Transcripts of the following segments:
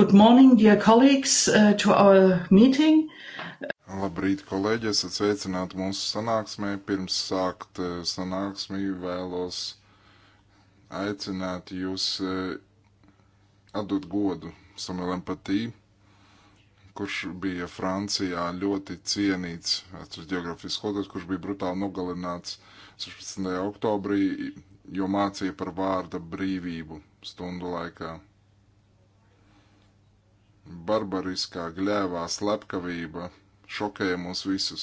Good morning, dear colleagues, uh, to our meeting. Labrīt, kolēģi, esat sveicināti mūsu sanāksmē. Pirms sākt uh, sanāksmī vēlos aicināt jūs uh, atdot godu Samuelam Patī, kurš bija Francijā ļoti cienīts, atceros geogrāfisks skolotājs, kurš bija brutāli nogalināts 16. oktobrī, jo mācīja par vārda brīvību stundu laikā barbariskā gļēvā slepkavība šokēja mūs visus.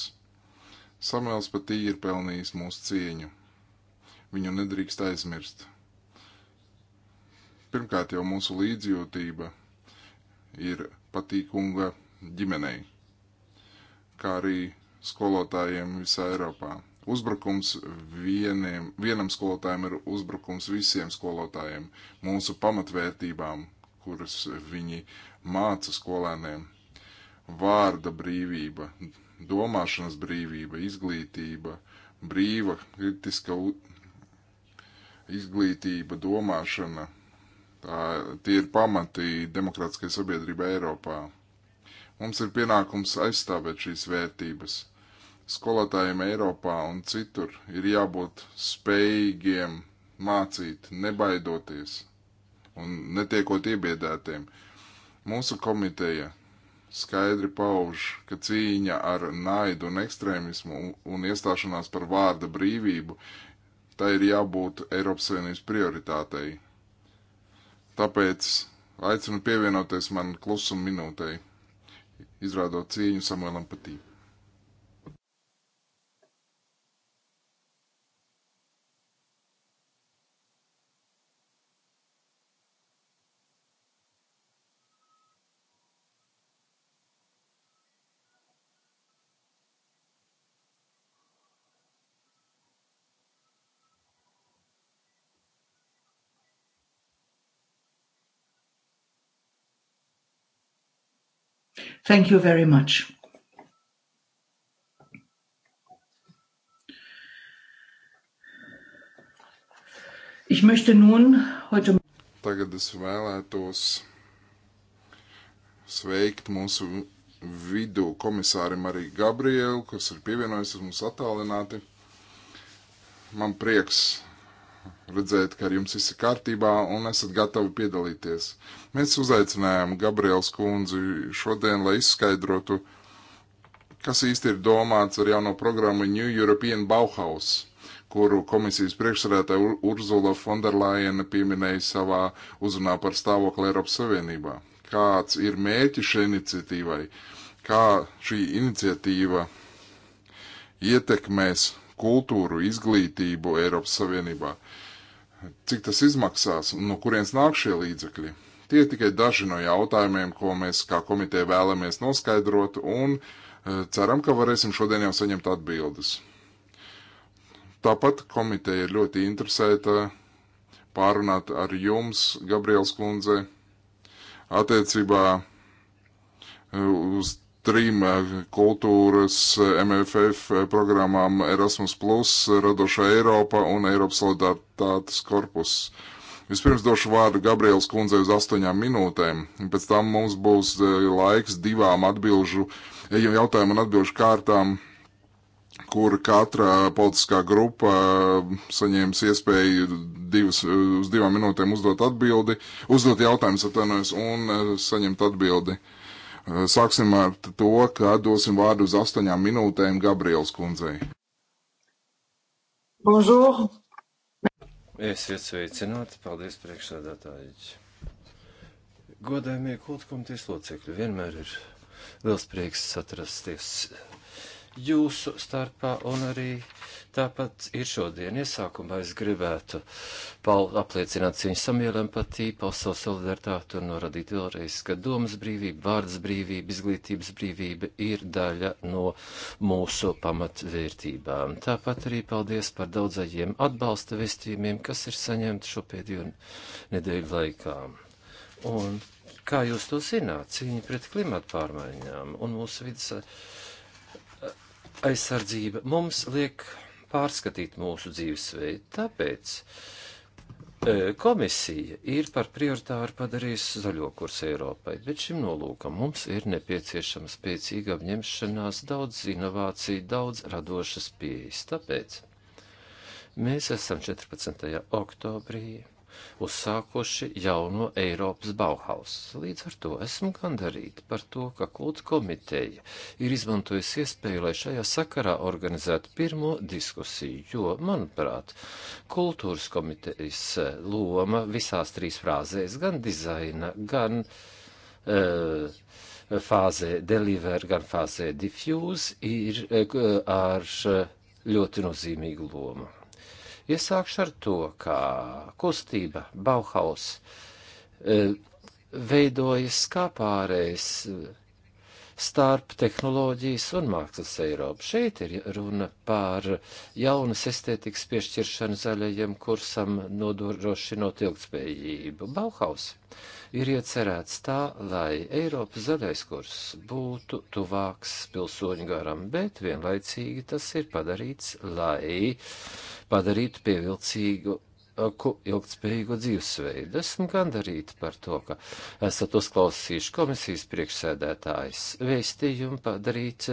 Samuēls pat ir pelnījis mūsu cieņu. Viņu nedrīkst aizmirst. Pirmkārt jau mūsu līdzjūtība ir patīkunga ģimenei, kā arī skolotājiem visā Eiropā. Uzbrukums vieniem, vienam skolotājiem ir uzbrukums visiem skolotājiem, mūsu pamatvērtībām, kuras viņi māca skolēniem. Vārda brīvība, domāšanas brīvība, izglītība, brīva kritiska izglītība, domāšana. Tā, tie ir pamati demokrātiskai sabiedrībai Eiropā. Mums ir pienākums aizstāvēt šīs vērtības. Skolotājiem Eiropā un citur ir jābūt spējīgiem mācīt, nebaidoties, un netiekot iebiedētiem. Mūsu komiteja skaidri pauž, ka cīņa ar naidu un ekstrēmismu un iestāšanās par vārda brīvību, tai ir jābūt Eiropas Savienības prioritātei. Tāpēc aicinu pievienoties man klusuma minūtei, izrādot cīņu Samuēlam Patību. Thank you very much. Ich möchte nun heute Tagad es vēlētos sveikt mūsu vidū komisāri Mariju Gabrielu, kas ir pievienojusies mums attālināti. Man prieks redzēt, ka ar jums viss ir kārtībā un esat gatavi piedalīties. Mēs uzaicinājām Gabriels kundzi šodien, lai izskaidrotu, kas īsti ir domāts ar jauno programmu New European Bauhaus, kuru komisijas priekšsarētāja Urzula Fonderlaina pieminēja savā uzrunā par stāvokli Eiropas Savienībā. Kāds ir mērķis šai iniciatīvai? Kā šī iniciatīva ietekmēs kultūru, izglītību Eiropas Savienībā. Cik tas izmaksās un no kurienes nāk šie līdzekļi? Tie tikai daži no jautājumiem, ko mēs kā komiteja vēlamies noskaidrot un e, ceram, ka varēsim šodien jau saņemt atbildes. Tāpat komiteja ir ļoti interesēta pārunāt ar jums, Gabriels kundze, attiecībā e, uz trim eh, kultūras eh, MFF eh, programmām Erasmus, Radošā Eiropa un Eiropas solidaritātes korpus. Vispirms došu vārdu Gabrielas kundzei uz astoņām minūtēm, pēc tam mums būs laiks divām atbilžu, jautājumu un atbilžu kārtām, kur katra politiskā grupa saņēmis iespēju divas, uz divām minūtēm uzdot atbildi, uzdot jautājumus, atvainojos, un saņemt atbildi. Uh, Eh, sāksim ar to, ka dosim vārdu uz astoņām minūtēm Gabrielas kundzei. Bonjour! Es iesveicināti, paldies priekšsādātāji. Godājumie kultkomitejas locekļi vienmēr ir liels prieks atrasties jūsu starpā un arī Tāpat ir šodien iesākumā es gribētu apliecināt cieņu samielam patību, paust savu solidaritātu un norādīt vēlreiz, ka domas brīvība, vārdas brīvība, izglītības brīvība ir daļa no mūsu pamatvērtībām. Tāpat arī paldies par daudzajiem atbalsta vēstījumiem, kas ir saņemti šo pēdējo nedēļu laikā. Un kā jūs to zināt, cīņa pret klimatu pārmaiņām un mūsu vidas aizsardzība mums liek pārskatīt mūsu dzīvesveidu. Tāpēc e, komisija ir par prioritāru padarījusi zaļo kursu Eiropai, bet šim nolūkam mums ir nepieciešama spēcīga apņemšanās, daudz inovāciju, daudz radošas pieejas. Tāpēc mēs esam 14. oktobrī uzsākuši jauno Eiropas Bauhaus. Līdz ar to esmu gandarīti par to, ka kulta komiteja ir izmantojusi iespēju, lai šajā sakarā organizētu pirmo diskusiju, jo, manuprāt, kultūras komitejas eh, loma visās trīs frāzēs, gan dizaina, gan uh, fāzē deliver, gan fāzē diffuse, ir uh, ar ļoti nozīmīgu lomu. Iesākšu ar to, kā kustība Bauhaus e, veidojas kā pārējais e, starp tehnoloģijas un mākslas Eiropu. Šeit ir runa par jaunas estētikas piešķiršanu zaļajam kursam, nodrošinot ilgspējību. Bauhaus ir iecerēts tā, lai Eiropas zaļais kurs būtu tuvāks pilsoņu garam, bet vienlaicīgi tas ir padarīts, lai padarītu pievilcīgu ilgtspējīgu dzīvesveidu. Esmu gandarīta par to, ka esat uzklausījuši komisijas priekšsēdētājs vēstījumu padarīt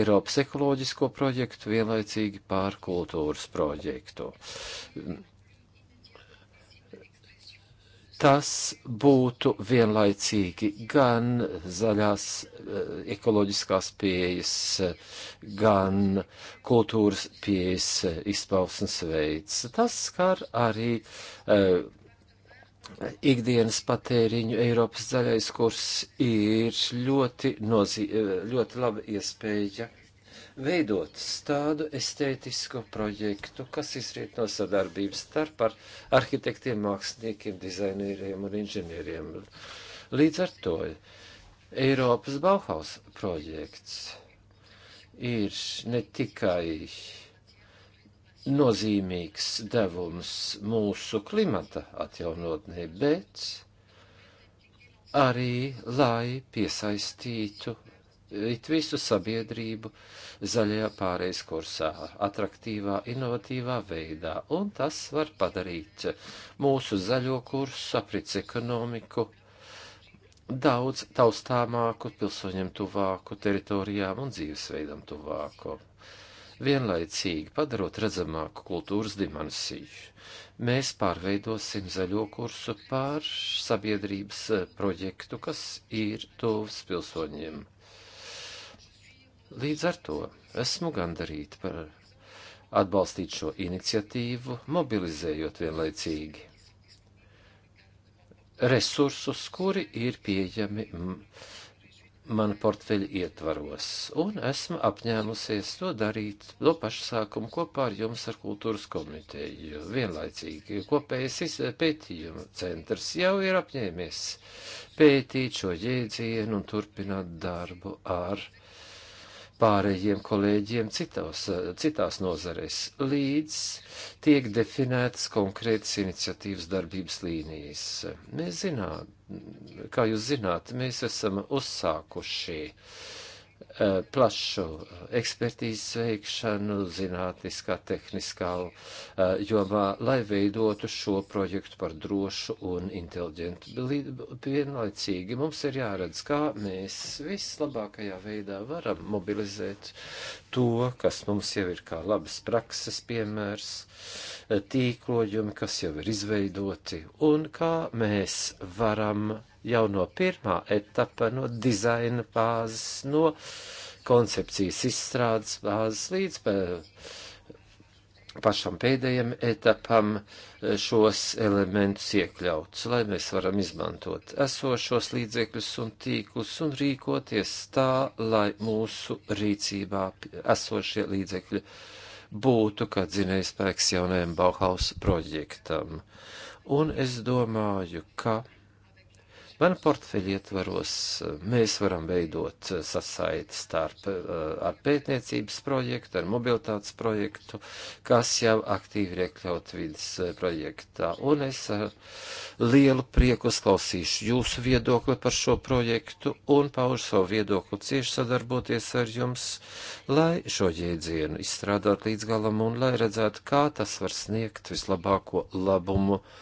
Eiropas ekoloģisko projektu vienlaicīgi pār kultūras projektu tas būtu vienlaicīgi gan zaļās eh, ekoloģiskās pieejas, eh, gan kultūras pieejas eh, izpausmes veids. Tas skar arī uh, ikdienas patēriņu. Eiropas zaļais kurs ir ļoti, nozī, ļoti laba iespēja veidotas tādu estētisku projektu, kas izriet no sadarbības starp ar arhitektiem, māksliniekiem, dizaineriem un inženieriem. Līdz ar to Eiropas Bauhaus projekts ir ne tikai nozīmīgs devums mūsu klimata atjaunotnē, bet arī lai piesaistītu it visu sabiedrību zaļajā pārejas kursā, atraktīvā, inovatīvā veidā, un tas var padarīt mūsu zaļo kursu, aprits ekonomiku daudz taustāmāku, pilsoņiem tuvāku, teritorijām un dzīvesveidam tuvāku. Vienlaicīgi padarot redzamāku kultūras dimensiju, mēs pārveidosim zaļo kursu pār sabiedrības eh, projektu, kas ir tuvs pilsoņiem Līdz ar to esmu gandarīta par atbalstīt šo iniciatīvu, mobilizējot vienlaicīgi resursus, kuri ir pieejami mana portfeļa ietvaros, un esmu apņēmusies to darīt no paša sākuma kopā ar jums ar kultūras komiteju. Vienlaicīgi kopējais pētījuma centrs jau ir apņēmies pētīt šo jēdzienu un turpināt darbu ar uh, pārējiem kolēģiem citos, citās nozarēs, līdz tiek definētas konkrētas iniciatīvas darbības līnijas. Mēs zinām, kā jūs zināt, mēs esam uzsākuši uh, Eh, plašu eh, ekspertīzes veikšanu zinātniskā, tehniskā eh, jomā, lai veidotu šo projektu par drošu un inteliģentu. Vienlaicīgi mums ir jāredz, kā mēs vislabākajā veidā varam mobilizēt to, kas mums jau ir kā labas prakses piemērs, tīklojumi, kas jau ir izveidoti, un kā mēs varam jau no pirmā etapa, no dizaina fāzes, no koncepcijas izstrādes fāzes līdz eh, pašam pēdējam etapam eh, šos elementus iekļauts, lai mēs varam izmantot esošos līdzekļus un tīklus un rīkoties tā, lai mūsu rīcībā esošie līdzekļi būtu kā dzinējspēks jaunajam Bauhaus projektam. Un es domāju, ka Mana portfeļa ietvaros eh, mēs varam veidot eh, sasaiti starp eh, ar pētniecības projektu, ar mobilitātes projektu, kas jau aktīvi ir iekļaut vidas projektā. Un es ar lielu prieku uzklausīšu jūsu viedokli par šo projektu un paužu savu viedokli cieši sadarboties ar jums, lai šo jēdzienu izstrādātu līdz galam un lai redzētu, kā tas var sniegt vislabāko labumu. Uh,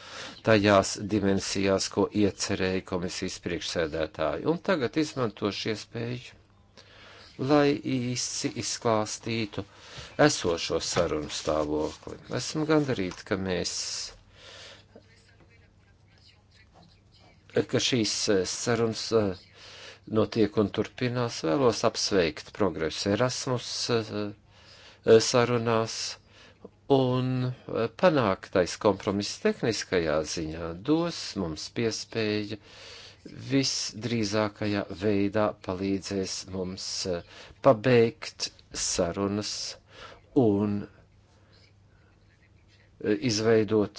tajās dimensijās, ko iecerēja komisijas priekšsēdētāji. Un tagad izmantošu iespēju, lai īsi izklāstītu esošo sarunu stāvokli. Esmu gandarīti, ka mēs ka šīs sarunas eh, notiek un turpinās. Vēlos apsveikt progresu Erasmus eh, eh, sarunās Un eh, panāktais kompromiss tehniskajā ziņā dos mums piespēju visdrīzākajā veidā palīdzēs mums eh, pabeigt sarunas un eh, izveidot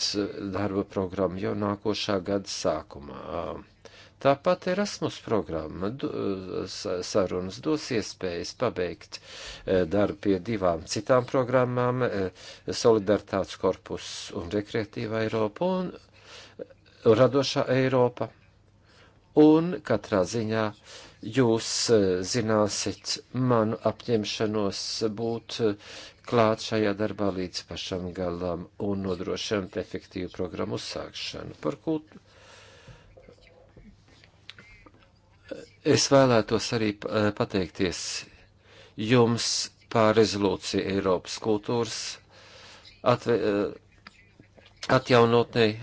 darba programmu jau nākošā gada sākumā. Tāpat Erasmus programma sarunas dos iespējas pabeigt e, darbu pie divām citām programmām e, - Solidaritātes korpus un Rekreatīva Eiropa e, un Radošā Eiropa. Un katrā ziņā jūs zināsit manu apņemšanos būt klāt šajā darbā līdz pašam galam un nodrošināt efektīvu programmu uzsākšanu par kultūru Es vēlētos arī eh, pateikties jums par rezolūciju Eiropas kultūras atve, eh, atjaunotnei,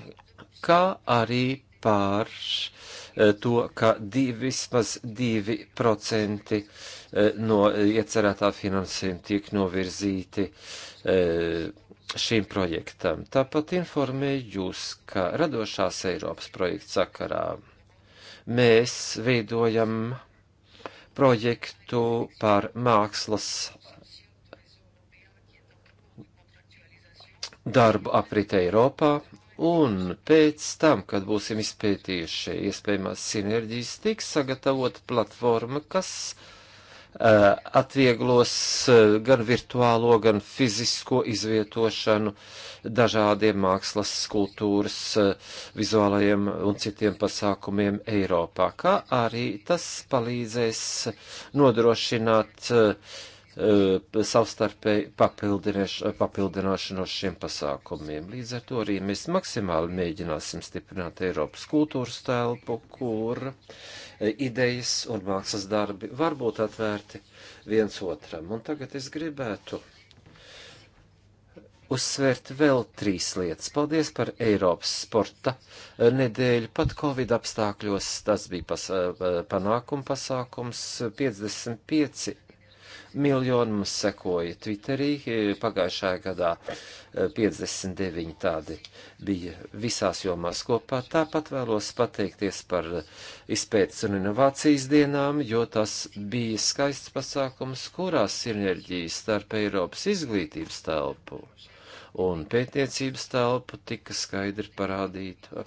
kā arī par eh, to, ka divi, vismaz 2% no iecerētā finansējuma tiek novirzīti šīm projektam. Tāpat informēju jūs, ka radošās Eiropas projekta sakarā mēs veidojam projektu par mākslas darbu aprit Eiropā, un pēc tam, kad būsim izpētījuši iespējamās sinerģijas, tiks sagatavota platforma, kas uh, Uh, atvieglos uh, gan virtuālo, gan fizisko izvietošanu dažādiem mākslas, kultūras, uh, vizuālajiem un citiem pasākumiem Eiropā, kā arī tas palīdzēs nodrošināt Eh, savstarpēji eh, papildināšanos šiem pasākumiem. Līdz ar to arī mēs maksimāli mēģināsim stiprināt Eiropas kultūras telpu, kur eh, idejas un mākslas darbi var būt atvērti viens otram. Un tagad es gribētu uzsvērt vēl trīs lietas. Paldies par Eiropas sporta nedēļu. Pat Covid apstākļos tas bija pas, panākuma pasākums. 55 miljoni mums sekoja Twitterī. Pagājušajā gadā 59 eh, tādi bija visās jomās kopā. Tāpat vēlos pateikties par eh, izpētes un inovācijas dienām, jo tas bija skaists pasākums, kurā sinerģija starp Eiropas izglītības telpu un pētniecības telpu tika skaidri parādīta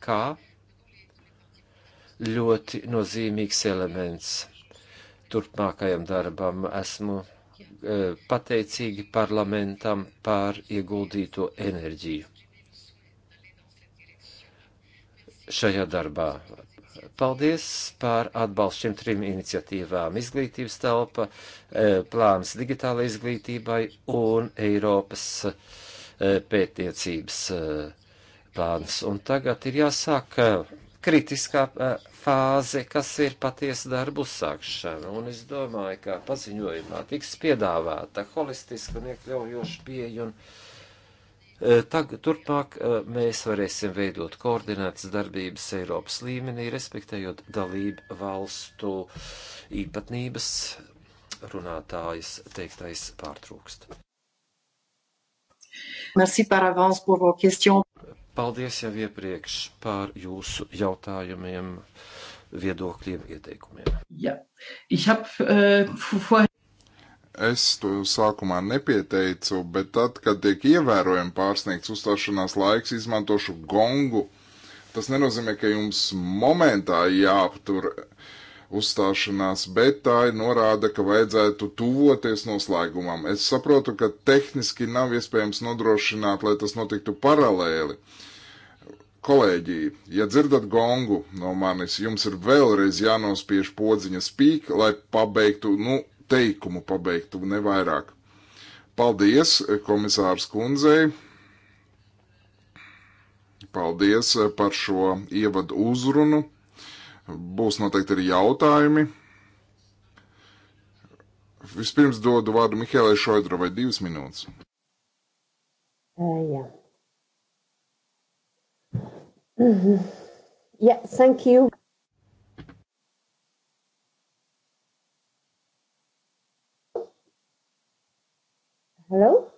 kā ļoti nozīmīgs elements turpmākajam darbam. Esmu e, pateicīgi parlamentam par ieguldīto enerģiju šajā darbā. Paldies par atbalstu šim trim iniciatīvām - izglītības telpa, e, plāns digitālai izglītībai un Eiropas e, pētniecības plāns. Un tagad ir jāsāk kritiskā fāze, kas ir patiesa darbu uzsākšana. Un es domāju, ka paziņojumā tiks piedāvāta holistiska un iekļaujoša pieeja. Tag, turpmāk mēs varēsim veidot koordinētas darbības Eiropas līmenī, respektējot dalību valstu īpatnības runātājas teiktais pārtrūkst. Merci par avance pour vos questions. Paldies jau iepriekš par jūsu jautājumiem, viedokļiem, ieteikumiem. Ja. Ich hab, äh, uh, vor... Es to sākumā nepieteicu, bet tad, kad tiek ievērojami pārsniegts uzstāšanās laiks, izmantošu gongu. Tas nenozīmē, ka jums momentā jāaptur uzstāšanās, bet tā ir norāda, ka vajadzētu tuvoties noslēgumam. Es saprotu, ka tehniski nav iespējams nodrošināt, lai tas notiktu paralēli. Uh, Kolēģi, ja dzirdat gongu no manis, jums ir vēlreiz jānospiež podziņa spīk, lai pabeigtu, nu, teikumu pabeigtu, nevairāk. Paldies eh, komisārs kundzei. Paldies eh, par šo ievadu uzrunu. Būs noteikti arī jautājumi. Vispirms dodu vārdu Mihēlai Šoidrovai divas minūtes. Uh, jā. Mm-hmm. Yeah, thank you. Hello?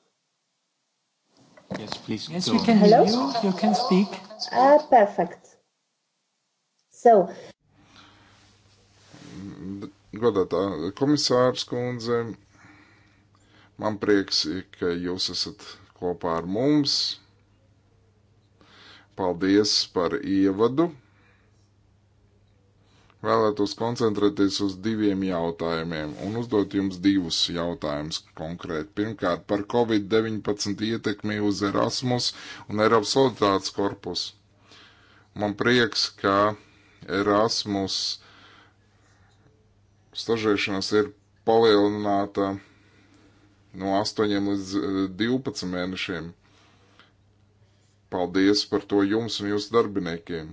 Yes, please. Yes, go. we can Hello? hear you. You can speak. Ah, uh, perfect. So. Godātā komisārs kundze, man prieks, ka jūs esat kopā ar mums Paldies par ievadu. Vēlētos koncentrēties uz diviem jautājumiem un uzdot jums divus jautājumus konkrēti. Pirmkārt, par Covid-19 ietekmi uz Erasmus un Eiropas solidaritātes korpusu. Man prieks, ka Erasmus stažēšanās ir palielināta no 8 līdz 12 eh, mēnešiem. Paldies par to jums un jūsu darbiniekiem.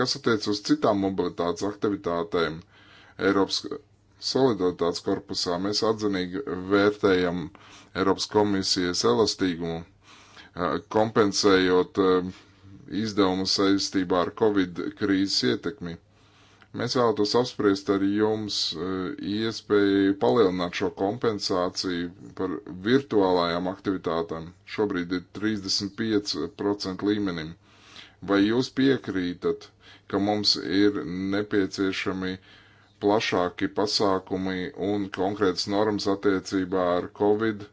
Kas attiec uz citām mobilitātes aktivitātēm, Eiropas solidaritātes korpusā mēs atzinīgi vērtējam Eiropas komisijas elastīgumu, eh, kompensējot eh, izdevumus saistībā ar Covid krīzes ietekmi. Mēs vēlētos apspriest ar jums e, iespēju palielināt šo kompensāciju par virtuālajām aktivitātēm. Šobrīd ir 35% līmenim. Vai jūs piekrītat, ka mums ir nepieciešami plašāki pasākumi un konkrētas normas attiecībā ar Covid,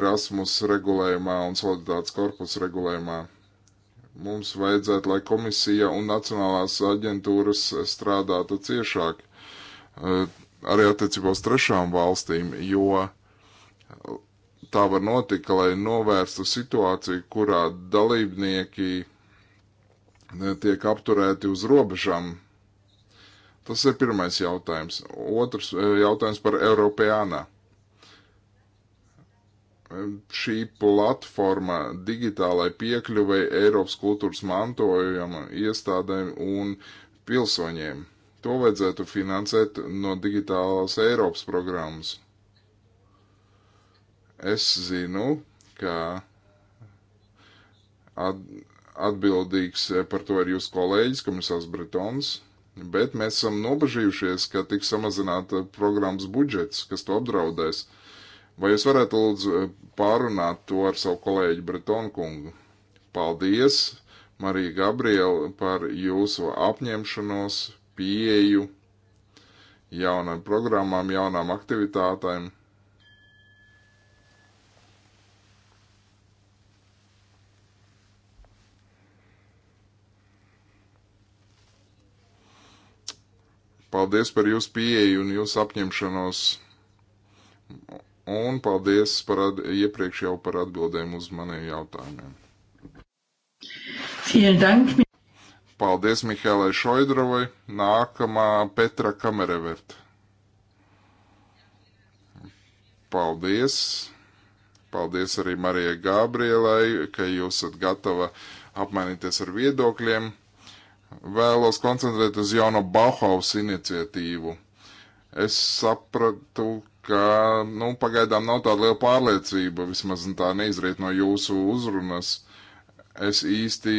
Erasmus regulējumā un solidaritātes korpusu regulējumā? mums vajadzētu, lai komisija un nacionālās aģentūras strādātu ciešāk eh, arī attiecībā uz trešām valstīm, jo tā var notikt, lai novērstu situāciju, kurā dalībnieki tiek apturēti uz robežām. Tas ir pirmais jautājums. Otrs eh, jautājums par Eiropānā šī platforma digitālai piekļuvei Eiropas kultūras mantojuma iestādēm un pilsoņiem. To vajadzētu finansēt no digitālās Eiropas programmas. Es zinu, ka atbildīgs par to ir jūsu kolēģis, komisārs Bretons, bet mēs esam nobežījušies, ka tiks samazināta programmas budžets, kas to apdraudēs. Uh, Vai jūs varētu lūdzu eh, pārunāt to ar savu kolēģi Bretonu kungu? Paldies, Marija Gabriela, par jūsu apņemšanos, pieeju jaunām programmām, jaunām aktivitātēm. Paldies par jūsu pieeju un jūsu apņemšanos un paldies par iepriekš jau par atbildēm uz maniem jautājumiem. Paldies Mihēlai Šoidrovai. Nākamā Petra Kamereverta. Paldies. Paldies arī Marijai Gabrielai, ka jūs esat gatava apmainīties ar viedokļiem. Vēlos koncentrēt uz jauno Bauhaus iniciatīvu. Es sapratu, ka nu, pagaidām nav tāda liela pārliecība, vismaz tā neizriet no jūsu uzrunas. Es īsti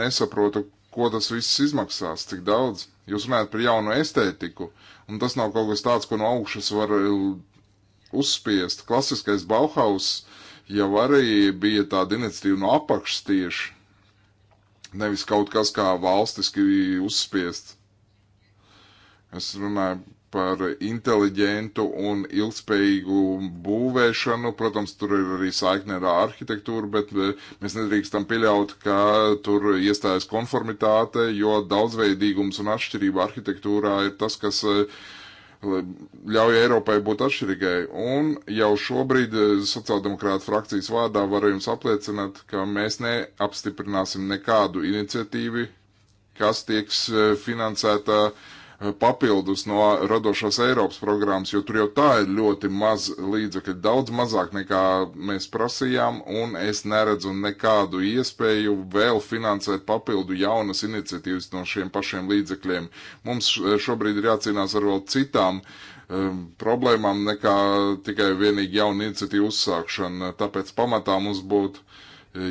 nesaprotu, ko tas viss izmaksās, cik daudz. Jūs runājat par jaunu estētiku, un tas nav kaut kas tāds, ko no augšas var uzspiest. Klasiskais Bauhaus jau arī bija tāda iniciatīva no apakšas tieši, nevis kaut kas kā valstiski uzspiests. Es runāju par inteliģentu un ilgspējīgu būvēšanu. Protams, tur ir arī saikne ar arhitektūru, bet eh, mēs nedrīkstam pieļaut, ka tur iestājas konformitāte, jo daudzveidīgums un atšķirība arhitektūrā ir tas, kas eh, ļauj Eiropai būt atšķirīgai. Un jau šobrīd eh, sociāldemokrāta frakcijas vārdā varu jums apliecināt, ka mēs neapstiprināsim nekādu iniciatīvu, kas tieks finansēta uh, Eh, papildus no radošās Eiropas programmas, jo tur jau tā ir ļoti maz līdzekļu, daudz mazāk nekā mēs prasījām, un es neredzu nekādu iespēju vēl finansēt papildu jaunas iniciatīvas no šiem pašiem līdzekļiem. Mums šobrīd ir jācīnās ar vēl citām um, problēmām nekā tikai vienīgi jauna iniciatīva uzsākšana, tāpēc pamatā mums būtu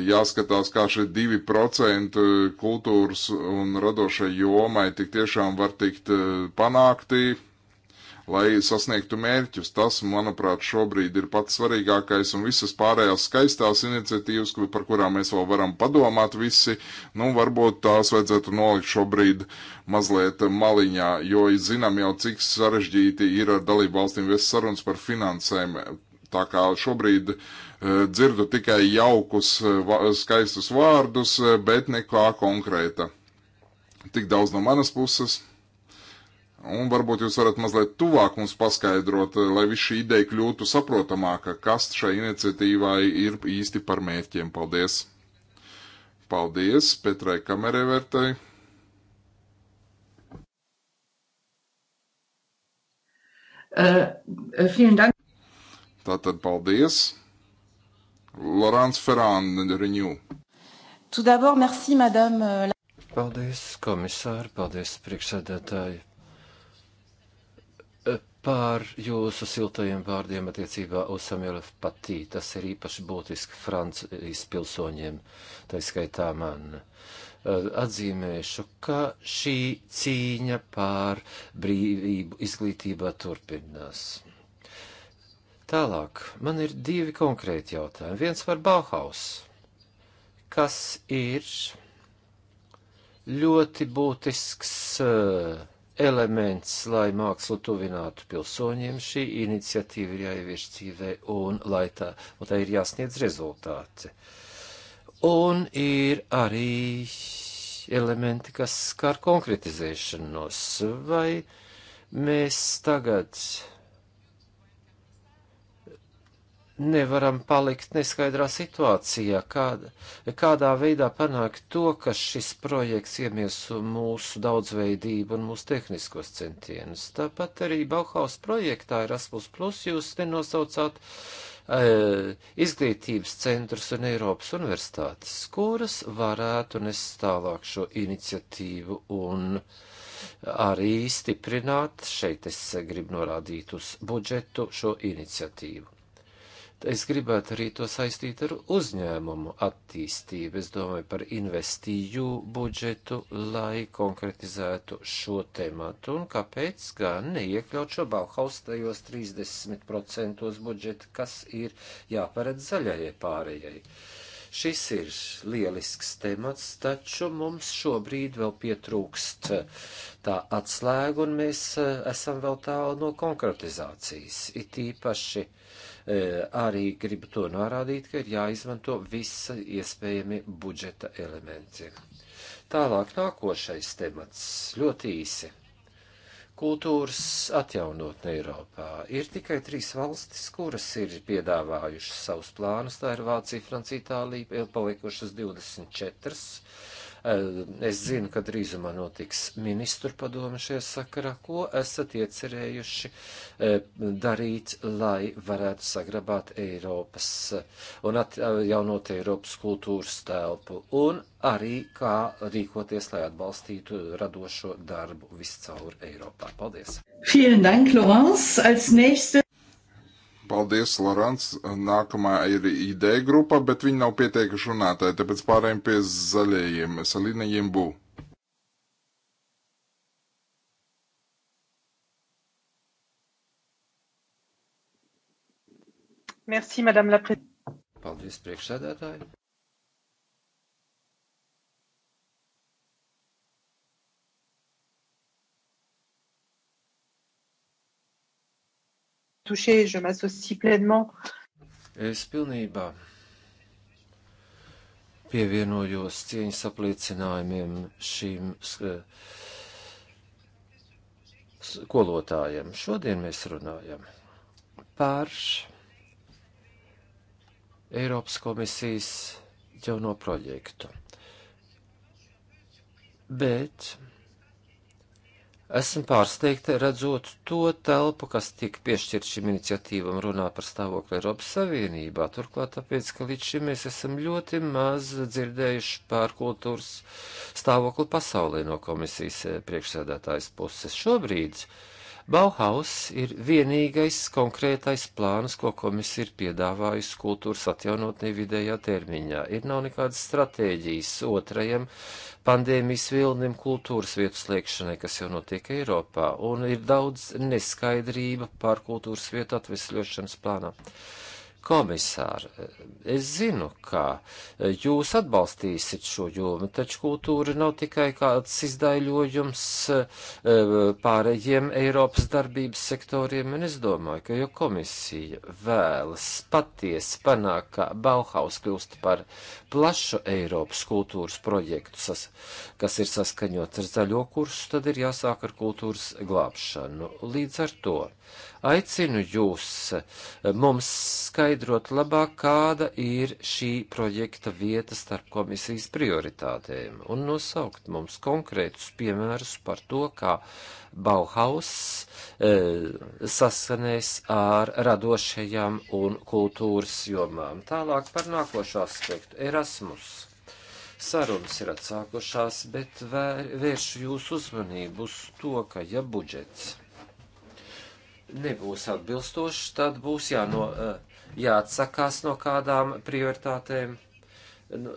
jāskatās, kā šie 2% kultūras un radošai jomai tik tiešām var tikt eh, panākti, lai sasniegtu mērķus. Tas, manuprāt, šobrīd ir pats svarīgākais un visas pārējās skaistās iniciatīvas, par kurām mēs vēl varam padomāt visi, nu, varbūt tās vajadzētu nolikt šobrīd mazliet maliņā, jo zinām jau, cik sarežģīti ir ar dalību valstīm vēst sarunas par finansēm. Tā kā šobrīd uh, Eh, dzirdu tikai jaukus, eh, skaistus vārdus, eh, bet nekā konkrēta. Tik daudz no manas puses. Un varbūt jūs varat mazliet tuvāk mums paskaidrot, lai viss šī ideja kļūtu saprotamāka, kas šai iniciatīvai ir īsti par mērķiem. Paldies! Paldies Petrai Kamerevertai! Uh, Tātad paldies! Lorāns Ferāns, Renew. Tout d'abord, merci, madame. Euh, paldies, komisāri, paldies, priekšsēdētāji, eh, par jūsu siltajiem vārdiem attiecībā uz Samuela Patī. Tas ir īpaši būtiski Francijas pilsoņiem, tā skaitā man. Eh, atzīmēšu, ka šī cīņa pār brīvību izglītībā turpinās. Tālāk, man ir divi konkrēti jautājumi. Viens par Bauhaus, kas ir ļoti būtisks eh, elements, lai mākslu tuvinātu pilsoņiem. Šī iniciatīva ir jāievieš dzīvē un, lai tā, un tā ir jāsniedz rezultāti. Un ir arī elementi, kas skar konkretizēšanos, vai mēs tagad nevaram palikt neskaidrā situācijā, kāda, kādā veidā panākt to, ka šis projekts iemieso mūsu daudzveidību un mūsu tehniskos centienus. Tāpat arī Bauhaus projektā Erasmus Plus jūs nenosaucāt e, izglītības centrus un Eiropas universitātes, kuras varētu nest tālāk šo iniciatīvu un arī stiprināt, šeit es gribu norādīt uz budžetu šo iniciatīvu. Es gribētu arī to saistīt ar uzņēmumu attīstību. Es domāju par investīju budžetu, lai konkretizētu šo tematu. Un kāpēc gan neiekļaut šo Bauhaus tajos 30% budžeta, kas ir jāparedz zaļajai pārējai? Šis ir lielisks temats, taču mums šobrīd vēl pietrūkst tā atslēga, un mēs eh, esam vēl tālu no konkretizācijas. It īpaši arī gribu to norādīt, ka ir jāizmanto visi iespējami budžeta elementi. Tālāk nākošais temats ļoti īsi. Kultūras atjaunotne Eiropā. Ir tikai trīs valstis, kuras ir piedāvājušas savus plānus. Tā ir Vācija, Francija, Itālija, ir palikušas 24 Eh, es zinu, ka drīzumā notiks ministru padome šajā sakarā, ko esat iecerējuši eh, darīt, lai varētu sagrabāt Eiropas eh, un atjaunot Eiropas kultūras telpu, un arī kā rīkoties, lai atbalstītu radošo darbu viscaur Eiropā. Paldies! Vielen Dank, Laurence. Als nächste Paldies, Lorants. Nākamā ir ID grupa, bet viņi nav pieteikuši runātāji, tāpēc pārējiem pie zaļajiem. Salīna Jimbu. Merci, Madame la Présidente. Paldies, priekšsēdētāji. touchée. Je m'associe pleinement. Es pilnībā pievienojos cieņas apliecinājumiem šīm skolotājiem. Šodien mēs runājam par Eiropas komisijas jauno projektu. Bet Esmu pārsteigta redzot to telpu, kas tika piešķirt šim iniciatīvam runā par stāvokli Eiropas Savienībā. Turklāt tāpēc, ka līdz šim mēs esam ļoti maz dzirdējuši pār kultūras stāvokli pasaulē no komisijas eh, priekšsēdētājas puses. Šobrīd uh, Bauhaus ir vienīgais konkrētais plāns, ko komisija ir piedāvājusi kultūras atjaunotnē vidējā termiņā. Ir nav nekādas stratēģijas otrajam pandēmijas vilnim kultūras vietu slēgšanai, kas jau notiek Eiropā, un ir daudz neskaidrība par kultūras vietu atvesļošanas plānā. Komisāri, es zinu, ka jūs atbalstīsiet šo jomu, taču kultūra nav tikai kāds izdaļojums eh, pārējiem Eiropas darbības sektoriem, un es domāju, ka jo komisija vēlas patiesi panākt, ka Bauhaus kļūst par plašu Eiropas kultūras projektu, kas ir saskaņots ar zaļo kursu, tad ir jāsāk ar kultūras glābšanu. Līdz ar to Aicinu jūs eh, mums skaidrot labāk, kāda ir šī projekta vieta starp komisijas prioritātēm un nosaukt mums konkrētus piemērus par to, kā Bauhaus e, eh, saskanēs ar radošajām un kultūras jomām. Tālāk par nākošo aspektu - Erasmus sarunas ir atsākušās, bet vēr, vēršu jūsu uzmanību uz to, ka ja budžets nebūs atbilstošs, tad būs jāno, eh, jāatsakās no kādām prioritātēm nu,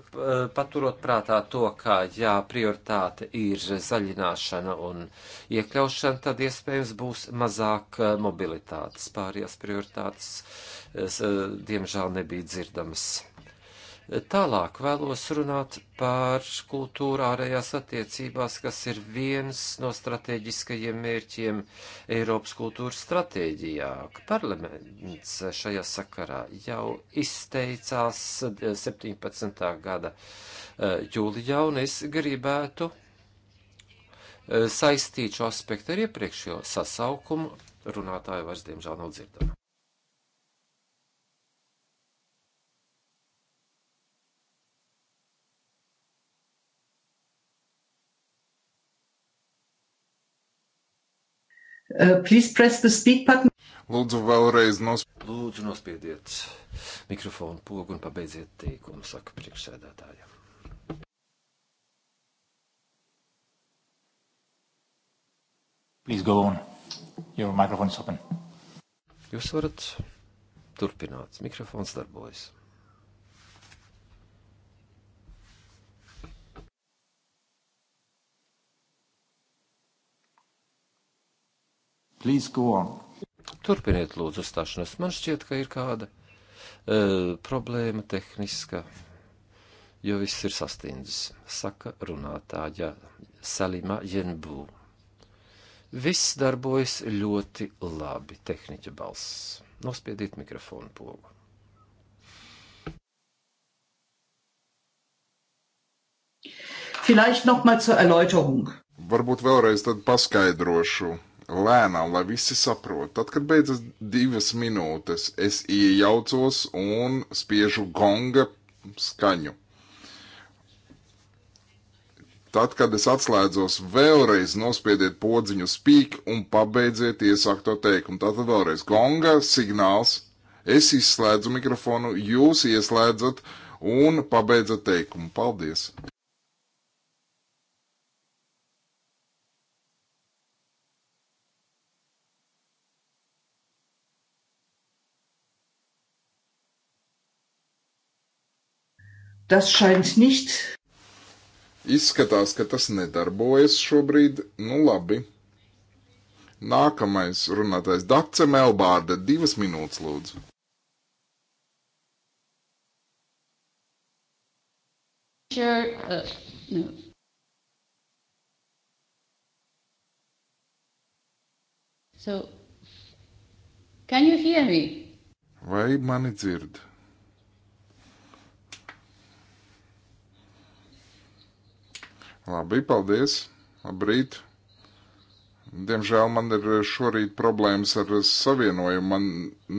eh, paturot prātā to, ka, ja prioritāte ir zaļināšana un iekļaušana, tad iespējams būs mazāk eh, mobilitātes. Pārējās prioritātes, diemžēl, nebija dzirdamas. Tālāk vēlos runāt par kultūru ārējās attiecībās, kas ir viens no strateģiskajiem mērķiem Eiropas kultūras stratēģijā. Parlaments šajā sakarā jau izteicās 17. gada eh, jūlijā, un es gribētu eh, saistīt šo aspektu ar iepriekšējo sasaukumu. Runātāju vairs, diemžēl, nav dzirdama. Uh, please press the speak button. Lūdzu, vēlreiz nospiediet. Lūdzu, nospiediet mikrofonu pogu un pabeidziet teikumu, saka priekšsēdētājiem. Please go on. Your microphone is open. Jūs varat turpināt. Mikrofons darbojas. Please go on. Turpiniet, lūdzu, uzstāšanos. Man šķiet, ka ir kāda uh, problēma tehniska, jo viss ir sastindzis. Saka runātāja Salima Jenbū. Viss darbojas ļoti labi, tehniķa balss. Nospiediet mikrofonu pogu. Vielleicht noch mal zur Erläuterung. Varbūt vēlreiz tad paskaidrošu lēnām, lai visi saprot. Tad, kad beidzas divas minūtes, es iejaucos un spiežu gonga skaņu. Tad, kad es atslēdzos, vēlreiz nospiediet podziņu spīk un pabeidziet iesākto teikumu. Tātad vēlreiz gonga signāls, es izslēdzu mikrofonu, jūs ieslēdzat un pabeidzat teikumu. Paldies! Das scheint nicht. Izskatās, ka tas nedarbojas šobrīd. Nu labi. Nākamais runātais Dakce Melbārde, divas minūtes lūdzu. Sure, uh, no. So, can you hear me? Vai mani dzird? Labi, paldies. Labrīt. Diemžēl man ir šorīt problēmas ar savienojumu. Man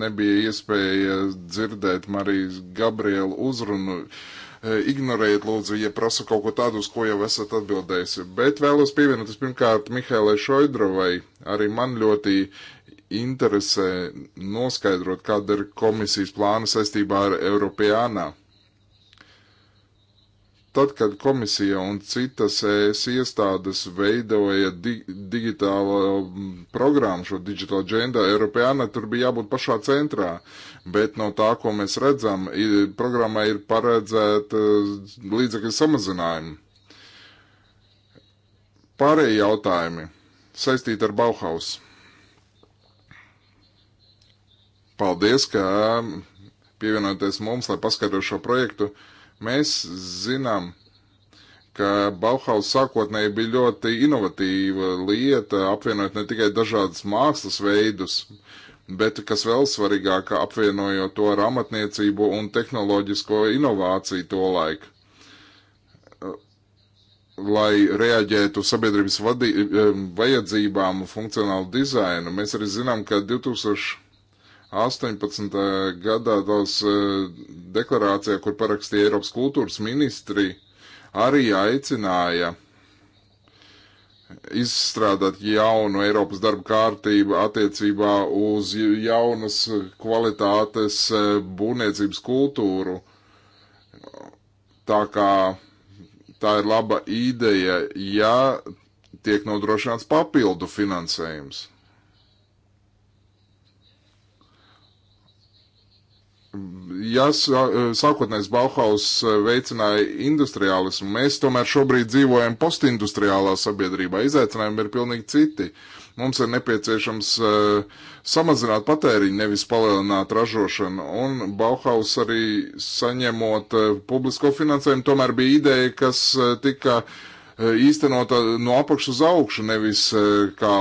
nebija iespēja dzirdēt Marijas Gabriela uzrunu. E, ignorējiet, lūdzu, ja prasu kaut ko tādu, uz ko jau esat atbildējusi. Bet vēlos pievienoties pirmkārt Mihēlai Šoidrovai. Arī man ļoti interesē noskaidrot, kāda ir komisijas plāna saistībā ar Eiropijānā. Tad, kad komisija un citas ES iestādes veidoja di digitālo mm, programmu, šo digital agenda, Eiropāna nu, tur bija jābūt pašā centrā, bet no tā, ko mēs redzam, programmai ir paredzēta e, līdzekļu samazinājuma. Pārējie jautājumi saistīti ar Bauhaus. Paldies, ka mm, pievienoties mums, lai paskatītu šo projektu. Uh, Mēs zinām, ka Bauhaus sākotnēji bija ļoti inovatīva lieta, apvienojot ne tikai dažādas mākslas veidus, bet, kas vēl svarīgāk, apvienojot to ar amatniecību un tehnoloģisko inovāciju to laiku. Lai reaģētu sabiedrības vadī, eh, vajadzībām un funkcionālu dizainu, mēs arī zinām, ka 2000. 18. gadā tās e, deklarācijā, kur parakstīja Eiropas kultūras ministri, arī aicināja izstrādāt jaunu Eiropas darba kārtību attiecībā uz jaunas kvalitātes e, būvniecības kultūru. Tā kā tā ir laba ideja, ja tiek nodrošināts papildu finansējums. ja eh, sākotnēs Bauhaus eh, veicināja industriālismu, mēs tomēr šobrīd dzīvojam postindustriālā sabiedrībā. Izaicinājumi ir pilnīgi citi. Mums ir nepieciešams uh, samazināt patēriņu, nevis palielināt ražošanu. Un Bauhaus arī saņemot uh, publisko finansējumu, tomēr bija ideja, kas uh, tika īstenota no apakšas uz augšu, nevis kā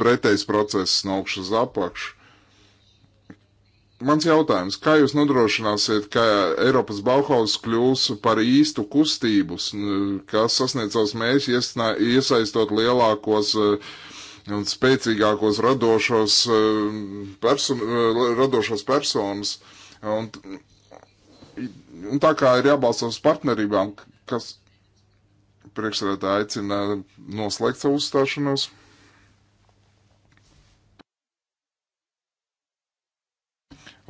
pretējs process no augšas uz apakšu. Mans jautājums, kā jūs nodrošināsiet, ka Eiropas Bauhaus kļūs par īstu kustības, kas sasniedz savus mērķus, iesaistot lielākos e, un spēcīgākos radošos, e, person, e, radošos personas? Un, un tā kā ir jābalsta uz partnerībām, kas priekšsēdētāji aicina noslēgt savu uzstāšanos.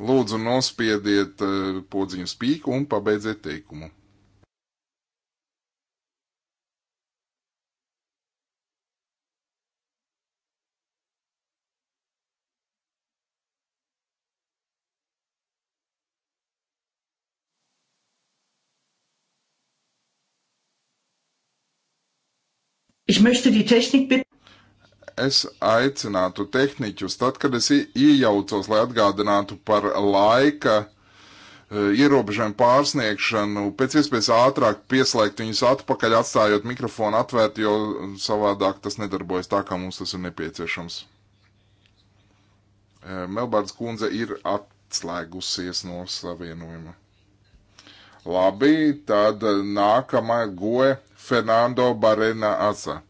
Lūdzu, nospiediet eh, podziņu spīku un pabeidziet teikumu. Ich möchte die Technik bitten es aicinātu tehniķus, tad, kad es iejaucos, lai atgādinātu par laika e, ierobežojumu pārsniegšanu, pēc iespējas ātrāk pieslēgt viņus atpakaļ, atstājot mikrofonu atvērtu, jo savādāk tas nedarbojas tā, kā mums tas ir nepieciešams. E, Melbārds kundze ir atslēgusies no savienojuma. Labi, tad nākamā goja Fernando Barena Asa.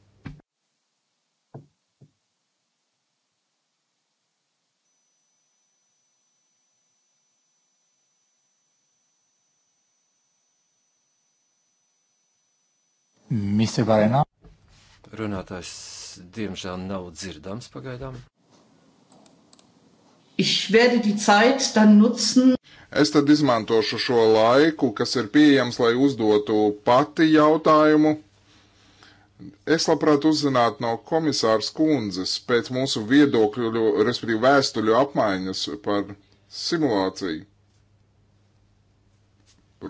Mr. Barena. Runātājs diemžēl nav dzirdams pagaidām. Ich werde die Zeit dann nutzen. Es tad izmantošu šo laiku, kas ir pieejams, lai uzdotu pati jautājumu. Es labprāt uzzinātu no komisārs kundzes pēc mūsu viedokļu, respektīvi vēstuļu apmaiņas par simulāciju.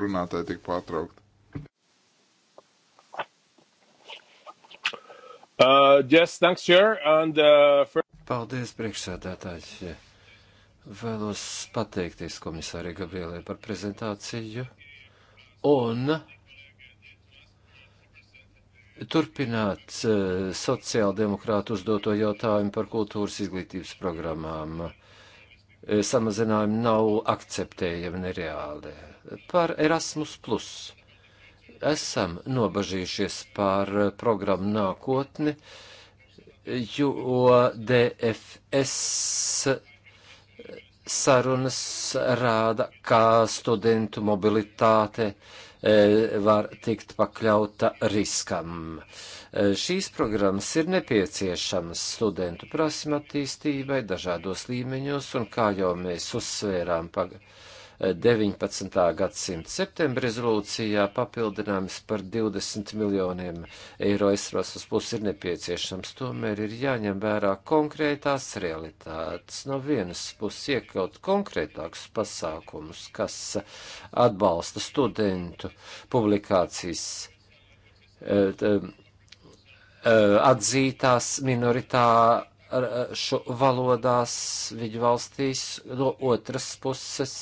Runātāji tik pārtraukti. Uh, yes, thanks, Chair. And, uh, for... Paldies, priekšsēdētāji. Vēlos pateikties komisārai Gabrielai par prezentāciju un turpināt uh, sociāldemokrātu uzdoto jautājumu par kultūras izglītības programmām. Uh, samazinājumi nav akceptējami nereāli. Par Erasmus. Plus esam nobažījušies par eh, programmu nākotni, jo DFS eh, sarunas rāda, kā studentu mobilitāte eh, var tikt pakļauta riskam. Šīs programmas ir nepieciešamas studentu prasme attīstībai dažādos līmeņos, un kā jau mēs uzsvērām pag 19. gadsimta septembra rezolūcijā papildinājums par 20 miljoniem eiro esrosas puses ir nepieciešams. Tomēr ir jāņem vērā konkrētās realitātes. No vienas puses iekļaut konkrētākus pasākumus, kas atbalsta studentu publikācijas. Eh, eh, eh, atzītās minoritā šo valodās viņu valstīs, no otras puses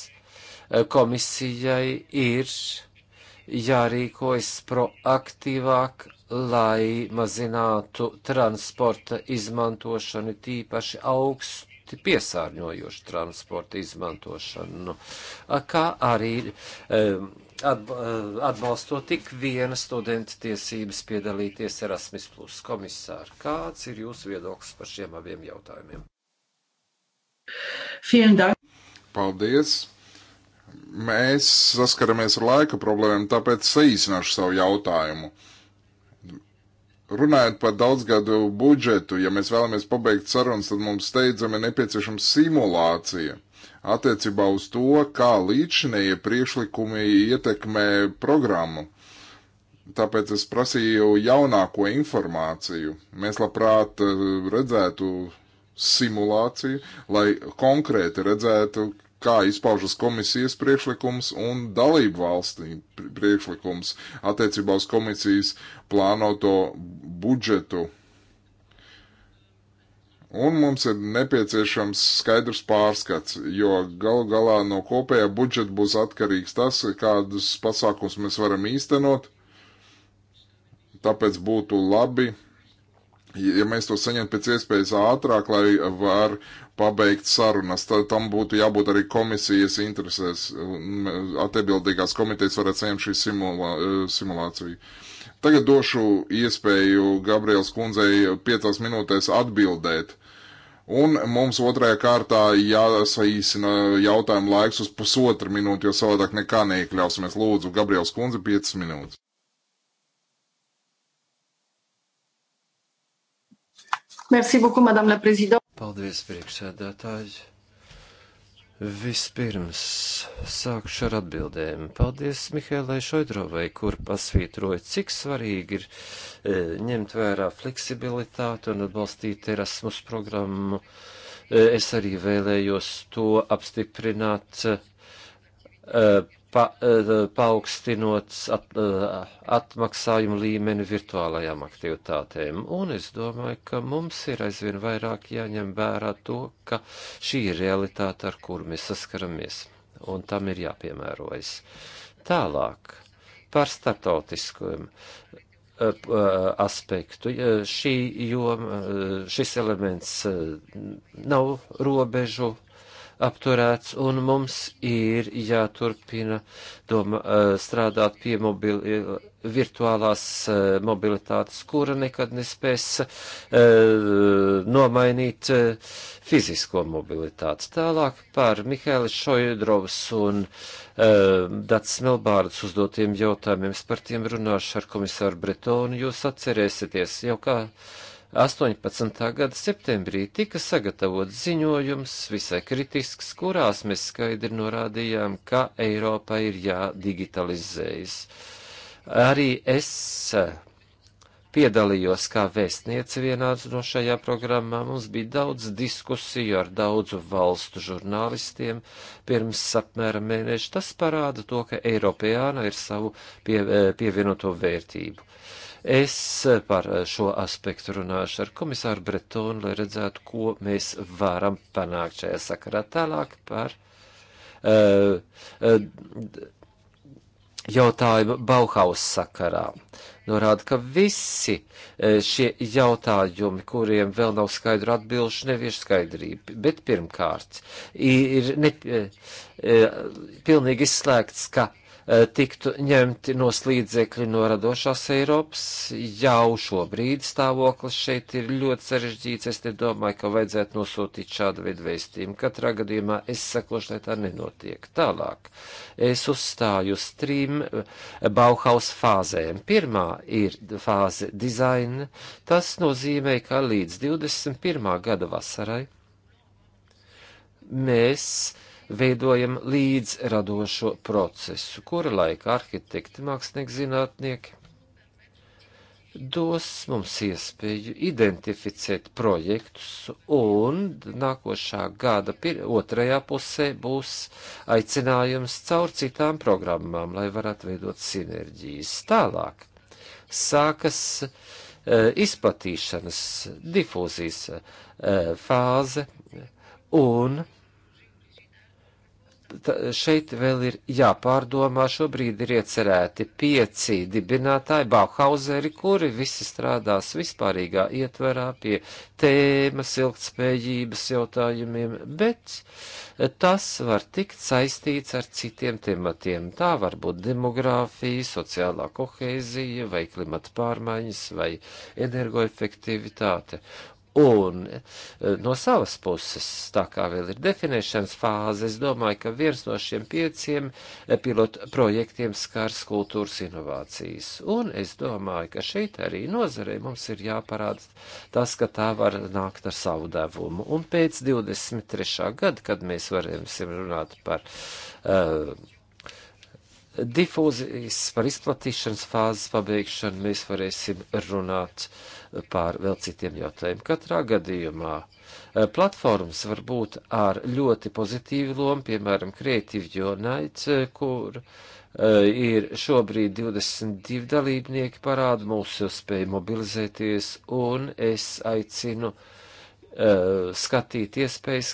komisijai ir jārīkojas proaktīvāk, lai mazinātu transporta izmantošanu, tīpaši augstu piesārņojošu transporta izmantošanu, kā arī um, atbalstot tik viena studenta tiesības piedalīties Erasmus Plus komisāru. Kāds ir jūsu viedoklis par šiem abiem jautājumiem? Paldies! mēs saskaramies ar laika problēmu, tāpēc saīsināšu savu jautājumu. Runājot par daudzgadu budžetu, ja mēs vēlamies pabeigt sarunas, tad mums steidzami nepieciešama simulācija attiecībā uz to, kā līdšanēja priekšlikumi ietekmē programmu. Tāpēc es prasīju jaunāko informāciju. Mēs labprāt eh, redzētu simulāciju, lai konkrēti redzētu, kā izpaužas komisijas priekšlikums un dalību valstī priekšlikums attiecībā uz komisijas plānoto budžetu. Un mums ir nepieciešams skaidrs pārskats, jo galu galā no kopējā budžeta būs atkarīgs tas, kādus pasākums mēs varam īstenot. Tāpēc būtu labi, ja mēs to saņemtu pēc iespējas ātrāk, lai var pabeigt sarunas. Tad tam būtu jābūt arī komisijas interesēs. Atbildīgās komitejas varētu saņemt šī simulā, eh, simulācija. Tagad došu iespēju Gabriels kundzei piecās minūtēs atbildēt. Un mums otrajā kārtā jāsaīsina jautājumu laiks uz pusotru minūti, jo savādāk nekā neiekļausimies. Lūdzu, Gabriels kundze, piecas minūtes. Merci beaucoup, Madame la Présidente. Paldies, priekšsēdētāji. Vispirms sākšu ar atbildēm. Paldies Mihēlai Šoidrovai, kur pasvītroja, cik svarīgi ir e, ņemt vērā fleksibilitāti un atbalstīt Erasmus programmu. E, es arī vēlējos to apstiprināt. E, pa, eh, paaugstinot at, eh, atmaksājumu līmeni virtuālajām aktivitātēm. Un es domāju, ka mums ir aizvien vairāk jāņem vērā to, ka šī ir realitāte, ar kuru mēs saskaramies, un tam ir jāpiemērojas. Tālāk par startautiskiem eh, aspektu. Šī joma, šis elements nav robežu apturēts, un mums ir jāturpina doma, eh, strādāt pie mobili, eh, virtuālās eh, mobilitātes, kura nekad nespēs nomainīt fizisko mobilitāti. Tālāk par Mihēli Šoidrovs un Dats Melbārdas uzdotiem jautājumiem. Es par tiem runāšu ar komisāru Bretonu. Jūs atcerēsieties jau kā. 18. gada septembrī tika sagatavots ziņojums, visai kritisks, kurās mēs skaidri norādījām, ka Eiropa ir jādigitalizējas. Arī es eh, piedalījos kā vēstniece vienā no šajā programmā. Mums bija daudz diskusiju ar daudzu valstu žurnālistiem pirms apmēram mēneša. Tas parāda to, ka Eiropāna ir savu pie, eh, pievienoto vērtību. Es par šo aspektu runāšu ar komisāru Bretonu, lai redzētu, ko mēs varam panākt šajā sakarā tālāk par. Uh, uh, jautājumu Bauhaus sakarā. Norāda, ka visi eh, šie jautājumi, kuriem vēl nav skaidru atbilžu, nevieš skaidrību, bet pirmkārt ir ne, pilnīgi izslēgts, ka Eh, tiktu ņemti no slīdzekļi no radošās Eiropas. Jau šobrīd stāvoklis šeit ir ļoti sarežģīts. Es nedomāju, ka vajadzētu nosūtīt šādu veidu vēstījumu. Katrā gadījumā es sakošu, lai tā nenotiek. Tālāk es uzstāju uz trim eh, Bauhaus fāzēm. Pirmā ir fāze dizaina. Tas nozīmē, ka līdz 21. gada vasarai mēs veidojam līdzradošo procesu, kura laika arhitekti, mākslinieki, zinātnieki dos mums iespēju identificēt projektus, un nākošā gada pir, otrajā pusē būs aicinājums caur citām programmām, lai varētu veidot sinerģijas. Tālāk sākas e, izplatīšanas, difūzijas e, fāze, un šeit vēl ir jāpārdomā. Šobrīd ir iecerēti pieci dibinātāji, Bauhauseri, kuri visi strādās vispārīgā ietverā pie tēmas, ilgtspējības jautājumiem, bet tas var tikt saistīts ar citiem tematiem. Tā var būt demogrāfija, sociālā kohēzija vai klimata pārmaiņas vai energoefektivitāte. Un e, no savas puses, tā kā vēl ir definēšanas fāze, es domāju, ka viens no šiem pieciem e, pilotu projektiem skars kultūras inovācijas. Un es domāju, ka šeit arī nozarei mums ir jāparāda tas, ka tā var nākt ar savu devumu. Un pēc 23. gada, kad mēs varēsim runāt par. Uh, Difūzijas par izplatīšanas fāzes pabeigšanu mēs varēsim runāt uh, pār vēl citiem jautājumiem. Katrā gadījumā eh, platformas var būt ar ļoti pozitīvu lomu, piemēram, Creative Unite, eh, kur eh, ir šobrīd 22 dalībnieki parāda mūsu spēju mobilizēties, un es aicinu uh, Eh, skatīt iespējas,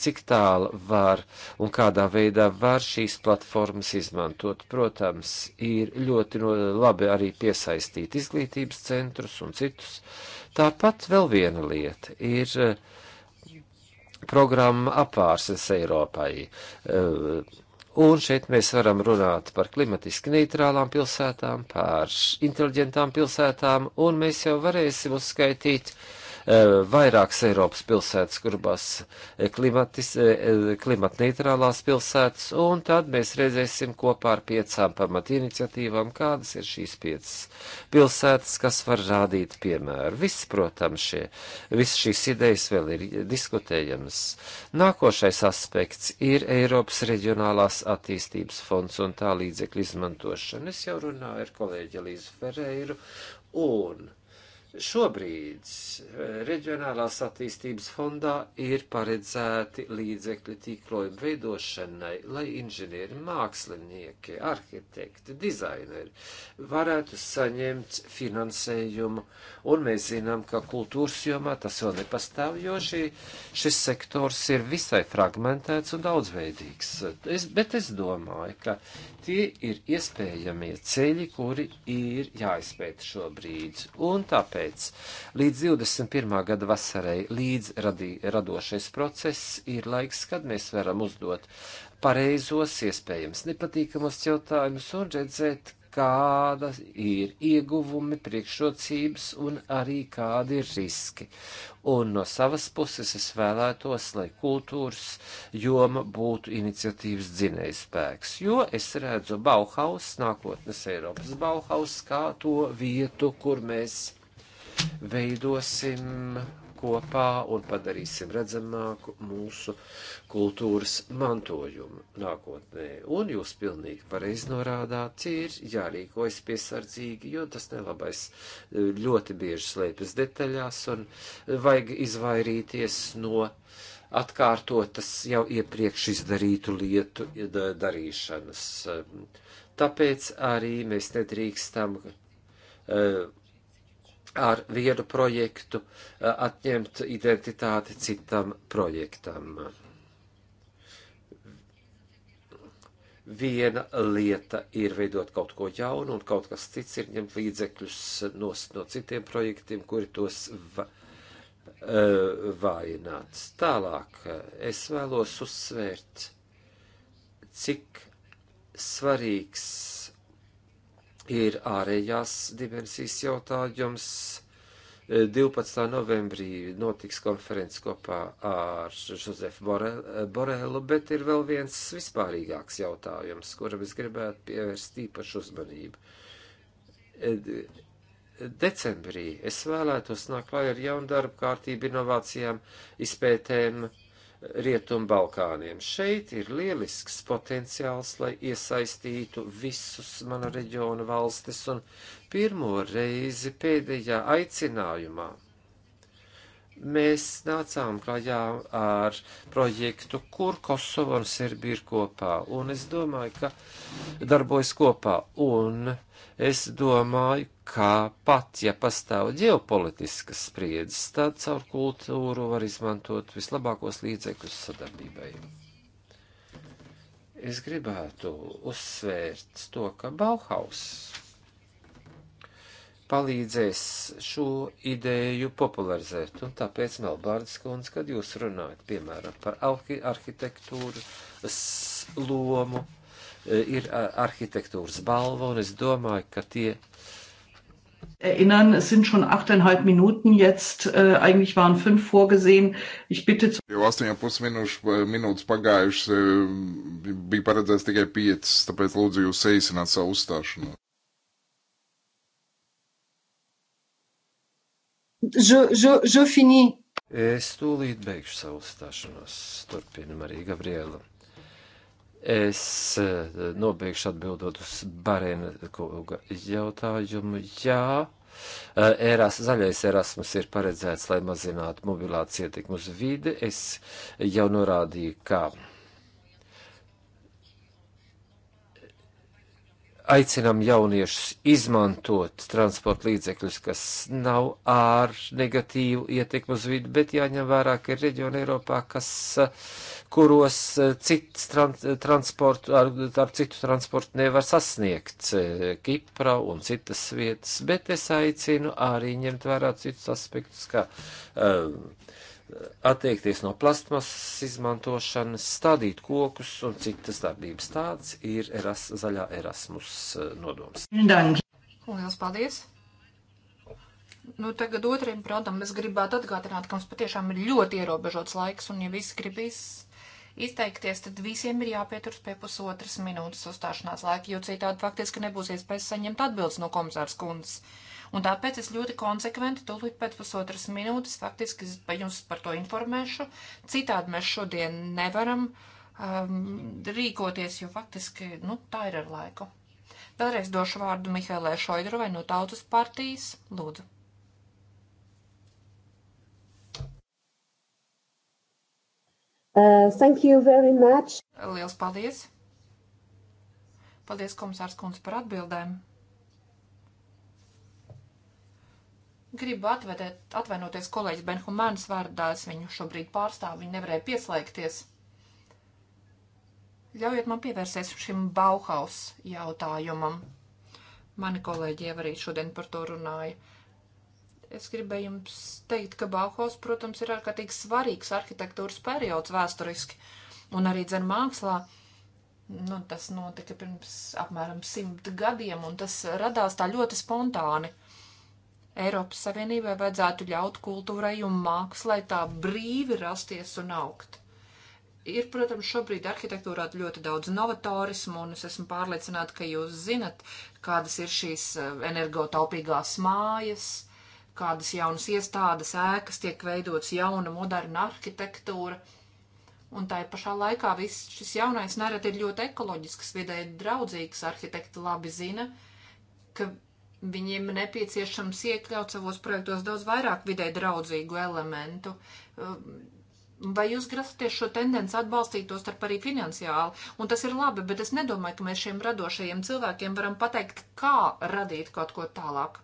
cik tālu var un kādā veidā var šīs platformas izmantot. Protams, ir ļoti no, labi arī piesaistīt izglītības centrus un citus. Tāpat vēl viena lieta ir eh, programma apvārses Eiropai. Eh, un šeit mēs varam runāt par klimatiski neitrālām pilsētām, par inteliģentām pilsētām, un mēs jau varēsim uzskaitīt uh, Eh, vairākas Eiropas pilsētas, kurās eh, eh, klimatneitrālās pilsētas, un tad mēs redzēsim kopā ar piecām pamatiniciatīvām, kādas ir šīs piecas pilsētas, kas var rādīt piemēru. Viss, protams, šie, viss šīs idejas vēl ir diskutējamas. Nākošais aspekts ir Eiropas reģionālās attīstības fonds un tā līdzekļu izmantošana. Es jau runāju ar kolēģi Elīzu Ferreiru un Šobrīd eh, Reģionālās attīstības fondā ir paredzēti līdzekļi tīklojuma veidošanai, lai inženieri, mākslinieki, arhitekti, dizaineri varētu saņemt finansējumu, un mēs zinām, ka kultūras jomā tas vēl nepastāv, jo šī, šis sektors ir visai fragmentēts un daudzveidīgs. Es, bet es domāju, ka tie ir iespējamie ceļi, kuri ir jāizpēta šobrīd, un tāpēc Tāpēc līdz 21. gada vasarai līdz radī, radošais process ir laiks, kad mēs varam uzdot pareizos, iespējams nepatīkamos jautājumus un redzēt, kāda ir ieguvumi, priekšrocības un arī kādi ir riski. Un no savas puses es vēlētos, lai kultūras joma būtu iniciatīvas dzinējspēks, jo es redzu Bauhaus, nākotnes Eiropas Bauhaus, kā to vietu, kur mēs veidosim kopā un padarīsim redzamāku mūsu kultūras mantojumu nākotnē. Un jūs pilnīgi pareizi norādāt, ir jārīkojas piesardzīgi, jo tas nelabais eh, ļoti bieži slēpjas detaļās un vajag izvairīties no atkārtotas jau iepriekš izdarītu lietu darīšanas. Tāpēc arī mēs nedrīkstam eh, ar vienu projektu eh, atņemt identitāti citam projektam. Viena lieta ir veidot kaut ko jaunu, un kaut kas cits ir ņemt līdzekļus no, no citiem projektiem, kuri tos va, eh, vājināts. Tālāk eh, es vēlos uzsvērt, cik svarīgs ir ārējās dimensijas jautājums. 12. E, novembrī notiks konferences kopā ar Žozefu e, Borelu, bet ir vēl viens vispārīgāks jautājums, kuram es gribētu pievērst īpašu uzmanību. E, decembrī es vēlētos nākt klāj ar jaunu darbu kārtību, inovācijām, izpētēm, Rietumbalkāniem. Šeit ir lielisks potenciāls, lai iesaistītu visus mana reģiona valstis un pirmo reizi pēdējā aicinājumā. Mēs nācām klajā ar projektu, kur Kosova un Serbija ir kopā, un es domāju, ka darbojas kopā, un es domāju, ka pat ja pastāv ģeopolitiskas spriedzes, tad caur kultūru var izmantot vislabākos līdzekļus sadarbībai. Es gribētu uzsvērt to, ka Bauhaus palīdzēs šo ideju popularizēt. Un tāpēc, Melbārdas kundze, kad jūs runājat, piemēram, par arhitektūras lomu, e, ir arhitektūras balva, un es domāju, ka tie erinnern, es sind schon achteinhalb Minuten jetzt, äh, eigentlich waren fünf vorgesehen. Ich bitte zu. Jau astoņām pusminūšu minūtes pagājušas, e, bija paredzēts tikai piecas, tāpēc lūdzu jūs saīsināt savu uzstāšanos. Je, je, je finis. Es tūlīt beigšu savu uzstāšanos. Turpina Marija Gabriela. Es eh, nobeigšu atbildot uz Barēna kunga jautājumu. Jā, eh, Eras, zaļais erasmus ir paredzēts, lai mazinātu mobilāciju ietekmu uz vidi. Es jau norādīju, ka aicinām jauniešus izmantot transporta līdzekļus, kas nav ar negatīvu ietekmu uz vidi, bet jāņem vērā, ka ir reģioni Eiropā, kas, kuros cits trans, transportu, ar, ar citu transportu nevar sasniegt Kipra un citas vietas, bet es aicinu arī ņemt vērā citus aspektus, kā um, uh, atteikties no plastmasas izmantošanas, stādīt kokus un citas darbības. Tāds ir eras, zaļā Erasmus eh, nodoms. Lielas paldies! Nu, tagad otriem, protams, es gribētu atgādināt, ka mums patiešām ir ļoti ierobežots laiks, un ja visi gribīs izteikties, tad visiem ir jāpieturas pie pusotras minūtes uzstāšanās laika, jo citādi faktiski nebūs iespējas saņemt atbildes no komisāras kundzes. Un tāpēc es ļoti konsekventi tūlīt pēc pusotras minūtes faktiski jums par to informēšu. Citādi mēs šodien nevaram um, rīkoties, jo faktiski nu, tā ir ar laiku. Vēlreiz došu vārdu Mihailē Šoidrovai no Tautas partijas. Lūdzu. Uh, thank you very much. Liels paldies. Paldies, komisārs kundze, par atbildēm. Gribu atvedēt, atvainoties kolēģis Benhumāns vārdā, es viņu šobrīd pārstāvu, viņi nevarēja pieslēgties. Ļaujiet man pievērsties šim Bauhaus jautājumam. Mani kolēģi jau arī šodien par to runāja. Es gribēju jums teikt, ka Bauhaus, protams, ir ārkārtīgi svarīgs arhitektūras periods vēsturiski un arī dzen mākslā. Nu, tas notika pirms apmēram simt gadiem, un tas radās tā ļoti spontāni. Eiropas Savienībai vajadzētu ļaut kultūrai un mākslai tā brīvi rasties un augt. Ir, protams, šobrīd arhitektūrā ļoti daudz novatorismu, un es esmu pārliecināta, ka jūs zinat, kādas ir šīs eh, energotaupīgās mājas, kādas jaunas iestādes, ēkas tiek veidots jauna, moderna arhitektūra. Un tā ir pašā laikā viss šis jaunais nereti ir ļoti ekoloģisks, vidēji draudzīgs, arhitekti labi zina, ka Viņiem nepieciešams iekļaut savos projektos daudz vairāk vidē draudzīgu elementu. Um, vai jūs grasaties šo tendenci atbalstīt to starp arī finansiāli? Un tas ir labi, bet es nedomāju, ka mēs šiem radošajiem cilvēkiem varam pateikt, kā radīt kaut ko tālāk.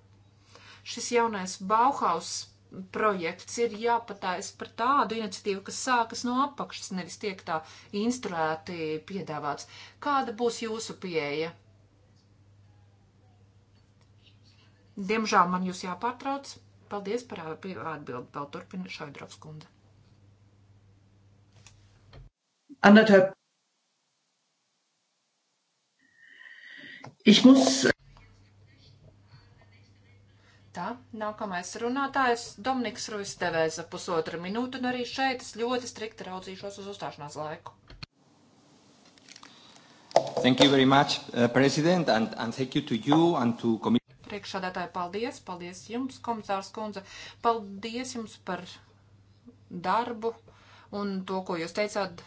Šis jaunais Bauhaus projekts ir jāpatājas par tādu iniciatīvu, kas sākas no apakšas, nevis tiek tā instruēti piedāvāts. Kāda būs jūsu pieeja? Diemžēl man jūs jāpārtrauc. Paldies par atbildi. Vēl turpina Šaidrovs kundze. Anderthalb. Ich muss. Tā, nākamais runātājs Dominiks Ruis devēza pusotra minūte, un arī šeit es ļoti strikti raudzīšos uz uzstāšanās laiku. Thank you very much, uh, President, and, and thank you to you and to committee. Priekšādātāji, paldies, paldies jums, komisārs kundze, paldies jums par darbu un to, ko jūs teicāt,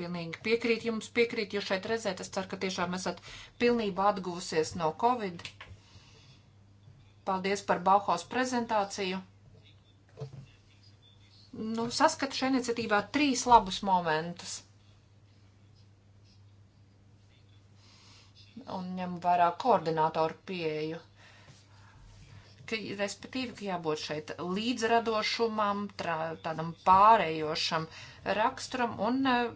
pilnīgi piekrīt jums, piekrīt jūs šeit redzēt. Es ceru, ka tiešām esat pilnībā atguvusies no Covid. Paldies par Bauhaus prezentāciju. Nu, saskat šajā iniciatīvā trīs labus momentus. Un ņem vairāk koordinātoru pieeju ka, respektīvi, ka jābūt šeit līdzradošumam, trā, tādam pārējošam raksturam un eh,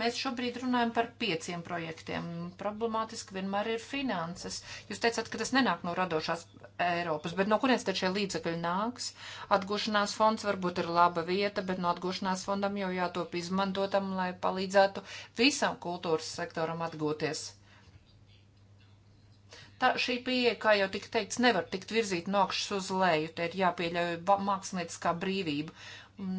Mēs šobrīd runājam par pieciem projektiem. Problemātiski vienmēr ir finanses. Jūs teicāt, ka tas nenāk no radošās Eiropas, bet no kurienes tad šie līdzekļi nāks? Atgūšanās fonds varbūt ir laba vieta, bet no atgūšanās fondam jau jātop izmantotam, lai palīdzētu visam kultūras sektoram atgūties. Tā, šī pieeja, kā jau tika teikts, nevar tikt virzīt no augšas uz leju, te ir jāpieļauj mākslinieckā brīvība. Un,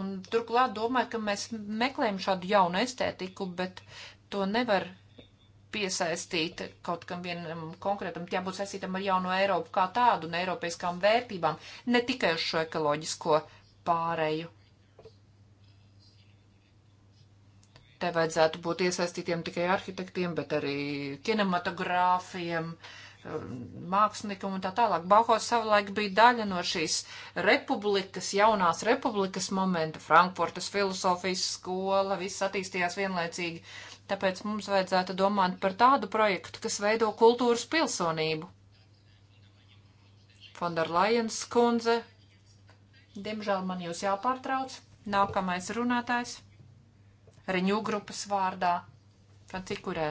un turklāt domāju, ka mēs meklējam šādu jaunu estētiku, bet to nevar piesaistīt kaut kam vienam konkrētam, jābūt saistītam ar jauno Eiropu kā tādu un eiropeiskām vērtībām, ne tikai uz šo ekoloģisko pārēju. Te vajadzētu būt iesaistītiem tikai arhitektiem, bet arī kinematogrāfiem, um, māksliniekam un tā tālāk. Bauhaus savulaik bija daļa no šīs republikas, jaunās republikas momenta, Frankfurtas filozofijas skola, viss attīstījās vienlaicīgi. Tāpēc mums vajadzētu domāt par tādu projektu, kas veido kultūras pilsonību. Fonderlajens kundze, diemžēl man jūs jāpārtrauc. Nākamais runātājs. Reņū grupas vārdā. Francikurē.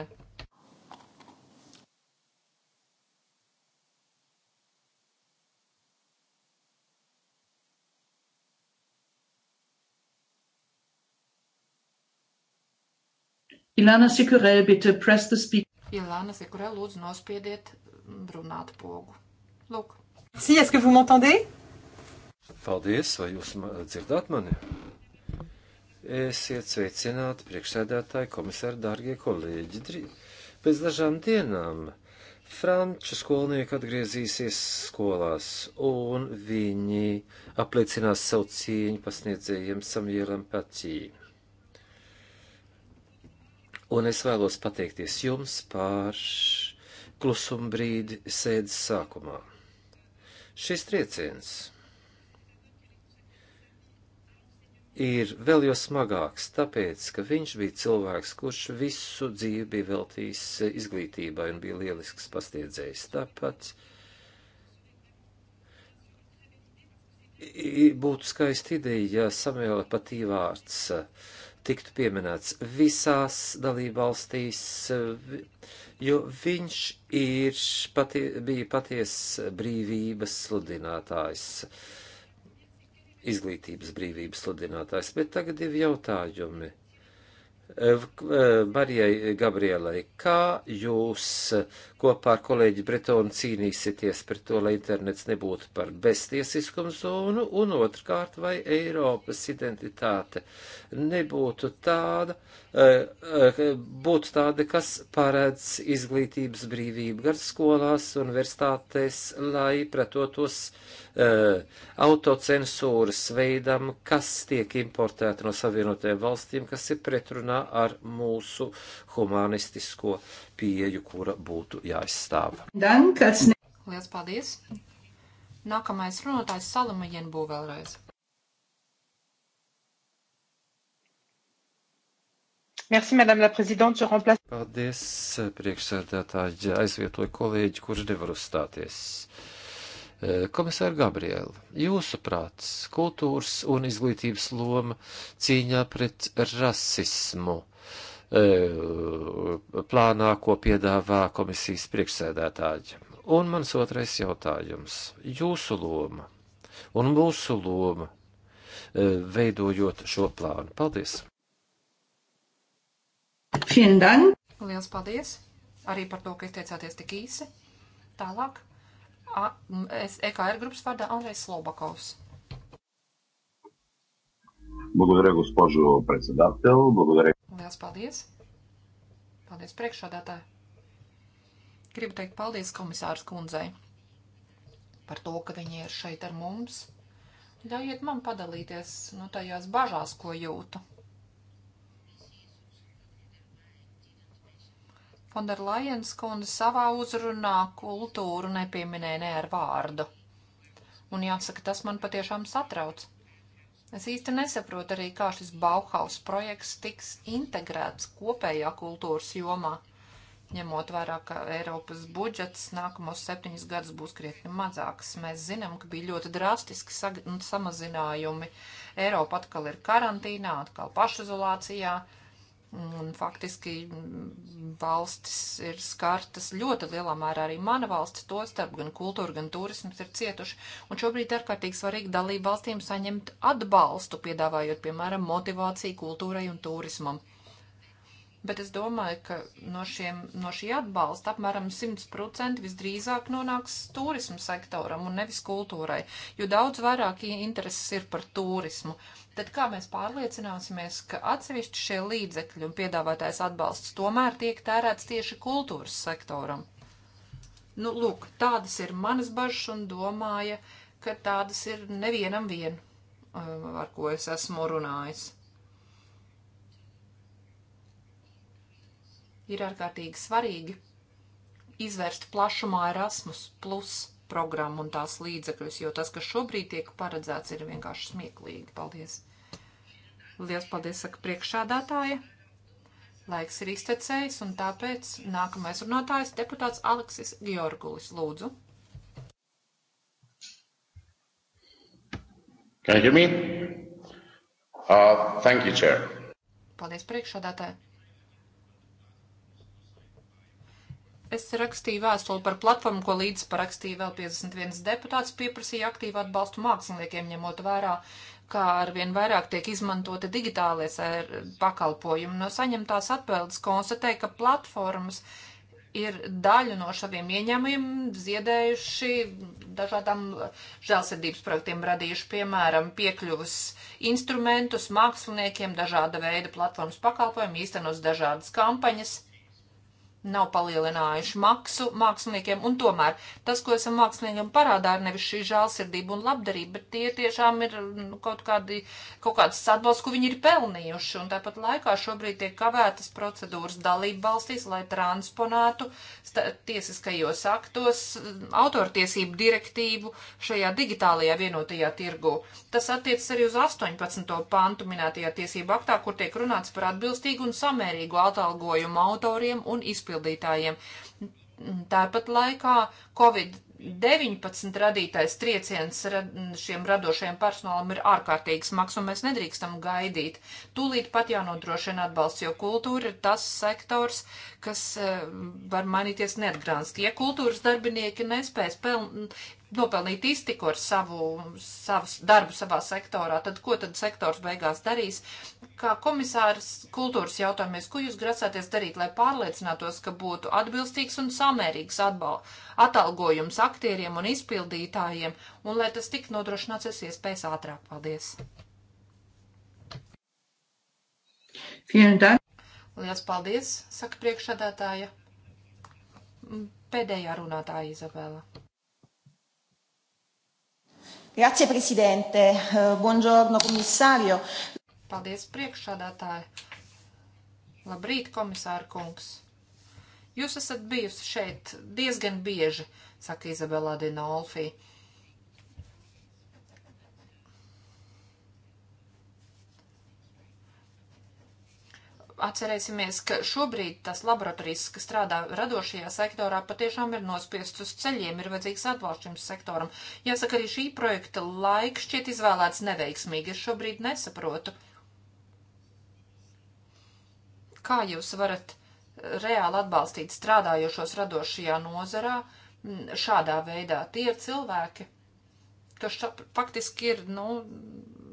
Ilana Sikurē, bitte press the speak. Ilana Sikurē, lūdzu nospiediet runāt pogu. Lūk. Si, est-ce que vous m'entendez? Paldies, vai jūs dzirdat mani? Esiet sveicināti, priekšsēdētāji, komisāri, dārgie kolēģi. Pēc dažām dienām franču skolnieki atgriezīsies skolās, un viņi apliecinās savu cieņu pasniedzējiem Samielam Patī. Un es vēlos pateikties jums par klusumbrīdi sēdes sākumā. Šis trieciens ir vēl jo smagāks, tāpēc, ka viņš bija cilvēks, kurš visu dzīvi bija veltījis izglītībai un bija lielisks pastiedzējs. Tāpat būtu skaisti ideja, ja Samuela patīvārds tiktu pieminēts visās dalībvalstīs, jo viņš ir, pati, bija paties brīvības sludinātājs. Uh, izglītības brīvības sludinātājs. Bet tagad ir jautājumi. Eh, eh, Marijai Gabrielai, kā jūs kopā ar kolēģi Bretonu cīnīsieties par to, lai internets nebūtu par beztiesiskumu zonu, un otrkārt, vai Eiropas identitāte nebūtu tāda, eh, eh, būtu tāda, kas paredz izglītības brīvību gan skolās, universitātēs, lai pretotos eh, autocensūras veidam, kas tiek importēta no savienotajām valstīm, kas ir pretrunā ar mūsu humanistisko pieeju, kura būtu jāizstāv. Dankas! Lielas paldies! Nākamais runātājs Salama Jenbū vēlreiz. Merci, Madame la Présidente, je remplace. Paldies, priekšsēdētāji, aizvietoju kolēģi, kurš nevar uzstāties. Eh, Komisāra Gabriela, jūsu prāts, kultūras un izglītības loma cīņā pret rasismu. Uh, E, plānā, ko piedāvā komisijas priekšsēdētāji. Un mans otrais jautājums - jūsu loma un mūsu loma e, veidojot šo plānu. Paldies! Fiendan! Liels paldies arī par to, ka izteicāties tik īsi. Tālāk, A, es EKR grupas vārdā Andrejs Slobakovs. Благодаря, госпожо председател. Благодаря, Liels paldies! Paldies priekšādātāji! Gribu teikt paldies komisārs kundzei par to, ka viņi ir šeit ar mums. Ļaujiet man padalīties no nu, tajās bažās, ko jūtu. Fonderlajens kundze savā uzrunā kultūru nepieminēja ne ar vārdu. Un jāsaka, tas man patiešām satrauc. Es īsti nesaprotu arī, kā šis Bauhaus projekts tiks integrēts kopējā kultūras jomā, ņemot vērā, ka Eiropas budžets nākamos septiņus gadus būs krietni mazāks. Mēs zinām, ka bija ļoti drastiski nu, samazinājumi. Eiropa atkal ir karantīnā, atkal pašizolācijā. Uh, Un faktiski mm, valstis ir skartas ļoti lielā mērā arī mana valsts, to starp gan kultūra, gan turisms ir cietuši. Un šobrīd ārkārtīgi svarīgi dalību valstīm saņemt atbalstu, piedāvājot, piemēram, motivāciju kultūrai un turismam bet es domāju, ka no, šiem, no šī atbalsta apmēram 100% visdrīzāk nonāks turismu sektoram un nevis kultūrai, jo daudz vairāk intereses ir par turismu. Tad kā mēs pārliecināsimies, ka atsevišķi šie līdzekļi un piedāvātais atbalsts tomēr tiek tērēts tieši kultūras sektoram? Nu, lūk, tādas ir manas bažas un domāja, ka tādas ir nevienam vien, uh, ar ko es esmu runājis. ir ārkārtīgi svarīgi izvērst plašumā Erasmus plus programmu un tās līdzekļus, jo tas, kas šobrīd tiek paredzēts, ir vienkārši smieklīgi. Paldies! Lielas paldies, saka priekšādātāja. Laiks ir iztecējis, un tāpēc nākamais runātājs deputāts Aleksis Georgulis. Lūdzu. Can you hear me? Uh, thank you, Chair. Paldies, priekšādātāji. Es rakstīju vēstuli par platformu, ko līdz parakstīja vēl 51 deputāts, pieprasīja aktīvu atbalstu māksliniekiem, ņemot vērā, kā arvien vairāk tiek izmantoti digitālies pakalpojumi. No saņemtās atbildes konstatēja, ka platformas ir daļu no saviem ieņēmumiem ziedējuši dažādām žēlsirdības projektiem, radījuši, piemēram, piekļuvas instrumentus māksliniekiem, dažāda veida platformas pakalpojumu, īstenos dažādas kampaņas nav palielinājuši maksu māksliniekiem, un tomēr tas, ko esam māksliniekiem parādā, ir nevis šī žēlsirdība un labdarība, bet tie tiešām ir mm, kaut, kādi, kaut kāds atbalsts, ko viņi ir pelnījuši, un tāpat laikā šobrīd tiek kavētas procedūras dalība valstīs, lai transponētu tiesiskajos aktos mm, autortiesību direktīvu šajā digitālajā vienotajā tirgu. Tas attiecas arī uz 18. pantu minētajā tiesību aktā, kur tiek runāts par atbilstīgu un samērīgu atalgojumu autoriem un izpildījumu izpildītājiem. Tāpat laikā Covid-19 radītais trieciens šiem radošajiem personālam ir ārkārtīgi smags, un mēs nedrīkstam gaidīt. Tūlīt pat jānodrošina atbalsts, jo kultūra ir tas sektors, kas eh, var mainīties neatgrānski. Ja kultūras darbinieki nespēs peln, nopelnīt iztiku ar savu, savu darbu savā sektorā, tad ko tad sektors beigās darīs? Kā komisārs kultūras jautājumies, ko jūs grasāties darīt, lai pārliecinātos, ka būtu atbilstīgs un samērīgs atbal, atalgojums aktieriem un izpildītājiem, un lai tas tik nodrošināts iespējas ātrāk? Paldies! Lielas paldies, saka priekšsādātāja. Pēdējā runātāja Izabela. Grazie, prezidente. Eh, buongiorno, komisārio. Paldies, priekšsādātāji. Labrīt, komisāra kungs. Jūs esat bijusi šeit diezgan bieži, saka Izabela Dinolfija. Atcerēsimies, ka šobrīd tas laboratorijas, kas strādā radošajā sektorā, patiešām ir nospiests uz ceļiem, ir vajadzīgs atbalsts šim sektoram. Jāsaka, arī šī projekta laiks šķiet izvēlēts neveiksmīgi. Es šobrīd nesaprotu, kā jūs varat eh, reāli atbalstīt strādājošos radošajā nozarā mm, šādā veidā. Tie ir cilvēki, kas faktiski ir, nu,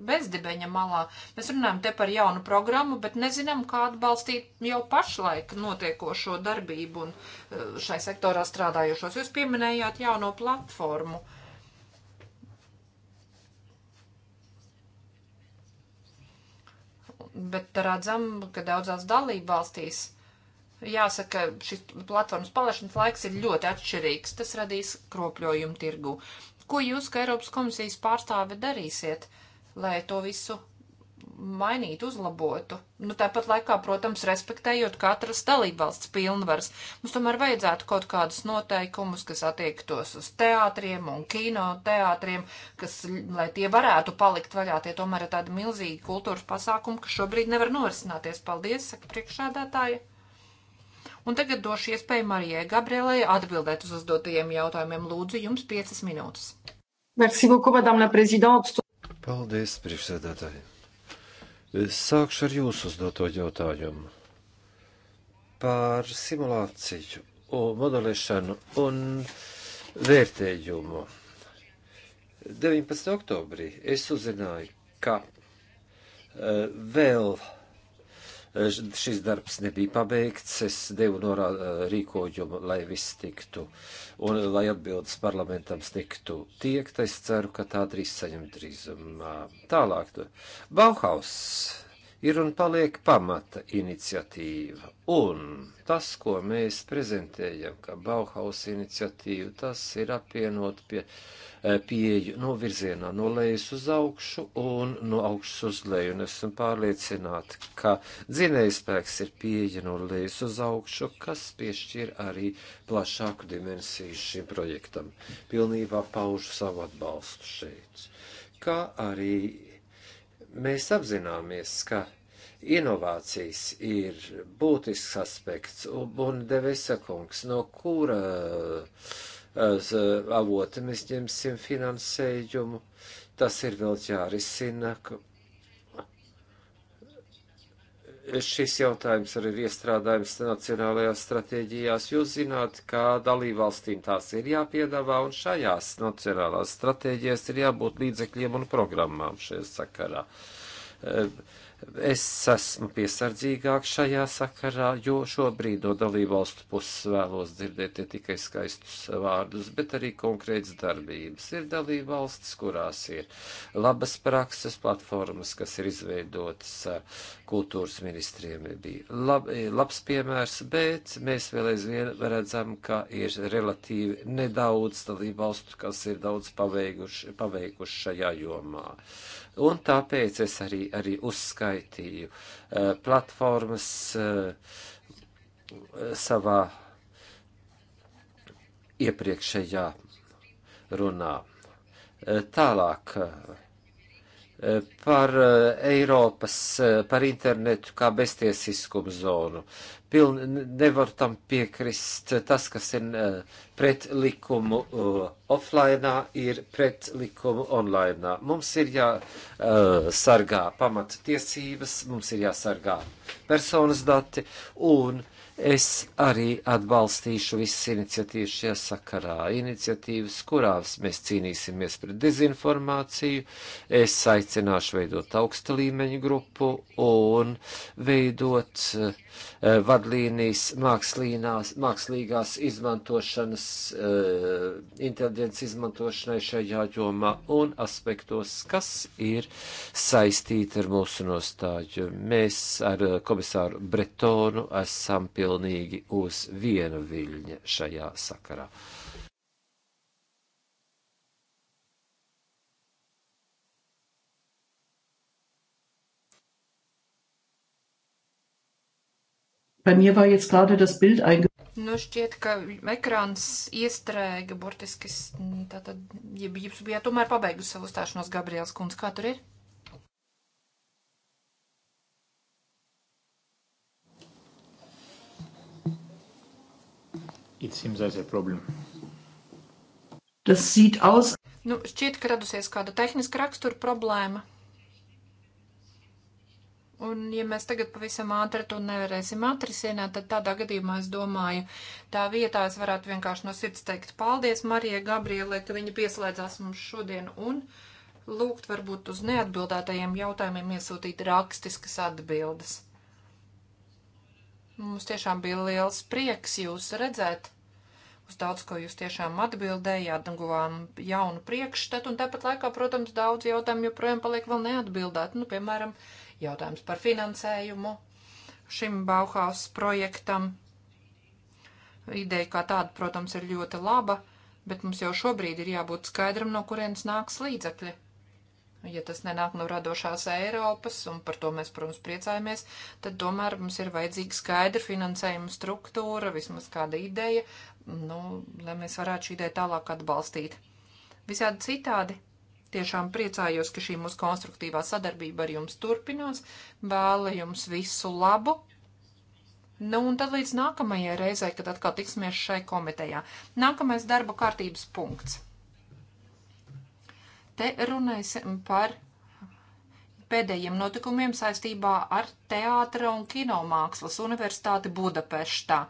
bezdibeņa malā. Mēs runājam te par jaunu programmu, bet nezinām, kā atbalstīt jau pašlaik notiekošo darbību un eh, šai sektorā strādājošos. Jūs pieminējāt jauno platformu. Bet redzam, ka daudzās dalībvalstīs jāsaka, šis platformas palaišanas laiks ir ļoti atšķirīgs. Tas radīs kropļojumu tirgu. Ko jūs, kā Eiropas komisijas pārstāve, darīsiet, lai to visu mainītu, uzlabotu. Nu, tāpat laikā, protams, respektējot katras dalībvalsts pilnvaras, mums tomēr vajadzētu kaut kādus noteikumus, kas attiektos uz teātriem un kino teātriem, kas, lai tie varētu palikt vaļā, tie tomēr ir tādi milzīgi kultūras pasākumi, kas šobrīd nevar norisināties. Paldies, saka priekšādātāja. Un tagad došu iespēju Marijai Gabrielai atbildēt uz uzdotajiem jautājumiem. Lūdzu, jums piecas minūtes. Merci beaucoup, Madame la Présidente. Paldies, priekšsēdētāji. Sākšu ar jūsu uzdoto jautājumu par simulāciju, modelēšanu un vērtējumu. 19. oktobrī es uzzināju, ka uh, vēl uh, Eh, šis darbs nebija pabeigts, es devu norā eh, rīkojumu, lai viss tiktu, un lai atbildes parlamentam tiktu tiekta, es ceru, ka tā drīz saņem drīzumā. Tālāk, Bauhaus ir un paliek pamata iniciatīva. Un tas, ko mēs prezentējam, kā Bauhaus iniciatīva, tas ir apvienot pie eh, pieeju no virzienā no lejas uz augšu un no augšas uz leju. Un esmu pārliecināta, ka dzinējspēks ir pieeja no lejas uz augšu, kas piešķir arī plašāku dimensiju šim projektam. Pilnībā paužu savu atbalstu šeit. Kā arī Mēs apzināmies, ka inovācijas ir būtisks aspekts, un Devesa kungs, no kura eh, avota mēs ņemsim finansējumu, tas ir vēl jārisina šis jautājums arī ir iestrādājums nacionālajās stratēģijās. Jūs zināt, kā dalībvalstīm tās ir jāpiedāvā, un šajās nacionālās stratēģijās ir jābūt līdzekļiem un programmām šajā sakarā. Es esmu piesardzīgāk šajā sakarā, jo šobrīd no dalībvalstu puses vēlos dzirdēt ne tikai skaistus vārdus, bet arī konkrētas darbības. Ir dalībvalstis, kurās ir labas prakses platformas, kas ir izveidotas kultūras ministriem, bija lab, labs piemērs, bet mēs vēl aizvien redzam, ka ir relatīvi nedaudz dalībvalstu, kas ir daudz paveikuši, paveikuši šajā jomā. Un tāpēc es arī, arī uzskaitīju uh, platformas uh, savā iepriekšējā runā. Uh, tālāk par Eiropas, par internetu kā beztiesiskumu zonu piln, nevar tam piekrist. Tas, kas ir eh, pret likumu eh, offline, ir pret likumu online. Mums ir jāsargā eh, pamattiesības, mums ir jāsargā personas dati, un es arī atbalstīšu visas iniciatīvas šajā sakarā. Iniciatīvas, kurās mēs cīnīsimies pret dezinformāciju, es aicināšu veidot augsta līmeņa grupu un veidot uh, Eh, vadlīnijas mākslīnās, mākslīgās izmantošanas, eh, inteliģences izmantošanai šajā jomā un aspektos, kas ir saistīti ar mūsu nostāju. Mēs ar eh, komisāru Bretonu esam pilnīgi uz viena viļņa šajā sakarā. Bei mir war jetzt gerade das Bild eingebaut. Nu, šķiet, ka ekrāns iestrēga burtiski. Tātad, ja jūs bijāt tomēr pabeigusi savu uzstāšanos, Gabriels Kunz, kā tur ir? It seems as a problem. Tas sieht aus. Nu, šķiet, ka radusies kāda tehniska rakstura problēma. Un, ja mēs tagad pavisam ātri to nevarēsim atrisināt, tad tādā gadījumā es domāju, tā vietā es varētu vienkārši no sirds teikt paldies Marijai Gabrielai, ka viņa pieslēdzās mums šodien un lūgt varbūt uz neatbildētajiem jautājumiem iesūtīt rakstiskas atbildes. Mums tiešām bija liels prieks jūs redzēt. Uz daudz, ko jūs tiešām atbildējāt, guvām jaunu priekšstatu, un tāpat laikā, protams, daudz jautājumu joprojām paliek vēl neatbildēt. Nu, piemēram, uh, Jautājums par finansējumu šim Bauhaus projektam. Ideja kā tāda, protams, ir ļoti laba, bet mums jau šobrīd ir jābūt skaidram, no kurienes nāks līdzekļi. Ja tas nenāk no radošās Eiropas, un par to mēs, protams, priecājamies, tad tomēr mums ir vajadzīga skaidra finansējuma struktūra, vismaz kāda ideja, nu, lai mēs varētu šī ideja tālāk atbalstīt. Visādi citādi Tiešām priecājos, ka šī mūsu konstruktīvā sadarbība ar jums turpinās. Vēlu jums visu labu. Nu, un tad līdz nākamajai reizei, kad atkal tiksimies šai komitejā. Nākamais darba kārtības punkts. Te runāsim par pēdējiem notikumiem saistībā ar Teātra un Kinomākslas Universitāti Budapeštā.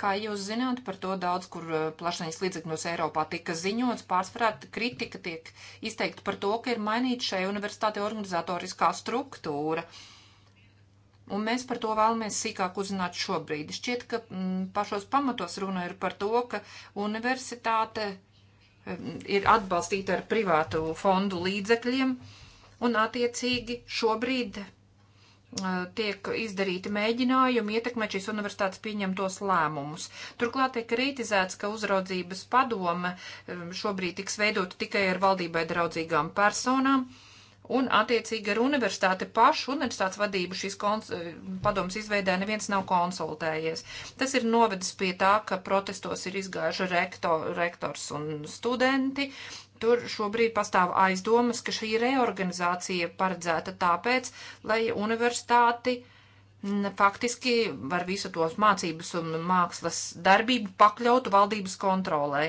Kā jūs zināt, par to daudz, kur uh, plašsaziņas līdzekļos Eiropā tika ziņots, pārsvarā kritika tiek izteikta par to, ka ir mainīta šai universitātei organizatoriskā struktūra. Un mēs par to vēlamies sīkāk uzzināt šobrīd. Šķiet, ka m, mm, pašos pamatos runa ir par to, ka universitāte mm, ir atbalstīta ar privātu fondu līdzekļiem, un attiecīgi šobrīd Uh, tiek izdarīti mēģinājumi ietekmēt šīs universitātes pieņemtos lēmumus. Turklāt tiek kritizēts, ka uzraudzības padome um, šobrīd tiks veidota tikai ar valdībai draudzīgām personām. Un, attiecīgi, ar universitāti pašu, universitātes vadību šīs uh, padomas izveidē neviens nav konsultējies. Tas ir novedis pie tā, ka protestos ir izgājuši rektor, rektors un studenti, Tur šobrīd pastāv aizdomas, ka šī reorganizācija paredzēta tāpēc, lai universitāti faktiski var visu tos mācības un mākslas darbību pakļautu valdības kontrolē.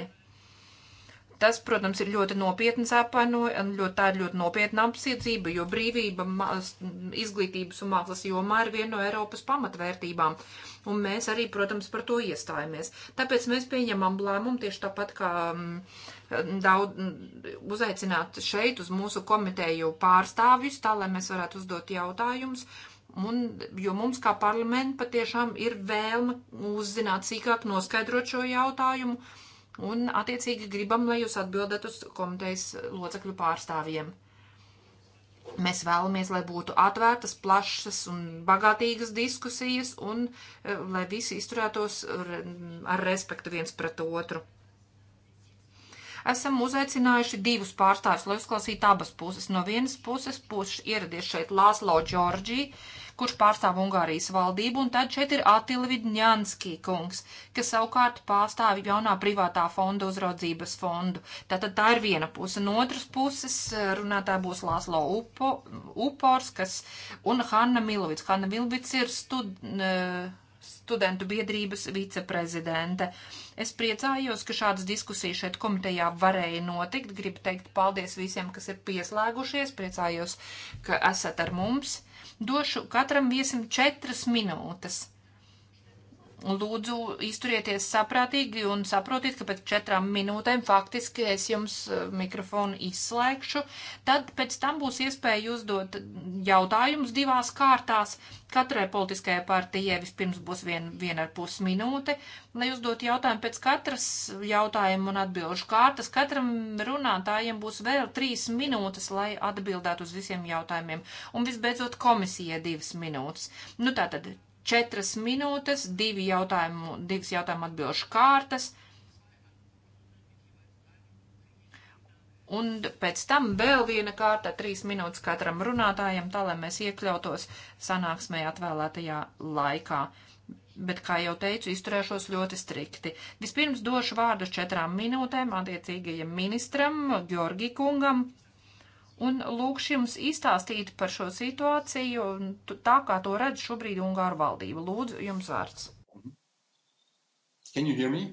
Tas, protams, ir ļoti nopietns apvainojums, ļoti, tā ir ļoti nopietna apsiedzība, jo brīvība izglītības un mākslas jomā ir viena no Eiropas pamatvērtībām. Un mēs arī, protams, par to iestājamies. Tāpēc mēs pieņemam lēmumu tieši tāpat kā mm, daudz, uzaicināt šeit uz mūsu komiteju pārstāvjus, tā lai mēs varētu uzdot jautājumus. Un, jo mums kā parlamentam patiešām ir vēlme uzzināt sīkāk, noskaidrot šo jautājumu, un attiecīgi gribam, lai jūs atbildat uz komitejas locekļu pārstāvjiem. Mēs vēlamies, lai būtu atvērtas, plašas un bagātīgas diskusijas, un eh, lai visi izturētos ar respektu viens pret otru. Esam uzaicinājuši divus pārstāvjus, lai uzklausītu abas puses. No vienas puses puses ieradies šeit Lāslo Džordži, kurš pārstāv Ungārijas valdību, un tad šeit ir Atila Vidņanski kungs, kas savukārt pārstāv jaunā privātā fonda uzraudzības fondu. Tātad tā ir viena puse. No otras puses eh, runātā būs Lāslo Upo, Upors, kas un Hanna Milovic. Hanna Milovic ir stud, uh, studentu biedrības viceprezidente. Uh, Es priecājos, ka šādas diskusijas šeit komitejā varēja notikt. Gribu teikt paldies visiem, kas ir pieslēgušies. Priecājos, ka esat ar mums. Došu katram viesim četras minūtes lūdzu izturieties saprātīgi un saprotiet, ka pēc četrām minūtēm faktiski es jums eh, mikrofonu izslēgšu. Tad pēc tam būs iespēja uzdot jautājumus divās kārtās. Katrai politiskajai partijai vispirms būs vien, viena ar pus minūte, lai uzdot jautājumu pēc katras jautājumu un atbilžu kārtas. Katram runātājiem būs vēl trīs minūtes, lai atbildētu uz visiem jautājumiem. Un visbeidzot komisijai divas minūtes. Nu tātad četras minūtes, divi jautājumu, divas jautājumu atbilžu kārtas. Un pēc tam vēl viena kārta, trīs minūtes katram runātājam, tā lai mēs iekļautos sanāksmē atvēlētajā laikā. Bet, kā jau teicu, izturēšos ļoti strikti. Vispirms došu vārdu četrām minūtēm attiecīgajam ministram, Georgi kungam, un lūkšu jums izstāstīt par šo situāciju tā, kā to redz šobrīd Ungāru valdība. Lūdzu, jums vārds. Can you hear me?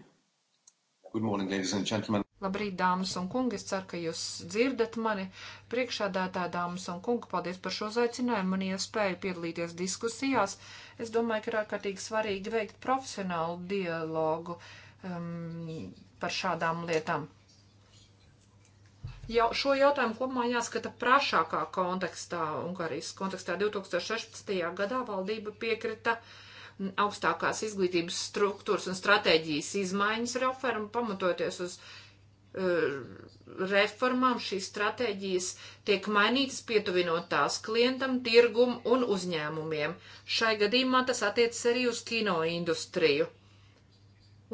Good morning, ladies and gentlemen. Labrīt, dāmas un kungi, es ceru, ka jūs dzirdat mani. Priekšādātā dāmas un kungi, paldies par šo zaicinājumu un iespēju piedalīties diskusijās. Es domāju, ka ir ārkārtīgi svarīgi veikt profesionālu dialogu um, par šādām lietām jau šo jautājumu kopumā jāskata prašākā kontekstā, Ungārijas kontekstā. 2016. gadā valdība piekrita augstākās izglītības struktūras un stratēģijas izmaiņas referam, pamatoties uz uh, reformām šīs stratēģijas tiek mainītas pietuvinot tās klientam, tirgum un uzņēmumiem. Šai gadījumā tas attiecas arī uz kino industriju.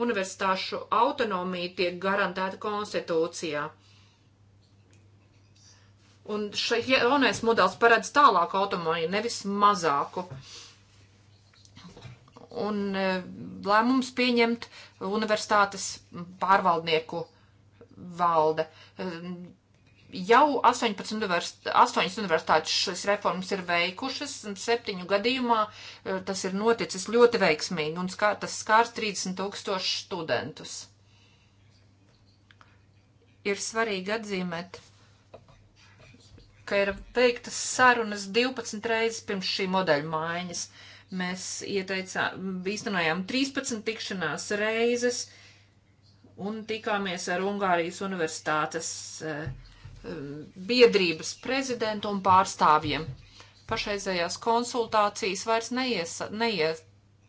Universitāšu autonomija tiek garantēta konstitūcijā Un šeit jaunais modelis paredz tālāku autonomiju, nevis mazāku. Un e, lēmums pieņemt universitātes pārvaldnieku valde. E, jau 18 universitātes, 8 universitātes šīs reformas ir veikušas, un 7 gadījumā e, tas ir noticis ļoti veiksmīgi, un skār, tas skārs 30 tūkstoši studentus. Ir svarīgi atzīmēt ka ir veiktas sarunas 12 reizes pirms šī modeļa maiņas. Mēs ieteicām, īstenojām 13 tikšanās reizes un tikāmies ar Ungārijas universitātes eh, um, biedrības prezidentu un pārstāvjiem. Pašreizējās konsultācijas vairs neies, neies,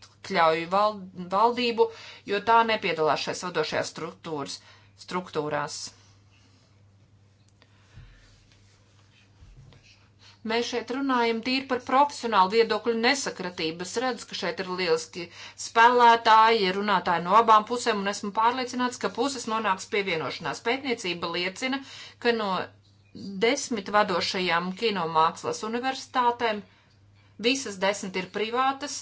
iekļauju val, valdību, jo tā nepiedalās šajās vadošajās struktūras, struktūrās. Mēs šeit runājam tīri par profesionālu viedokļu nesakratību. Es redzu, ka šeit ir lieliski spēlētāji, runātāji no abām pusēm, un esmu pārliecināts, ka puses nonāks pie vienošanās. Pētniecība liecina, ka no desmit vadošajām kinomākslas universitātēm visas desmit ir privātas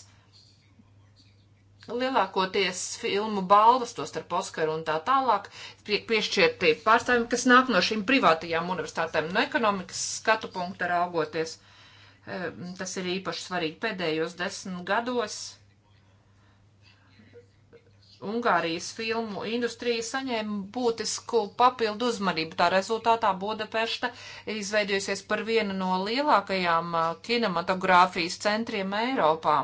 lielākoties filmu balvas, tostarp Oskaru un tā tālāk, tiek piešķirti pārstāvjiem, kas nāk no šīm privātajām universitātēm, no ekonomikas skatu punkta raugoties. Tas ir īpaši svarīgi pēdējos desmit gados. Ungārijas filmu industrija saņēma būtisku papildu uzmanību. Tā rezultātā Budapešta izveidojusies par vienu no lielākajām eh, kinematogrāfijas centriem Eiropā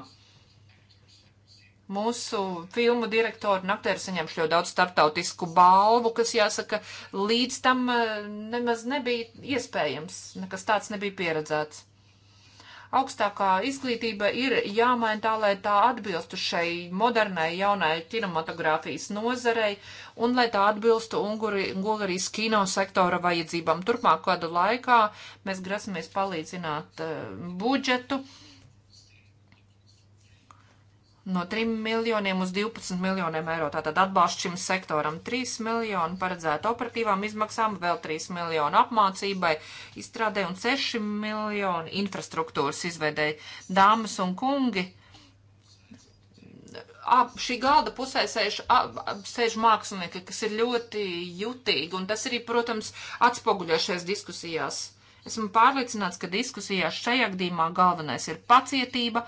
Mūsu filmu direktori un aktieri saņemšu ļoti daudz starptautisku balvu, kas, jāsaka, līdz tam eh, nemaz nebija iespējams, nekas tāds nebija pieredzēts. Augstākā izglītība ir jāmaina tā, lai tā atbilstu šai modernai jaunai kinematogrāfijas nozarei un lai tā atbilstu Ungurijas kino sektora vajadzībām. Turpmāk kādu laikā mēs grasamies palīdzināt uh, budžetu. Uh, no 3 miljoniem uz 12 miljoniem eiro. Tātad atbalsts šim sektoram 3 miljoni paredzētu operatīvām izmaksām, vēl 3 miljoni apmācībai, izstrādē un 6 miljoni infrastruktūras izveidēji. Dāmas un kungi, ap šī galda pusē sēž, ap, sēž mākslinieki, kas ir ļoti jutīgi, un tas arī, protams, atspoguļošies diskusijās Esmu pārliecināts, ka diskusijā šajā gadījumā galvenais ir pacietība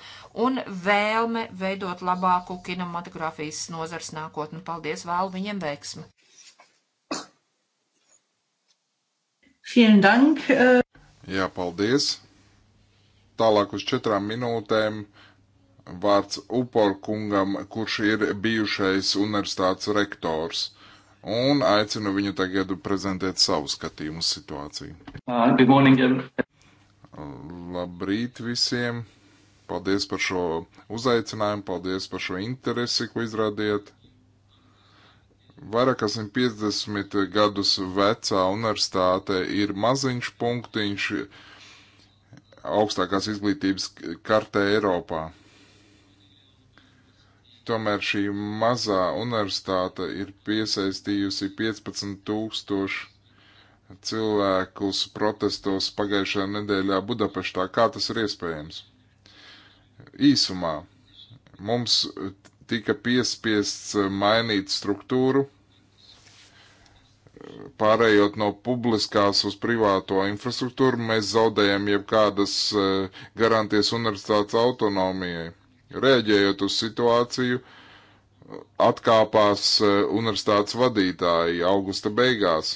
un vēlme veidot labāku kinematogrāfijas nozars nākotni. Paldies, vēlu viņiem veiksmi! Vielen Dank. Äh. Jā, paldies. Tālāk uz četrām minūtēm vārds Upor kungam, kurš ir bijušais universitātes rektors un aicinu viņu tagad prezentēt savu skatījumu uz situāciju. Uh, good morning, Labrīt visiem! Paldies par šo uzaicinājumu, paldies par šo interesi, ko izrādījāt. Vairāk kā 150 gadus vecā universitāte ir maziņš punktiņš augstākās izglītības kartē Eiropā. Tomēr šī mazā universitāte ir piesaistījusi 15 tūkstošu cilvēkus protestos pagājušajā nedēļā Budapeštā. Kā tas ir iespējams? Īsumā mums tika piespiests mainīt struktūru, pārējot no publiskās uz privāto infrastruktūru, mēs zaudējam jebkādas eh, garantijas universitātes autonomijai. Rēģējot uz situāciju, atkāpās eh, universitātes vadītāji augusta beigās.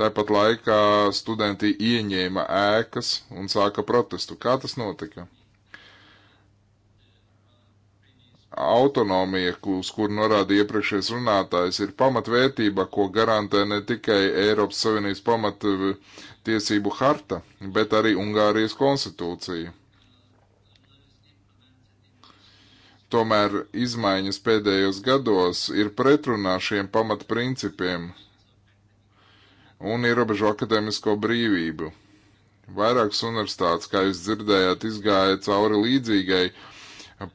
Tāpat laikā studenti ieņēma ēkas un sāka protestu. Kā tas notika? Autonomija, uz kuru norāda iepriekšējais runātājs, ir pamatvērtība, ko garantē ne tikai Eiropas Savienības pamata tiesību harta, bet arī Ungārijas konstitūcija. Tomēr izmaiņas pēdējos gados ir pretrunā šiem pamatprincipiem un ierobežo akadēmisko brīvību. Vairākas universitātes, kā jūs dzirdējāt, izgāja cauri līdzīgai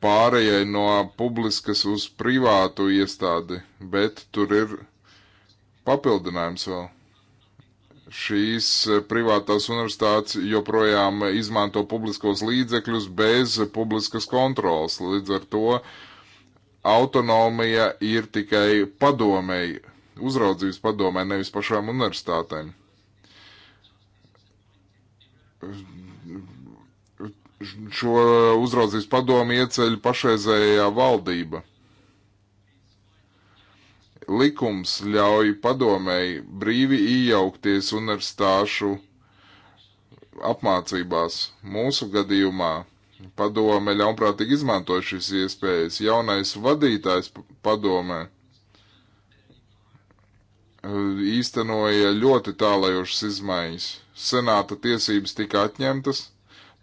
pārējai no publiskas uz privātu iestādi, bet tur ir papildinājums vēl šīs eh, privātās universitātes joprojām izmanto publiskos līdzekļus bez publiskas kontrolas. Līdz ar to autonomija ir tikai padomēji, uzraudzības padomē, nevis pašām universitātēm. Šo uzraudzības padomu ieceļ pašreizējā valdība likums ļauj padomēji brīvi iejaukties universitāšu apmācībās. Mūsu gadījumā padome ļaunprātīgi izmantoja šīs iespējas. Jaunais vadītājs padomē e, īstenoja ļoti tālajošas izmaiņas. Senāta tiesības tika atņemtas,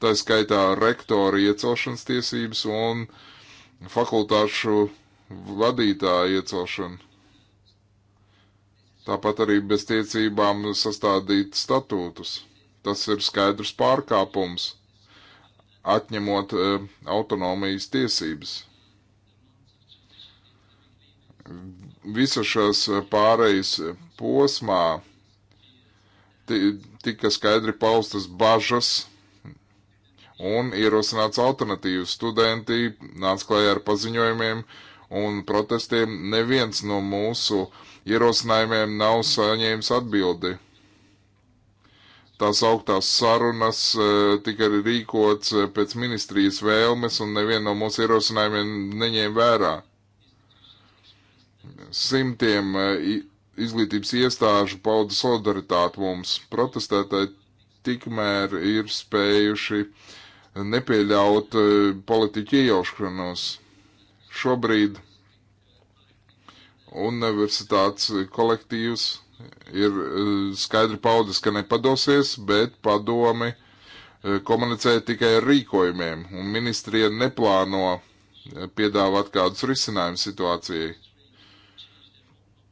tā skaitā rektora iecelšanas tiesības un fakultāšu vadītāja iecelšana Tāpat arī bez tiecībām sastādīt statūtus. Tas ir skaidrs pārkāpums, atņemot e, autonomijas tiesības. Visa šās pārejas posmā tika skaidri paustas bažas un ierosināts alternatīvas. Studenti nāca klajā ar paziņojumiem un protestiem. Neviens no mūsu uh, ierosinājumiem nav saņēmis atbildi. Tās augtās sarunas e, tika rīkots e, pēc ministrijas vēlmes un nevienu no mūsu ierosinājumiem neņēma vērā. Simtiem e, izglītības iestāžu pauda solidaritāti mums. Protestētāji tikmēr ir spējuši nepieļaut politiķu iejaušanos. Šobrīd universitātes kolektīvs ir eh, skaidri paudis, ka nepadosies, bet padomi eh, komunicē tikai ar rīkojumiem, un ministrija neplāno eh, piedāvāt kādus risinājumus situācijai.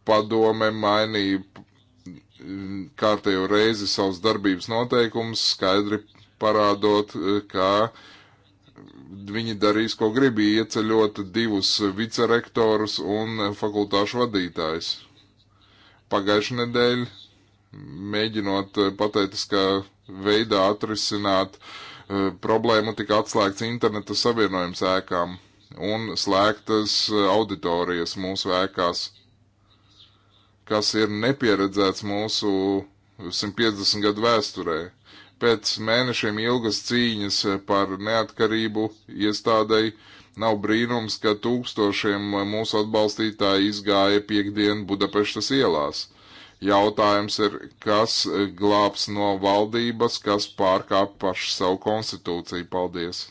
Padome mainīja mm, kārtējo reizi savus darbības noteikumus, skaidri parādot, ka uh, viņi darīs, ko grib, ieceļot divus vicerektorus un fakultāšu vadītājus. Pagājušajā nedēļā mēģinot eh, patētiskā veidā atrisināt uh, problēmu, tika atslēgts interneta savienojums ēkām un slēgtas eh, auditorijas mūsu ēkās, kas ir nepieredzēts mūsu 150 gadu vēsturē pēc mēnešiem ilgas cīņas eh, par neatkarību iestādēji nav brīnums, ka tūkstošiem eh, mūsu atbalstītāji izgāja piekdien Budapeštas ielās. Jautājums ir, kas eh, glābs no valdības, kas pārkāp pašu savu konstitūciju. Paldies!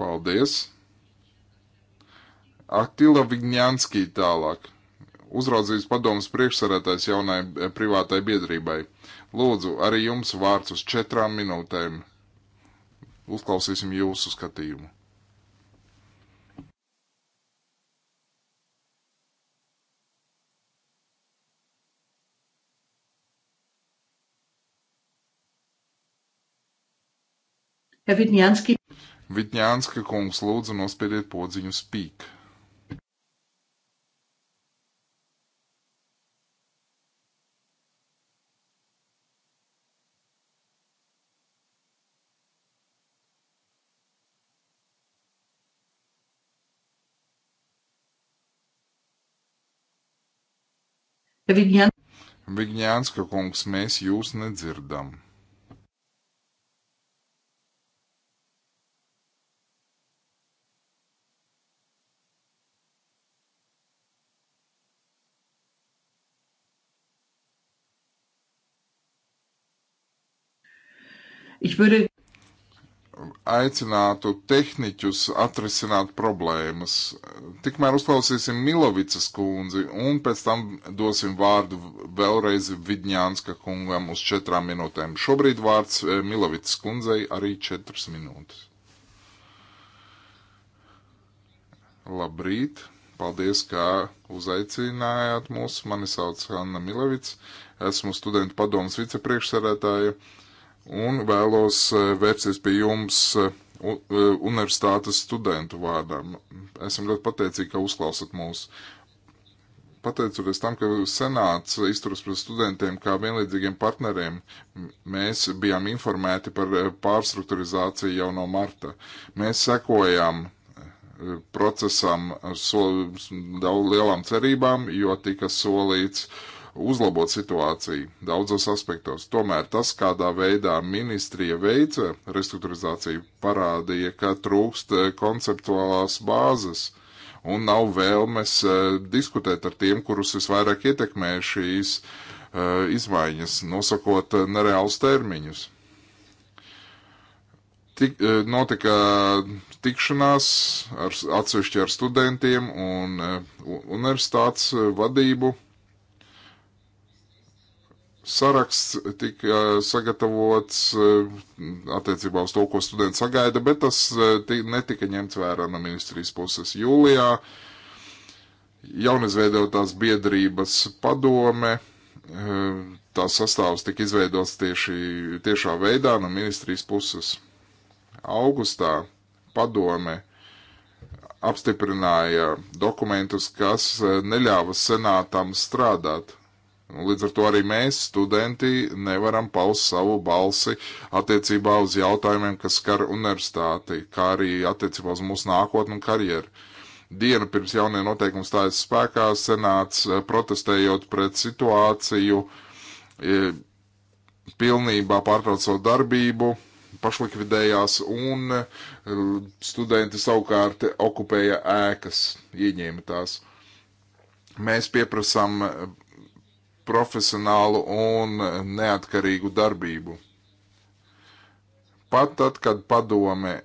Paldies! Attila Vigņanskī tālāk. Uzraudzības padomas priekšsarētājs jaunai eh, privātai biedrībai. Lūdzu, arī jums vārds uz četrām minūtēm. Uzklausīsim jūsu skatījumu. Vitņānski. Vitņānska kungs lūdzu nospiediet podziņu spīku. Viņiem... Vigņānska kungs, mēs jūs nedzirdam. Ich würde aicinātu tehniķus atrisināt problēmas. Tikmēr uzklausīsim Milovicas kundzi un pēc tam dosim vārdu vēlreiz Vidņānska kungam uz četrām minūtēm. Šobrīd vārds eh, Milovicas kundzei arī četras minūtes. Labrīt! Paldies, kā uzaicinājāt mūs. Mani sauc Hanna Milovic. Esmu studentu padomas vicepriekšsēdētāja. Uh, un vēlos eh, vērsties pie jums eh, eh, universitātes studentu vārdām. Esam ļoti pateicīgi, ka uzklausat mūs. Pateicoties tam, ka senāts izturas pret studentiem kā vienlīdzīgiem partneriem, mēs bijām informēti par pārstrukturizāciju jau no marta. Mēs sekojām procesam ar so, daudz lielām cerībām, jo tika solīts uh, uzlabot situāciju daudzos aspektos. Tomēr tas, kādā veidā ministrija veica restruktūrizāciju, parādīja, ka trūkst eh, konceptuālās bāzes un nav vēlmes eh, diskutēt ar tiem, kurus visvairāk ietekmē šīs eh, izmaiņas, nosakot nereālus termiņus. Tik, notika tikšanās ar, atsevišķi ar studentiem un universitātes vadību saraksts tika eh, sagatavots eh, attiecībā uz to, ko studenti sagaida, bet tas eh, netika ņemts vērā no ministrijas puses jūlijā. Jaunizveidotās biedrības padome, tā sastāvs tika izveidots tieši tiešā veidā no ministrijas puses. Augustā padome apstiprināja dokumentus, kas neļāva senātam strādāt Nu, līdz ar to arī mēs, studenti, nevaram paust savu balsi attiecībā uz jautājumiem, kas skar universitāti, kā arī attiecībā uz mūsu nākotnu un karjeru. Dienu pirms jaunie noteikumi stājas spēkā, senāts eh, protestējot pret situāciju, e, pilnībā pārtraucot darbību, pašlikvidējās, un e, studenti savukārt okupēja ēkas, ieņēma tās. Mēs pieprasām profesionālu un neatkarīgu darbību. Pat tad, kad padome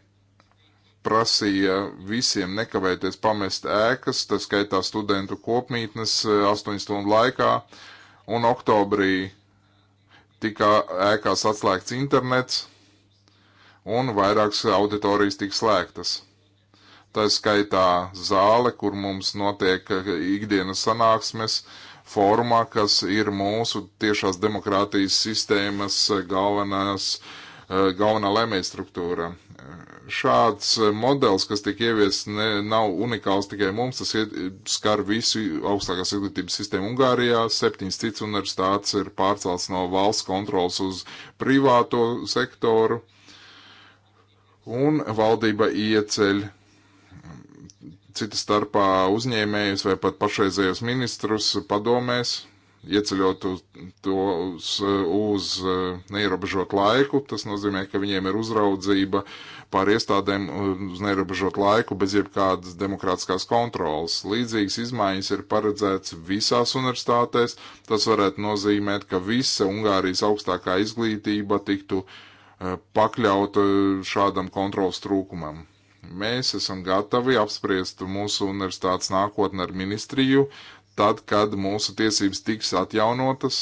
prasīja visiem nekavēties pamest ēkas, tā skaitā studentu kopmītnes 8 eh, stundu laikā, un oktobrī tika ēkās atslēgts internets, un vairākas auditorijas tika slēgtas. Tā skaitā zāle, kur mums notiek eh, ikdienas sanāksmes, uh, fórumā, kas ir mūsu tiešās demokrātijas sistēmas eh, galvenās, eh, galvenā lēmējstruktūra. Eh, šāds modelis, kas tiek ieviests, nav unikāls tikai mums, tas iet, skar visu augstākās izglītības sistēmu Ungārijā. Septiņas cits universitātes ir pārcelts no valsts kontrols uz privāto sektoru, un valdība ieceļ cita starpā uzņēmējus vai pat pašreizējos ministrus padomēs, ieceļot uz, to eh, uz, uz eh, neierobežotu laiku. Tas nozīmē, ka viņiem ir uzraudzība pār iestādēm eh, uz neierobežotu laiku bez jebkādas demokrātiskās kontrolas. Līdzīgas izmaiņas ir paredzēts visās universitātēs. Tas varētu nozīmēt, ka visa Ungārijas augstākā izglītība tiktu pakļauta šādam kontrolas trūkumam. Mēs esam gatavi apspriest mūsu universitātes nākotni ar ministriju, tad, kad mūsu tiesības tiks atjaunotas,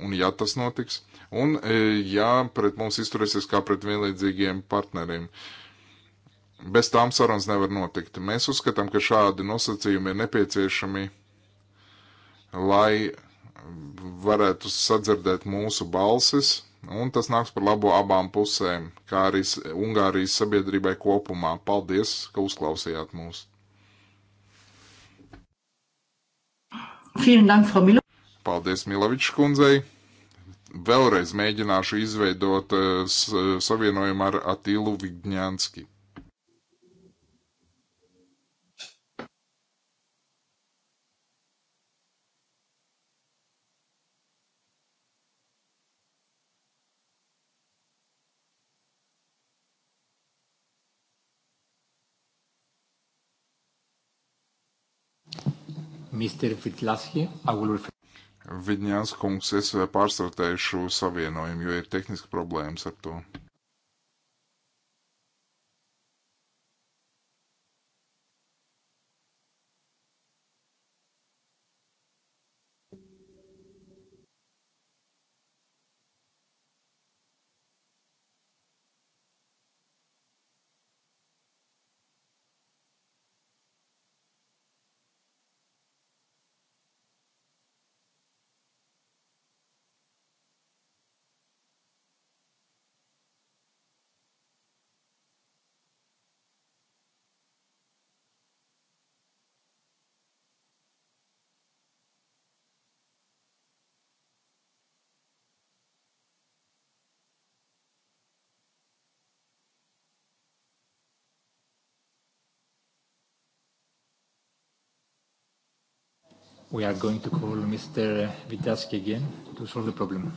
un ja tas notiks, un e, ja pret mums izturēsies kā pret vienlīdzīgiem partneriem. Bez tām sarunas nevar notikt. Mēs uzskatām, ka šādi nosacījumi ir nepieciešami, lai varētu sadzirdēt mūsu balsis un tas nāks par labu abām pusēm, kā arī Ungārijas sabiedrībai kopumā. Paldies, ka uzklausījāt mūs! Paldies Milovičs kundzei! Vēlreiz mēģināšu izveidot eh, savienojumu ar Atilu Vigņānski. Mr. Vitlaski, I will refer. Vidņās kungs, es eh, pārstartēšu savienojumu, jo ir tehniski problēmas ar to. We are going to call Mr. Vitaski again to solve the problem.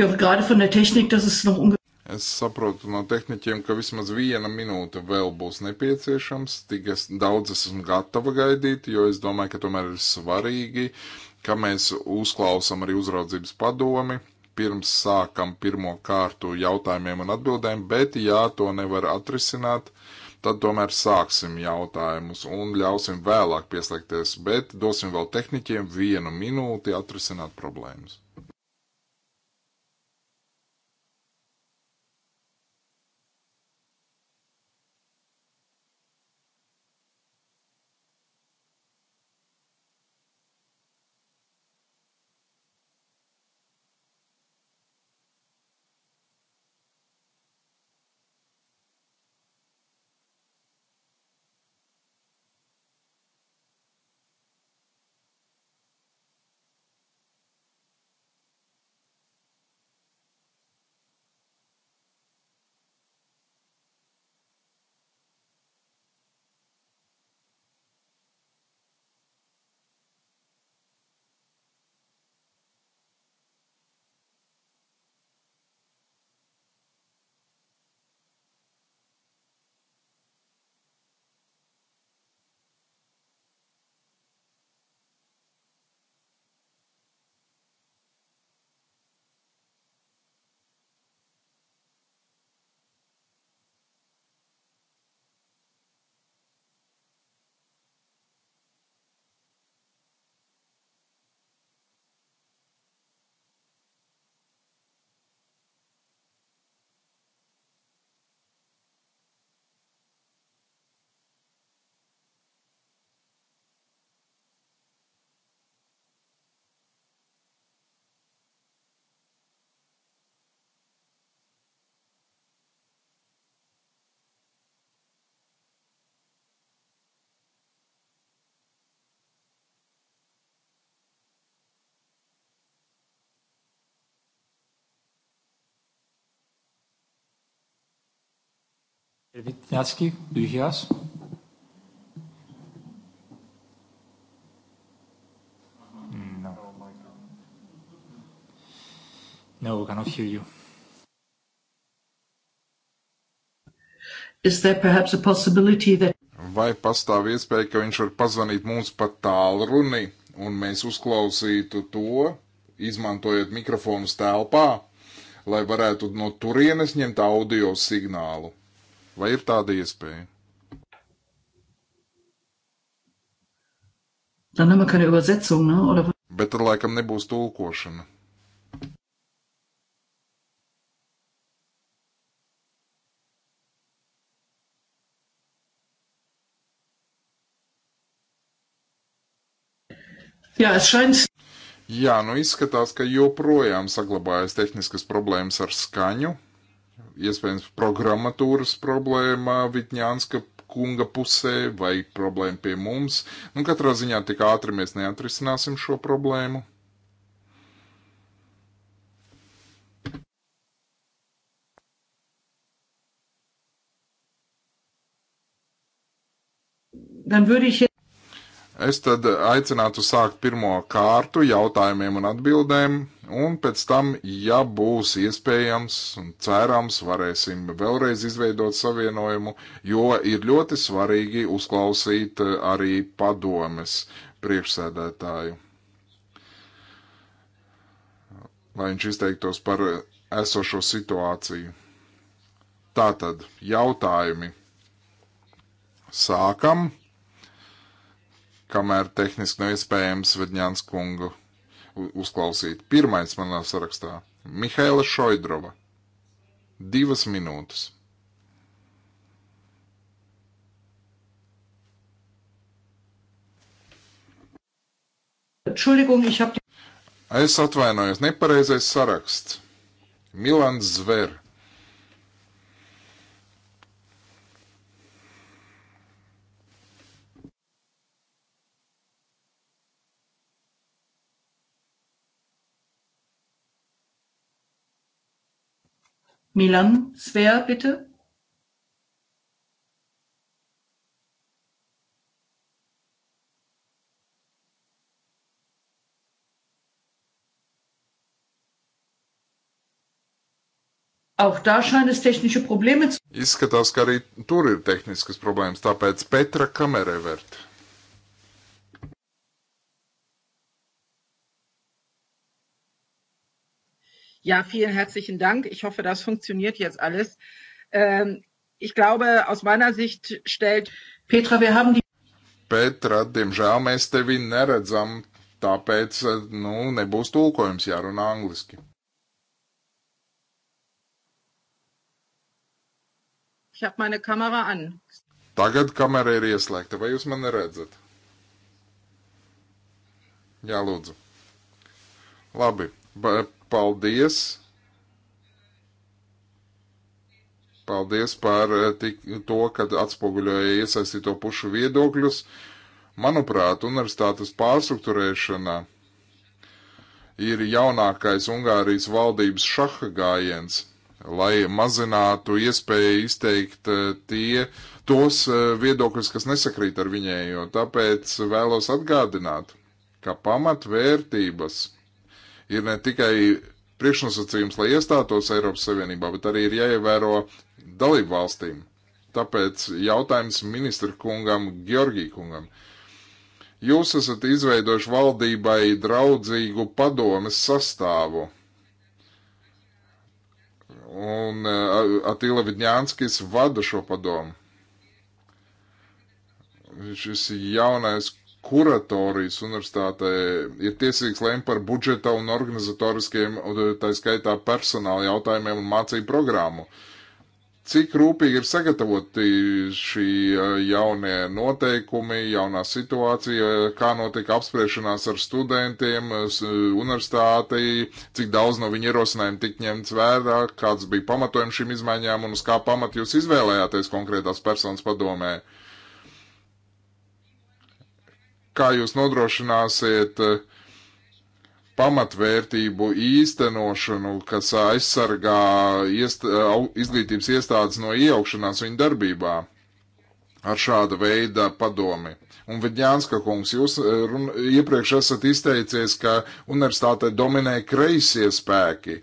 Ich höre gerade von der Technik, dass es noch ungefähr. Es saprotu no tehniķiem, ka vismaz viena minūte vēl būs nepieciešams, tik es daudz esmu gatava gaidīt, jo es domāju, ka tomēr ir svarīgi, ka mēs uzklausam arī uzraudzības padomi, pirms sākam pirmo kārtu jautājumiem un atbildēm, bet ja to nevar atrisināt, tad tomēr sāksim jautājumus un ļausim vēlāk pieslēgties, bet dosim vēl tehniķiem vienu minūti atrisināt problēmas. Vítňatsky, do you hear us? Mm, no. No, we cannot hear you. Is there perhaps a possibility that Vai pastāv iespēja, ka viņš var pazvanīt mums pa tālruni un mēs uzklausītu to, izmantojot mikrofonu telpā, lai varētu no turienes ņemt audio signālu? Vai ir tāda iespēja? Bet tad laikam nebūs tulkošana. Jā, es šeit. Jā, nu izskatās, ka joprojām saglabājas tehniskas problēmas ar skaņu iespējams programmatūras problēma Vitņānska kunga pusē vai problēma pie mums. Nu, katrā ziņā tik ātri mēs neatrisināsim šo problēmu. dann würde ich Es tad aicinātu sākt pirmo kārtu jautājumiem un atbildēm, un pēc tam, ja būs iespējams un cerams, varēsim vēlreiz izveidot savienojumu, jo ir ļoti svarīgi uzklausīt eh, arī padomes priekšsēdētāju. Lai viņš izteiktos par esošo situāciju. Tātad jautājumi. Sākam kamēr tehniski nav iespējams Vedņāns kungu uzklausīt. Pirmais manā sarakstā - Mihaila Šoidrova. Divas minūtes. Es atvainojos, nepareizais saraksts. Milans Zver. Milan Sver bitte? Auch da scheint es tehnische Probleme zu. Izskatās, ka arī tur ir tehniskas problēmas, tāpēc Petra Kamerevert. Ja, vielen herzlichen Dank. Ich hoffe, das funktioniert jetzt alles. Ähm, ich glaube, aus meiner Sicht stellt Petra, wir haben die. Petra, diemžēl mēs tevi neredzam, tāpēc e, nu, nebūs tulkojums jārunā angliski. Ich habe meine Kamera an. Tagad kamera ir ieslēgta. Vai jūs mani redzat? Jā, lūdzu. Labi paldies! Paldies par eh, tik, to, ka atspoguļoja iesaistīto pušu viedokļus. Manuprāt, universitātes pārstruktūrēšana ir jaunākais Ungārijas valdības šaha gājiens, lai mazinātu iespēju izteikt eh, tie, tos eh, viedokļus, kas nesakrīt ar viņējo. Tāpēc vēlos atgādināt, ka pamatvērtības ir ne tikai priekšnosacījums, lai iestātos Eiropas Savienībā, bet arī ir jāievēro dalību valstīm. Tāpēc jautājums ministra kungam, Georgī kungam. Jūs esat izveidojuši valdībai draudzīgu padomes sastāvu. Un uh, Atila Vidņānskis vada šo padomu. Šis jaunais kuratorijas universitātē ir tiesīgs lēmt par budžeta un organizatoriskiem, tā skaitā personāla jautājumiem un mācību programmu. Cik rūpīgi ir sagatavoti šī jaunie noteikumi, jaunā situācija, kā notika apspriešanās ar studentiem, universitātei, cik daudz no viņu ierosinājumu tik ņemts vērā, kāds bija pamatojums šīm izmaiņām un uz kā pamat jūs izvēlējāties konkrētās personas padomē? Uh, kā jūs nodrošināsiet eh, pamatvērtību īstenošanu, kas aizsargā iest, izglītības iestādes no iejaukšanās viņu darbībā ar šāda veida padomi. Un Vidņānska kungs, jūs eh, run, iepriekš esat izteicies, ka universitātē dominē kreisie spēki.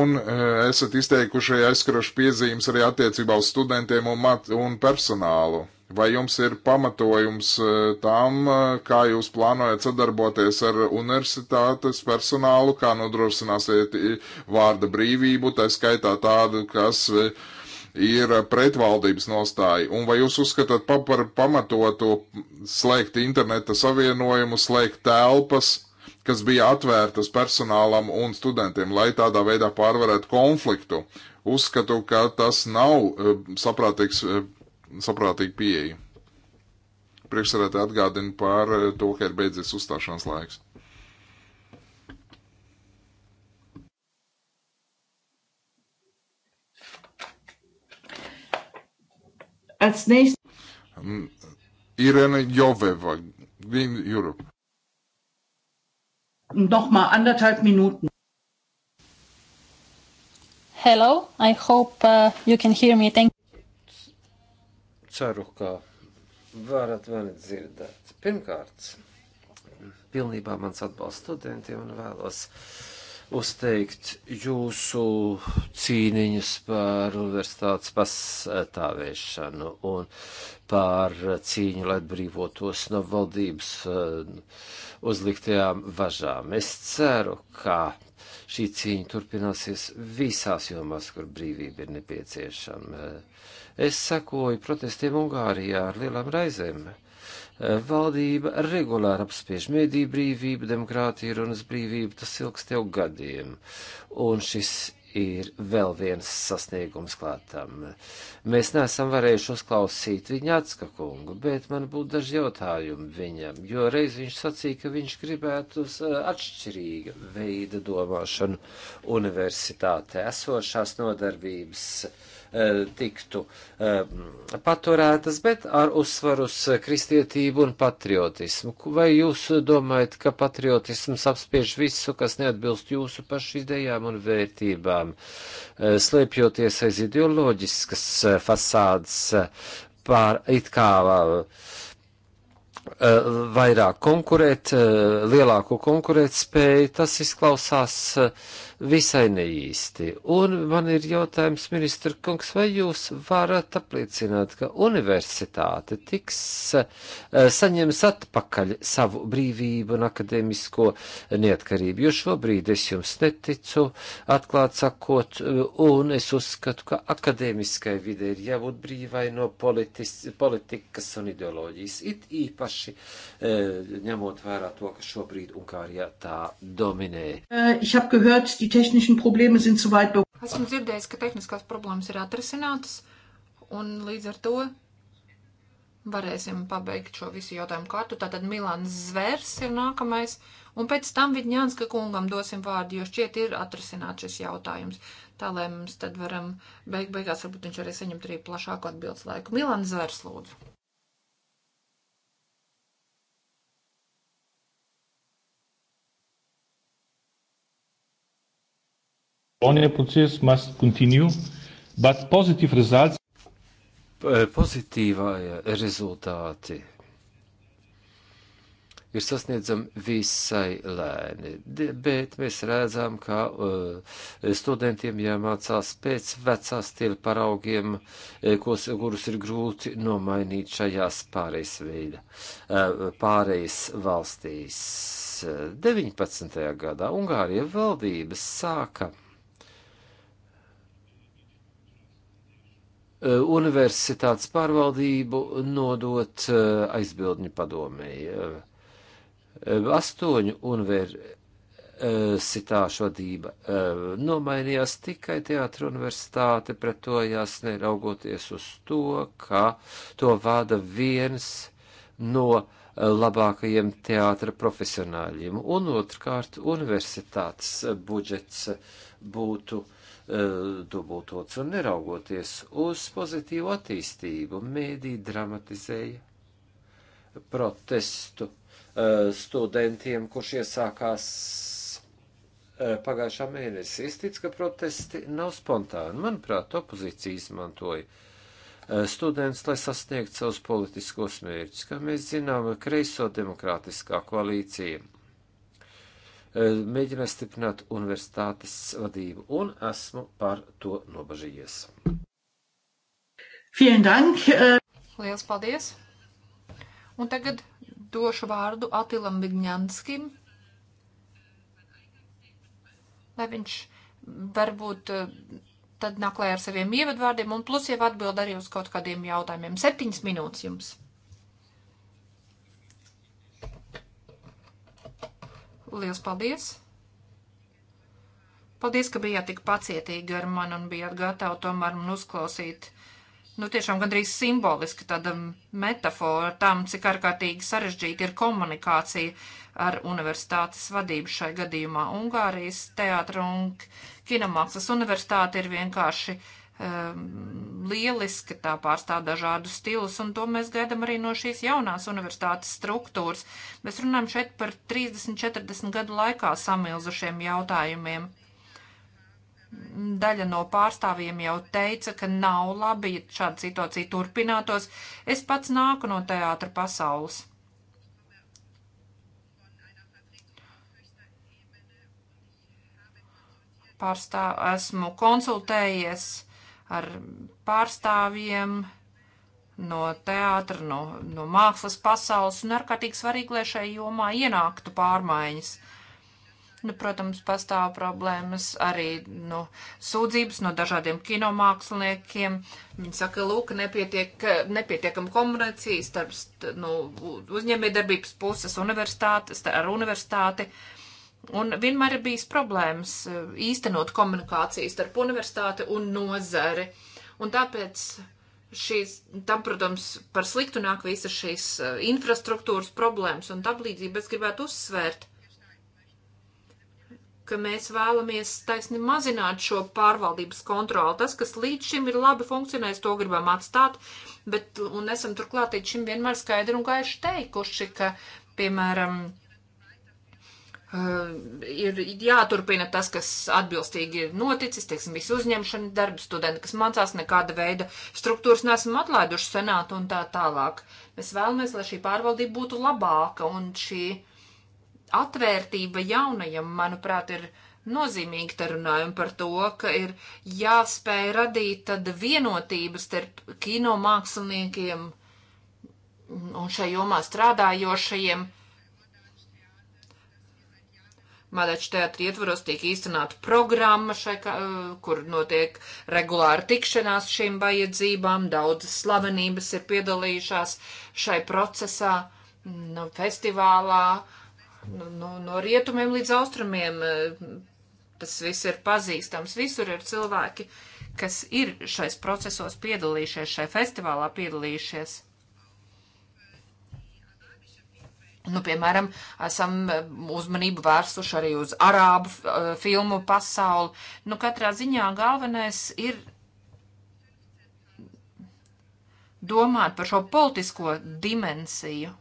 Un eh, esat izteikuši aizskaroši piezīmes arī attiecībā uz studentiem un, mat, un personālu. Vai jums ir pamatojums e, tam, e, kā jūs plānojat sadarboties ar universitātes personālu, kā nodrošināsiet vārda brīvību, tā skaitā tādu, kas e, ir pretvaldības nostāja? Un vai jūs uzskatāt pa par pamatotu slēgt interneta savienojumu, slēgt telpas, kas bija atvērtas personālam un studentiem, lai tādā veidā pārvarētu konfliktu? Uzskatu, ka tas nav saprātīgs saprātīgu pieeju. Priekšsarētā atgādina par eh, to, ka ir beidzies uzstāšanās laiks. Atsnīs. Mm, Irene Joveva, Green Europe. Nochmal anderthalb Minuten. Hello, I hope uh, you can hear me. Thank ceru, ka varat mani dzirdēt. Pirmkārt, pilnībā mans atbalsts studentiem un vēlos uzteikt jūsu cīniņus par universitātes pastāvēšanu un par cīņu, lai atbrīvotos no valdības eh, uzliktajām važām. Es ceru, ka šī cīņa turpināsies visās jomās, kur brīvība ir nepieciešama. Es sekoju protestiem Ungārijā ar lielām raizēm. Eh, valdība regulāri apspiež mēdīju brīvību, demokrātiju, runas brīvību, tas ilgst jau gadiem. Un šis ir vēl viens sasniegums klātam. Mēs neesam varējuši uzklausīt viņa atskakungu, bet man būtu daži jautājumi viņam, jo reiz viņš sacīja, ka viņš gribētu uz eh, atšķirīga veida domāšanu universitātē esošās nodarbības. Uh, Eh, tiktu eh, paturētas, bet ar uzsvaru uz kristietību un patriotismu. Vai jūs domājat, ka patriotisms apspiež visu, kas neatbilst jūsu pašu idejām un vērtībām, eh, slēpjoties aiz ideoloģiskas fasādes pār it kā Eh, vairāk konkurēt, eh, lielāku konkurētspēju, tas izklausās eh, visai neīsti. Un man ir jautājums, ministra kungs, vai jūs varat apliecināt, ka universitāte tiks saņems atpakaļ savu brīvību un akadēmisko neatkarību, jo šobrīd es jums neticu, atklāt sakot, un es uzskatu, ka akadēmiskai vidē ir jābūt brīvai no politis, politikas un ideoloģijas, it īpaši īpaši eh, ņemot vērā to, kas šobrīd Ungārijā tā dominē. Äh, Esmu dzirdējis, ka tehniskās problēmas ir atrisinātas, un līdz ar to varēsim pabeigt šo visu jautājumu kārtu. Tātad Milāns Zvērs ir nākamais, un pēc tam Vidņānska kungam dosim vārdu, jo šķiet ir atrisināt šis jautājums. Tā lai mums tad varam beig beigās, varbūt viņš arī saņemt arī plašāku atbildes laiku. Milāns Zvērs lūdzu. Bologna e process must continue, but positive results. Pozitīvā rezultāti ir sasniedzami visai lēni, bet mēs redzam, ka uh, studentiem jāmācās pēc vecā stila paraugiem, e, kos, kurus ir grūti nomainīt šajās pārejas veida, uh, pārejas valstīs. 19. gadā Ungārija valdības sāka Eh, universitātes pārvaldību nodot eh, aizbildņu padomēji. Eh, astoņu universitāšu vadība nomainījās tikai teātra universitāte, pretojās neraugoties uz to, ka to vada viens no labākajiem teātra profesionāļiem. Un otrkārt, universitātes budžets būtu uh, Eh, dubultots un neraugoties uz pozitīvu attīstību, mēdī dramatizēja protestu eh, studentiem, kurš iesākās eh, pagājušā mēnesī. Es ticu, ka protesti nav spontāni. Manuprāt, opozīcija izmantoja students, lai sasniegtu savus politiskos mērķus. Kā mēs zinām, kreiso demokrātiskā koalīcija Eh, mēģināju stiprināt universitātes vadību, un esmu par to nobažījies. Eh. Lielas paldies! Un tagad došu vārdu Atilam Vigņanskim, lai viņš varbūt eh, tad naklē ar saviem ievadvārdiem un plus jau atbild arī uz kaut kādiem jautājumiem. Septiņas minūtes jums! Liels paldies! Paldies, ka bijāt tik pacietīgi ar mani un bijāt gatavi tomēr man uzklausīt. Nu, tiešām gandrīz simboliski tāda metafora tam, cik ārkārtīgi sarežģīta ir komunikācija ar universitātes vadību šai gadījumā. Ungārijas teātra un kinomākslas universitāte ir vienkārši uh, um, lieliski, tā pārstāv dažādus stilus, un to mēs gaidām arī no šīs jaunās universitātes struktūras. Mēs runājam šeit par 30-40 gadu laikā samilzušiem jautājumiem. Daļa no pārstāvjiem jau teica, ka nav labi, ja šāda situācija turpinātos. Es pats nāku no teātra pasaules. Pārstāv, esmu konsultējies ar pārstāvjiem no teātra, no, no mākslas pasaules, un ārkārtīgi svarīgi, lai šai jomā ienāktu pārmaiņas. Nu, protams, pastāv problēmas arī nu, sūdzības no dažādiem kinomāksliniekiem. Viņi saka, lūk, nepietiek, nepietiekama komunikācija starp nu, uzņēmējdarbības puses universitātes, ar universitāti. Uh, Un vienmēr ir bijis problēmas eh, īstenot komunikācijas starp universitāti un nozari. Un tāpēc šīs, tam, protams, par sliktu nāk visas šīs eh, infrastruktūras problēmas un tablīdzība. Es gribētu uzsvērt, ka mēs vēlamies taisni mazināt šo pārvaldības kontroli. Tas, kas līdz šim ir labi funkcionējis, to gribam atstāt, bet, un esam turklāt līdz šim vienmēr skaidri un gaiši teikuši, ka, piemēram, Eh, ir jāturpina tas, kas atbilstīgi ir noticis, teiksim, visu uzņemšanu darbu, studenti, kas mācās, nekāda veida struktūras nesam atlaiduši senātu un tā tālāk. Mēs vēlamies, lai šī pārvaldība būtu labāka un šī atvērtība jaunajam, manuprāt, ir nozīmīgi te runājam par to, ka ir jāspēj radīt tad vienotības starp kino māksliniekiem un šai jomā strādājošajiem Madaču teātri ietvaros tiek īstenāta programma, šai, uh, kur notiek regulāri tikšanās šīm vajadzībām. Daudzas slavenības ir piedalījušās šai procesā, mm, no festivālā, no, nu, nu, no rietumiem līdz austrumiem. Uh, tas viss ir pazīstams. Visur ir cilvēki, kas ir šais procesos piedalījušies, šai festivālā piedalījušies. Nu, piemēram, esam eh, uzmanību vērsuši arī uz arābu uh, filmu pasauli. Nu, katrā ziņā galvenais ir domāt par šo politisko dimensiju.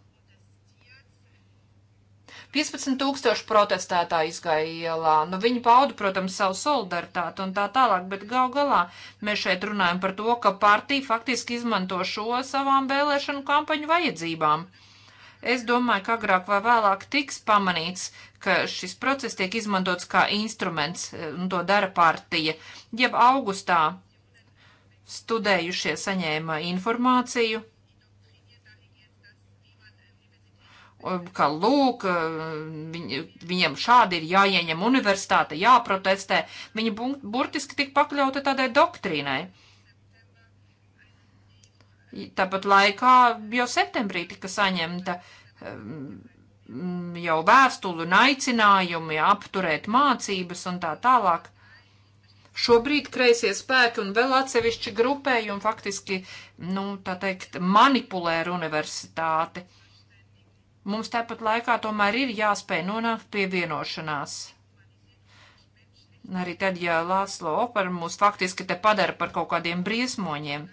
15,000 protestētāji izgāja ielā. Nu, viņi pauda, protams, savu solidaritāti un tā tālāk, bet gal galā mēs šeit runājam par to, ka partija faktiski izmanto šo savām vēlēšanu kampaņu vajadzībām. Uh, Es domāju, ka agrāk vai vēlāk tiks pamanīts, ka šis process tiek izmantots kā instruments, e, un to dara partija. Jeb augustā studējušie saņēma informāciju, ka lūk, e, viņ, viņiem šādi ir jāieņem universitāte, jāprotestē. Viņi burtiski tik pakļauti tādai doktrīnai. Tāpat laikā jau septembrī tika saņemta jau vēstuli un aicinājumi apturēt mācības un tā tālāk. Šobrīd kreisie spēki un vēl atsevišķi grupējumi faktiski, nu, tā teikt, manipulē ar universitāti. Mums tāpat laikā tomēr ir jāspēj nonākt pie vienošanās. Arī tad, ja Lāslo Opera mūs faktiski te padara par kaut kādiem briesmoņiem.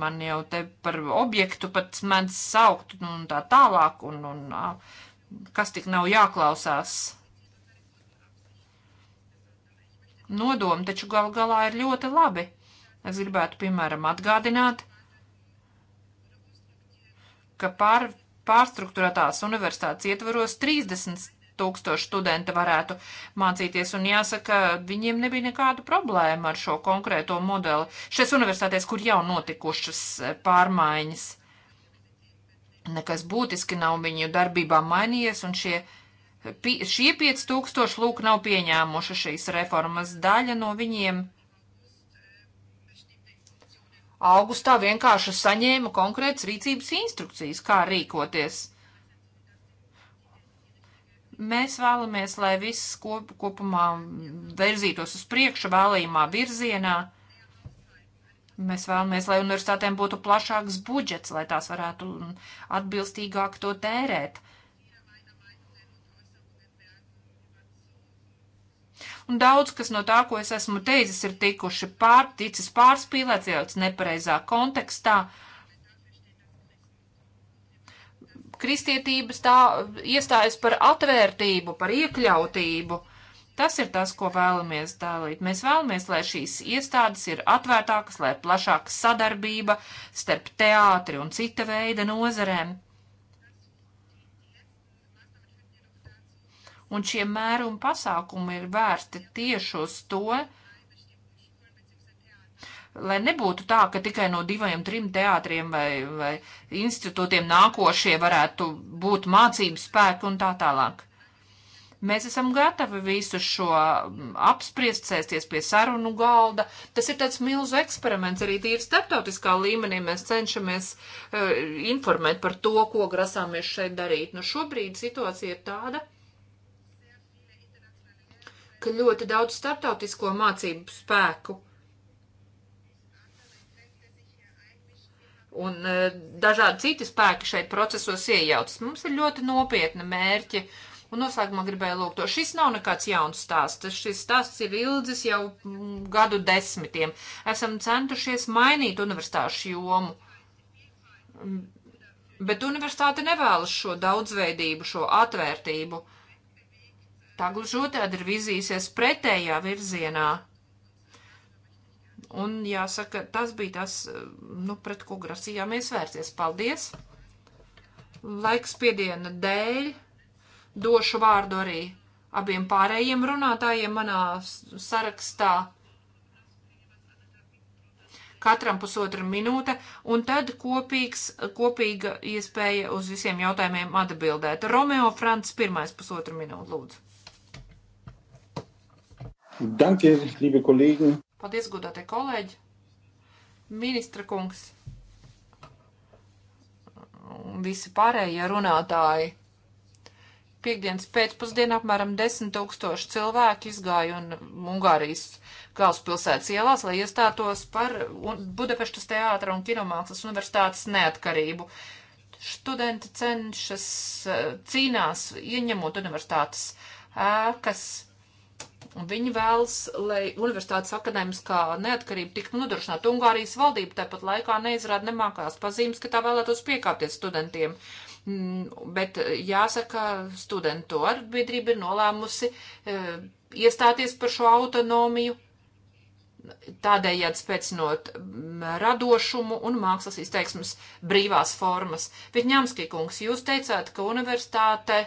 Man jau te par objektu pat mēdz saukt nu, un tā tālāk, un, un kas tik nav jāklausās. Nodomi taču gal galā ir ļoti labi. Es gribētu, piemēram, atgādināt, ka pār, pārstruktūrētās universitātes ietvaros 30 tūkstoši studenti varētu mācīties, un jāsaka, viņiem nebija nekāda problēma ar šo konkrēto modeli. Šais universitātēs, kur jau notikušas eh, pārmaiņas, nekas būtiski nav viņu darbībā mainījies, un šie, šie 5000 lūk nav pieņēmuši šīs reformas daļa no viņiem. Augustā vienkārši saņēma konkrētas rīcības instrukcijas, kā rīkoties Mēs vēlamies, lai viss kop, kopumā virzītos uz priekšu vēlījumā virzienā. Mēs vēlamies, lai universitātēm būtu plašāks budžets, lai tās varētu atbilstīgāk to tērēt. Un daudz, kas no tā, ko es esmu teicis, ir tikuši pār, ticis pārspīlēts, jau nepareizā kontekstā. Uh, kristietības tā iestājas par atvērtību, par iekļautību. Tas ir tas, ko vēlamies dalīt. Mēs vēlamies, lai šīs iestādes ir atvērtākas, lai plašāka sadarbība starp teātri un cita veida nozarēm. Un šie mērumi pasākumi ir vērsti tieši uz to, uh, lai nebūtu tā, ka tikai no diviem, trim teātriem vai, vai institūtiem nākošie varētu būt mācības spēki un tā tālāk. Mēs esam gatavi visu šo mm, apspriest, sēsties pie sarunu galda. Tas ir tāds milzu eksperiments, arī tīri starptautiskā līmenī mēs cenšamies uh, informēt par to, ko grasāmies šeit darīt. Nu, šobrīd situācija ir tāda, ka ļoti daudz starptautisko mācību spēku uh, un e, dažādi citi spēki šeit procesos iejaucas. Mums ir ļoti nopietni mērķi. Un noslēgumā gribēju lūgt to. Šis nav nekāds jauns stāsts. Šis stāsts ir ilgs jau gadu desmitiem. Esam centušies mainīt universitāšu jomu. Bet universitāte nevēlas šo daudzveidību, šo atvērtību. Tā gluži otrādi ir vizīsies pretējā virzienā Un jāsaka, tas bija tas, eh, nu, pret ko grasījāmies vērsties. Paldies! Laiks piediena dēļ došu vārdu arī abiem pārējiem runātājiem manā sarakstā katram pusotra minūte, un tad kopīgs, kopīga iespēja uz visiem jautājumiem atbildēt. Romeo Frants, pirmais pusotra minūte, lūdzu. Danke, liebe kolēģi. Paldies, godātie kolēģi! Ministra kungs un visi pārējie runātāji. Piektdienas pēcpusdienā apmēram 10 tūkstoši cilvēku izgāja un Ungārijas galvaspilsētas ielās, lai iestātos par Budapeštas teātra un kinomākslas universitātes neatkarību studenti cenšas, eh, cīnās ieņemot universitātes ēkas, Un viņi vēlas, lai universitātes akadēmiskā neatkarība tiktu nodrošināta. Ungārijas valdība tāpat laikā neizrāda nemākās pazīmes, ka tā vēlētos piekāpties studentiem. Mm, bet eh, jāsaka, studentu arbiedrība ir nolēmusi e, iestāties par šo autonomiju, tādējādi spēcinot mm, radošumu un mākslas izteiksmes brīvās formas. Pietņāmskī kungs, jūs teicāt, ka universitāte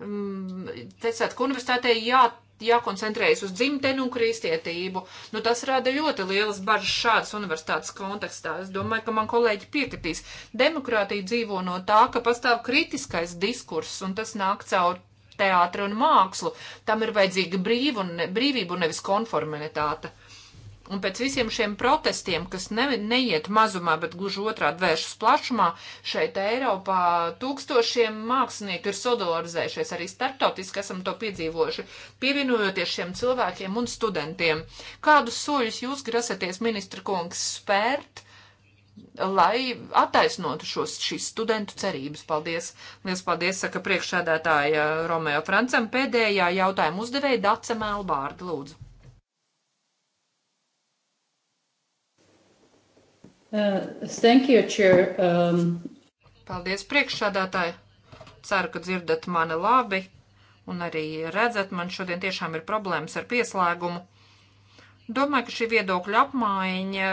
teicāt, mm, ka universitātei jā, jākoncentrējas uz dzimteni un kristietību. Nu, tas rada ļoti lielas bažas šādas universitātes kontekstā. Es domāju, ka man kolēģi piekritīs. Demokrātija dzīvo no tā, ka pastāv kritiskais diskurss, un tas nāk caur teātru un mākslu. Tam ir vajadzīga brīva un ne, brīvība un nevis konformitāte. Un pēc visiem šiem protestiem, kas ne, neiet mazumā, bet gluži otrādi vēršas plašumā, šeit Eiropā tūkstošiem mākslinieku ir solidarizējušies, arī starptautiski esam to piedzīvojuši, pievienojoties šiem cilvēkiem un studentiem. Kādus soļus jūs grasaties, ministra kungs, spērt, lai attaisnotu šos šīs studentu cerības? Paldies! Liels paldies, saka priekšsēdētāja Romeo Francam. Pēdējā jautājuma uzdevēja Dace Mēlbārda, lūdzu. Uh, thank you, Chair. Um... Paldies, priekšsādātāji. Ceru, ka dzirdat mani labi un arī redzat, man šodien tiešām ir problēmas ar pieslēgumu. Domāju, ka šī viedokļa apmaiņa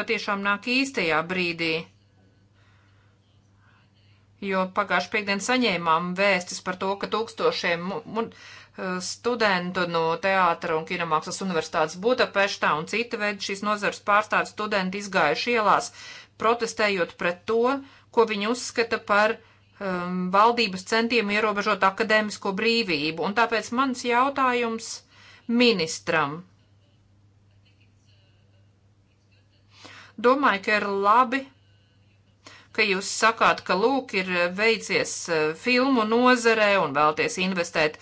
patiešām nāk īstajā brīdī, jo pagājuši piekdien saņēmām vēstis par to, ka tūkstošiem studentu no Teātra un Kinemākslas universitātes Budapeštā un cita veida šīs nozars pārstāvju studenti izgājuši ielās, protestējot pret to, ko viņi uzskata par um, valdības centiem ierobežot akadēmisko brīvību. Un tāpēc mans jautājums ministram. Domāju, ka ir labi, ka jūs sakāt, ka lūk ir eh, veicies eh, filmu nozarē un vēlties investēt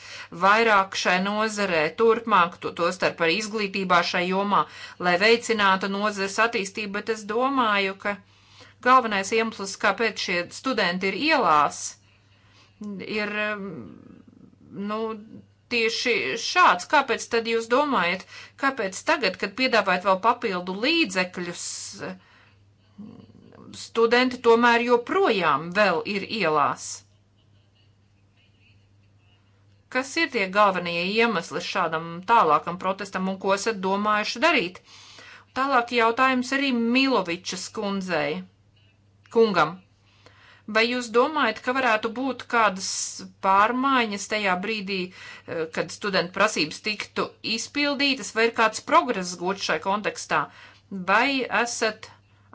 vairāk šai nozarē turpmāk, to, to starp arī izglītībā šai jomā, lai veicinātu nozares attīstību, bet es domāju, ka galvenais iemesls, kāpēc šie studenti ir ielās, ir, mm, nu, tieši šāds. Kāpēc tad jūs domājat, kāpēc tagad, kad piedāvājat vēl papildu līdzekļus, studenti tomēr joprojām vēl ir ielās. Kas ir tie galvenie iemesli šādam tālākam protestam un ko esat domājuši darīt? Tālāk jautājums arī Milovičas kundzei, kungam. Vai jūs domājat, ka varētu būt kādas pārmaiņas tajā brīdī, eh, kad studentu prasības tiktu izpildītas, vai ir kāds progress gūts šai kontekstā? Vai esat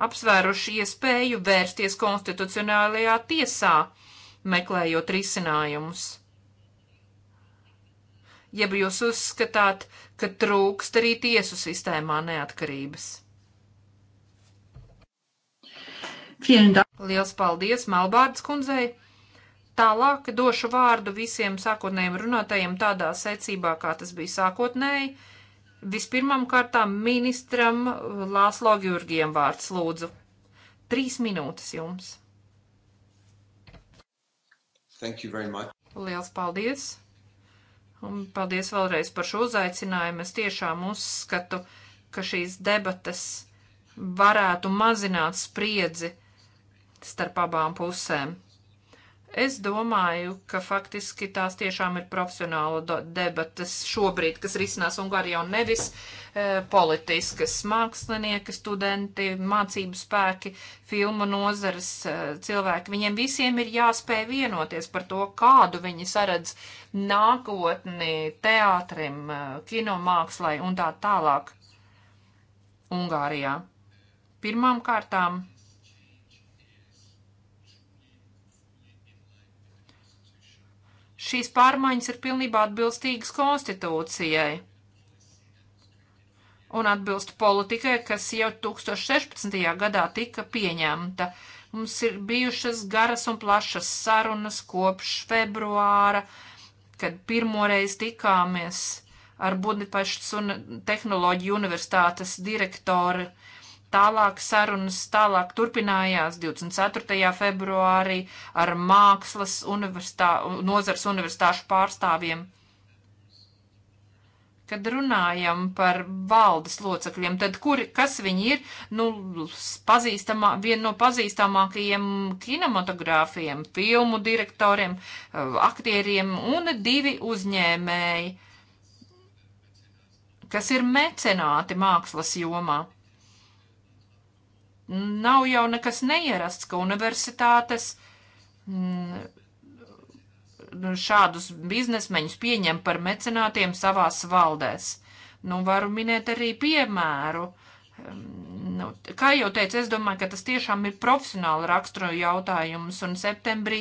apsvēruši iespēju vērsties konstitucionālajā tiesā, meklējot risinājumus. Jeb jūs uzskatāt, ka trūkst arī tiesu sistēmā neatkarības? Liels paldies Melbārdas kundzei! Tālāk došu vārdu visiem sākotnējiem runātajiem tādā secībā, kā tas bija sākotnēji Vispirmām kārtām ministram Lāslo Gjurgiem vārds lūdzu. Trīs minūtes jums. Thank you very much. Liels paldies. Un paldies vēlreiz par šo uzaicinājumu. Es tiešām uzskatu, ka šīs debatas varētu mazināt spriedzi starp abām pusēm. Es domāju, ka faktiski tās tiešām ir profesionāla debatas šobrīd, kas risinās Ungārijā un nevis e, politiskas mākslinieki, studenti, mācību spēki, filmu nozares e, cilvēki. Viņiem visiem ir jāspēj vienoties par to, kādu viņi saredz nākotni teātrim, e, kinomākslai un tā tālāk Ungārijā. Pirmām kārtām šīs pārmaiņas ir pilnībā atbilstīgas konstitūcijai un atbilst politikai, kas jau 2016. gadā tika pieņemta. Mums ir bijušas garas un plašas sarunas kopš februāra, kad pirmoreiz tikāmies ar Budapestas un tehnoloģiju universitātes direktoru Tālāk sarunas tālāk turpinājās 24. februārī ar mākslas universitā, nozars universitāšu pārstāvjiem. Kad runājam par valdes locekļiem, tad kur, kas viņi ir? Nu, pazīstamā, viena no pazīstamākajiem kinematogrāfiem, filmu direktoriem, aktieriem un divi uzņēmēji, kas ir mecenāti mākslas jomā nav jau nekas neierasts, ka universitātes mm, šādus biznesmeņus pieņem par mecenātiem savās valdēs. Nu, varu minēt arī piemēru. Uh, Nu, kā jau teicu, es domāju, ka tas tiešām ir profesionāla rakstura jautājums, un septembrī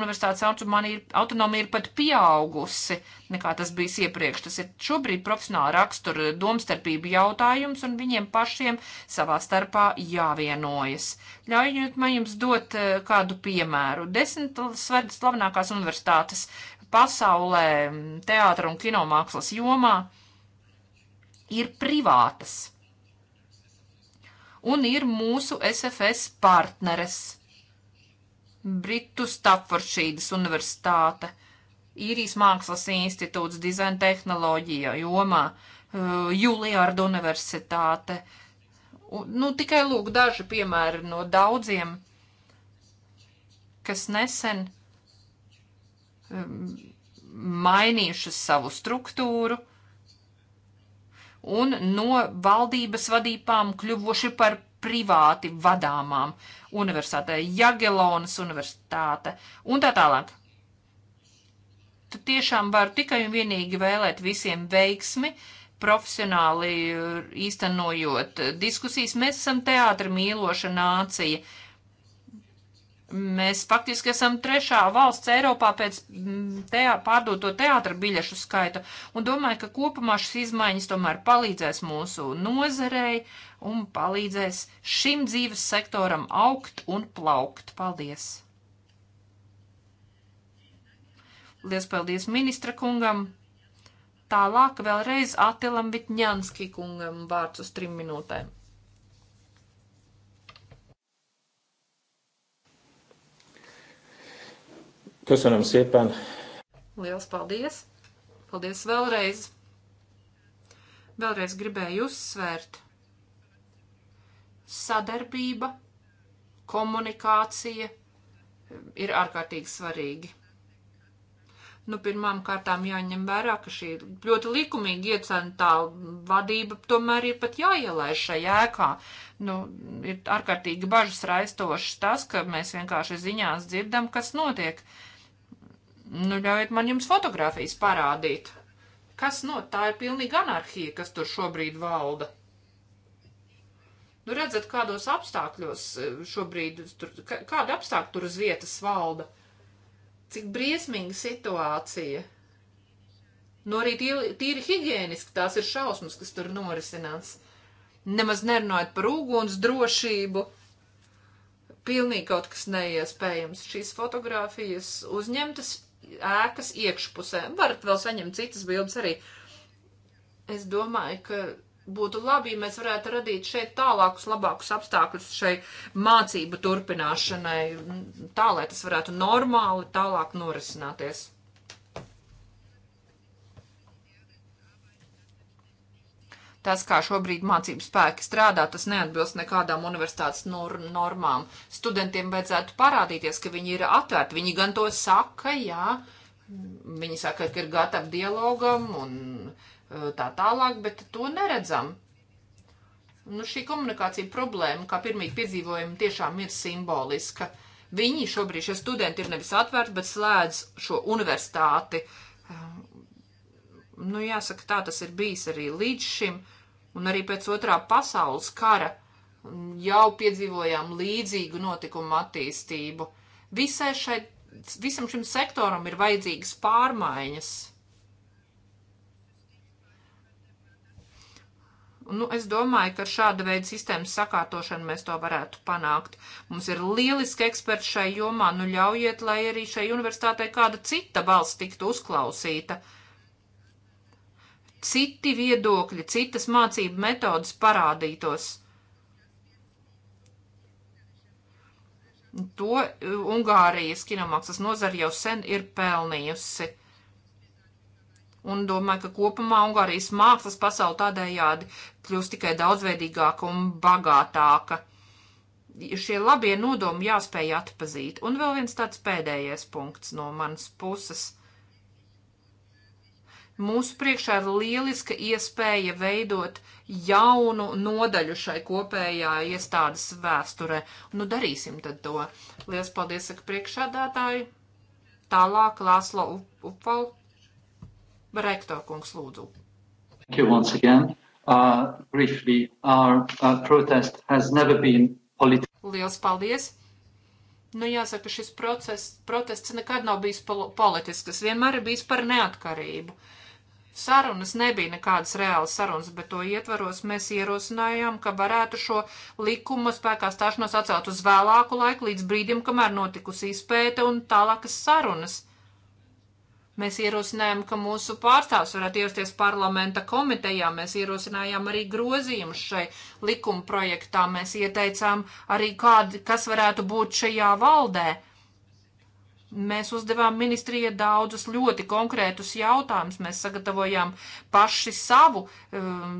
universitātes ir, autonomija ir pat pieaugusi, nekā tas bijis iepriekš. Tas ir šobrīd profesionāla rakstura domstarpība jautājums, un viņiem pašiem savā starpā jāvienojas. Ļaujiet man jums dot eh, kādu piemēru. Desmit slavenākās universitātes pasaulē teātra un kinomākslas jomā ir privātas un ir mūsu SFS partneres. Britu Stafforšīdas universitāte, īrijas mākslas institūts dizaina tehnoloģija jomā, eh, Juliārda universitāte. Nu, tikai lūk daži piemēri no daudziem, kas nesen eh, mainījušas savu struktūru un no valdības vadībām kļuvuši par privāti vadāmām universitātē, Jagelonas universitāte un tā tālāk. Tu tiešām var tikai un vienīgi vēlēt visiem veiksmi, profesionāli īstenojot diskusijas. Mēs esam teātra mīloša nācija Mēs faktiski esam trešā valsts Eiropā pēc mm, teā, pārdoto teātra biļešu skaita, un domāju, ka kopumā šis izmaiņas tomēr palīdzēs mūsu nozarei un palīdzēs šim dzīves sektoram augt un plaukt. Paldies! Lielas paldies ministra kungam! Tālāk vēlreiz Atilam Vitņanski kungam vārds uz trim minūtēm. Köszönöm szépen! Liels paldies! Paldies vēlreiz! Vēlreiz gribēju uzsvērt sadarbība, komunikācija ir ārkārtīgi svarīgi. Nu, pirmām kārtām jāņem vērā, ka šī ļoti likumīgi iecentā vadība tomēr ir pat jāielaiž šajā ēkā. Nu, ir ārkārtīgi bažas raistošas tas, ka mēs vienkārši ziņās dzirdam, kas notiek. Uh, Nu, ļaujiet man jums fotografijas parādīt. Kas no nu, tā ir pilnīga anarhija, kas tur šobrīd valda? Nu, redzat, kādos apstākļos e, šobrīd, tur, kāda apstākļa tur uz vietas valda? Cik briesmīga situācija. Nu, arī tīri, tīri higiēniski tās ir šausmas, kas tur norisinās. Nemaz nerunājot par uguns drošību pilnīgi kaut kas neiespējams. Šīs fotogrāfijas uzņemtas ēkas iekšpusē. Varat vēl saņemt citas bildes arī. Es domāju, ka būtu labi, ja mēs varētu radīt šeit tālākus, labākus apstākļus šai mācību turpināšanai, tā lai tas varētu normāli tālāk norisināties. Tas, kā šobrīd mācību spēki strādā, tas neatbilst nekādām universitātes normām. Studentiem vajadzētu parādīties, ka viņi ir atvērti. Viņi gan to saka, jā, viņi saka, ka ir gatavi dialogam un uh, tā tālāk, bet to neredzam. Nu, šī komunikācija problēma, kā pirmīt piedzīvojam, tiešām ir simboliska. Viņi šobrīd, šie studenti, ir nevis atvērti, bet slēdz šo universitāti nu jāsaka, tā tas ir bijis arī līdz šim, un arī pēc otrā pasaules kara jau piedzīvojām līdzīgu notikumu attīstību. Visai šai, visam šim sektoram ir vajadzīgas pārmaiņas. Nu, es domāju, ka ar šādu veidu sistēmas sakārtošanu mēs to varētu panākt. Mums ir lieliski eksperti šai jomā, nu ļaujiet, lai arī šai universitātei kāda cita balss tiktu uzklausīta. Uh, citi viedokļi, citas mācību metodas parādītos. To e, Ungārijas kinomākslas nozara jau sen ir pelnījusi. Un domāju, ka kopumā Ungārijas mākslas pasauli tādējādi kļūst tikai daudzveidīgāka un bagātāka. Šie labie nodomi jāspēj atpazīt. Un vēl viens tāds pēdējais punkts no manas puses Mūsu priekšā ir lieliska iespēja veidot jaunu nodaļu šai kopējā iestādes vēsturē. Nu, darīsim tad to. Lielas paldies, saka priekšādātāji. Tālāk Lāslo Upal. Rektor kungs, lūdzu. Thank you once again. Uh, briefly, our uh, protest has never been political. Lielas paldies. Nu, jāsaka, šis process, protests nekad nav bijis pol politisks, tas vienmēr ir bijis par neatkarību. Uh, sarunas, nebija nekādas reālas sarunas, bet to ietvaros mēs ierosinājām, ka varētu šo likuma spēkā stāšanos atcelt uz vēlāku laiku, līdz brīdim, kamēr notikusi izpēte un tālākas sarunas. Mēs ierosinājām, ka mūsu pārstāvs varētu ierasties parlamenta komitejā. Mēs ierosinājām arī grozījumus šai likuma projektā. Mēs ieteicām arī, kādi, kas varētu būt šajā valdē Mēs uzdevām ministrijai daudzus ļoti konkrētus jautājumus. Mēs sagatavojām paši savu um,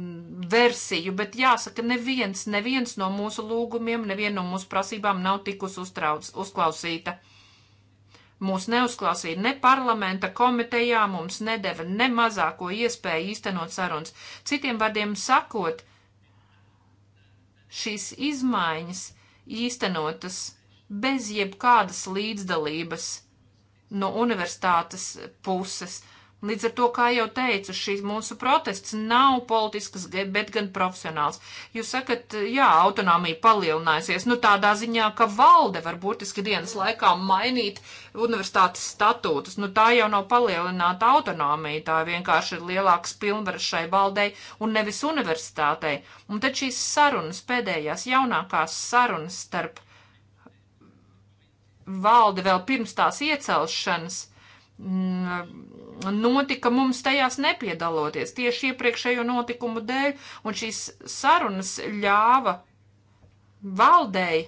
versiju, bet jāsaka, neviens, neviens no mūsu lūgumiem, neviena no mūsu prasībām nav tikus uztrauc, uzklausīta. Mūs neuzklausīja ne parlamenta komitejā, mums nedeva ne mazāko iespēju īstenot sarunas. Citiem vārdiem sakot, šīs izmaiņas īstenotas bez jebkādas līdzdalības no universitātes puses. Līdz ar to, kā jau teicu, šīs mūsu protests nav politisks, bet gan profesionāls. Jūs sakat, jā, autonomija palielinājusies, nu tādā ziņā, ka valde var būtiski dienas laikā mainīt universitātes statūtus. Nu tā jau nav palielināta autonomija, tā vienkārši ir lielāks pilnvaras šai valdei un nevis universitātei. Un tad šīs sarunas, pēdējās jaunākās sarunas starp valde vēl pirms tās iecelšanas mm, notika mums tajās nepiedaloties tieši iepriekšējo notikumu dēļ, un šīs sarunas ļāva valdēji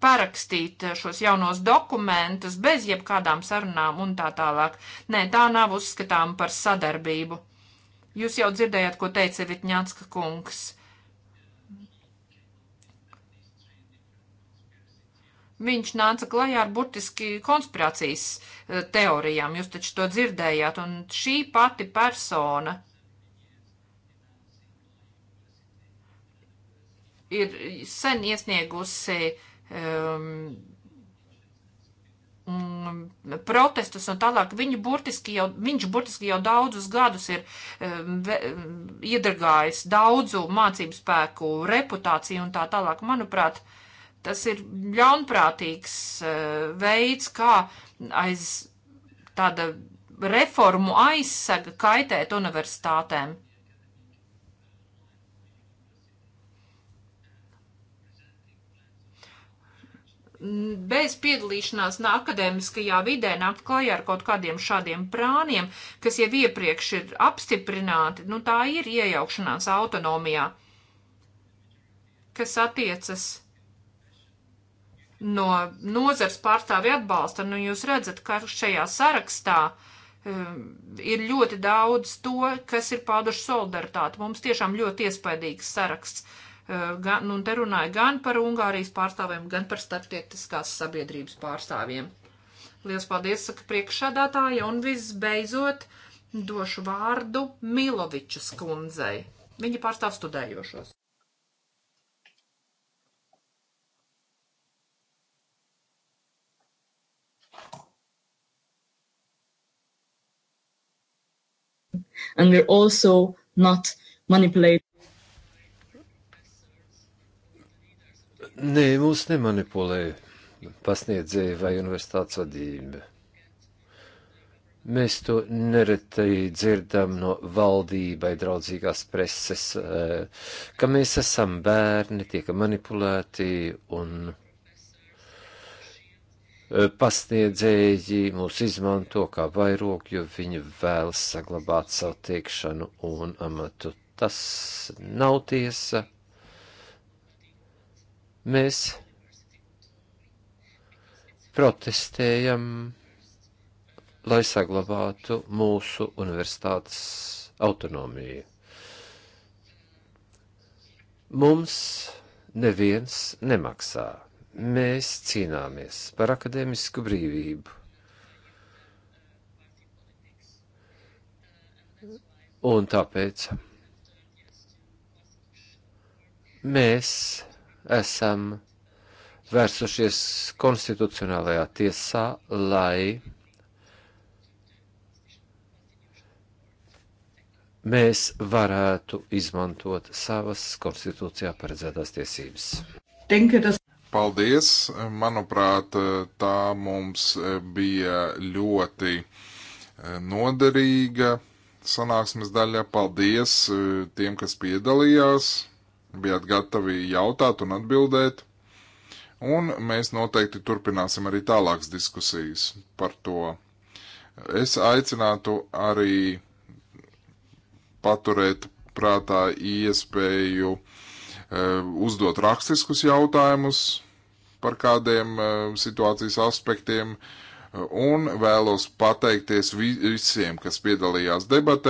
parakstīt šos jaunos dokumentus bez jebkādām sarunām un tā tālāk. Nē, tā nav uzskatām par sadarbību. Jūs jau dzirdējāt, ko teica Vitņānska kungs Viņš nāca klajā ar burtiski konspirācijas eh, teorijām, jūs taču to dzirdējāt, un šī pati persona ir sen iesniegusi um, protestus un tālāk. Viņa burtiski jau, viņš burtiski jau daudzus gadus ir um, ehm, iedragājis daudzu mācību spēku reputāciju un tā tālāk. Manuprāt, uh, Tas ir ļaunprātīgs eh, veids, kā aiz tāda reformu aizsaga kaitēt universitātēm. bez piedalīšanās nā, akadēmiskajā vidē nākt klajā ar kaut kādiem šādiem prāniem, kas jau iepriekš ir apstiprināti, nu tā ir iejaukšanās autonomijā, kas attiecas no nozars pārstāvi atbalsta. Nu, jūs redzat, ka šajā sarakstā um, ir ļoti daudz to, kas ir pauduši solidaritāti. Mums tiešām ļoti iespaidīgs saraksts. Uh, gan, nu, te runāja gan par Ungārijas pārstāvjiem, gan par starptietiskās sabiedrības pārstāvjiem. Lielas paldies, saka priekšādātāja, un visbeidzot došu vārdu Milovičas kundzei. Viņa pārstāv studējošos. and we're also not manipulated. Nē, mūs nemanipulē pasniedzēji vai universitātes vadība. Mēs to nereti dzirdam no valdībai draudzīgās preses, eh, ka mēs esam bērni, tiek manipulēti un Eh, pasniedzēji mūs izmanto kā vairogu, jo viņi vēlas saglabāt savu tiekšanu un amatu. Tas nav tiesa. Mēs protestējam, lai saglabātu mūsu universitātes autonomiju. Mums neviens nemaksā Mēs cīnāmies par akadēmisku brīvību. Un tāpēc mēs esam vērsušies konstitucionālajā tiesā, lai mēs varētu izmantot savas konstitūcijā paredzētās tiesības. Denke, dass Paldies! Manuprāt, tā mums bija ļoti eh, noderīga sanāksmes daļa. Paldies eh, tiem, kas piedalījās, bijāt gatavi jautāt un atbildēt. Un mēs noteikti turpināsim arī tālākas diskusijas par to. Es aicinātu arī paturēt prātā iespēju uzdot rakstiskus jautājumus par kādiem situācijas aspektiem. Un vēlos pateikties visiem, kas piedalījās debatē,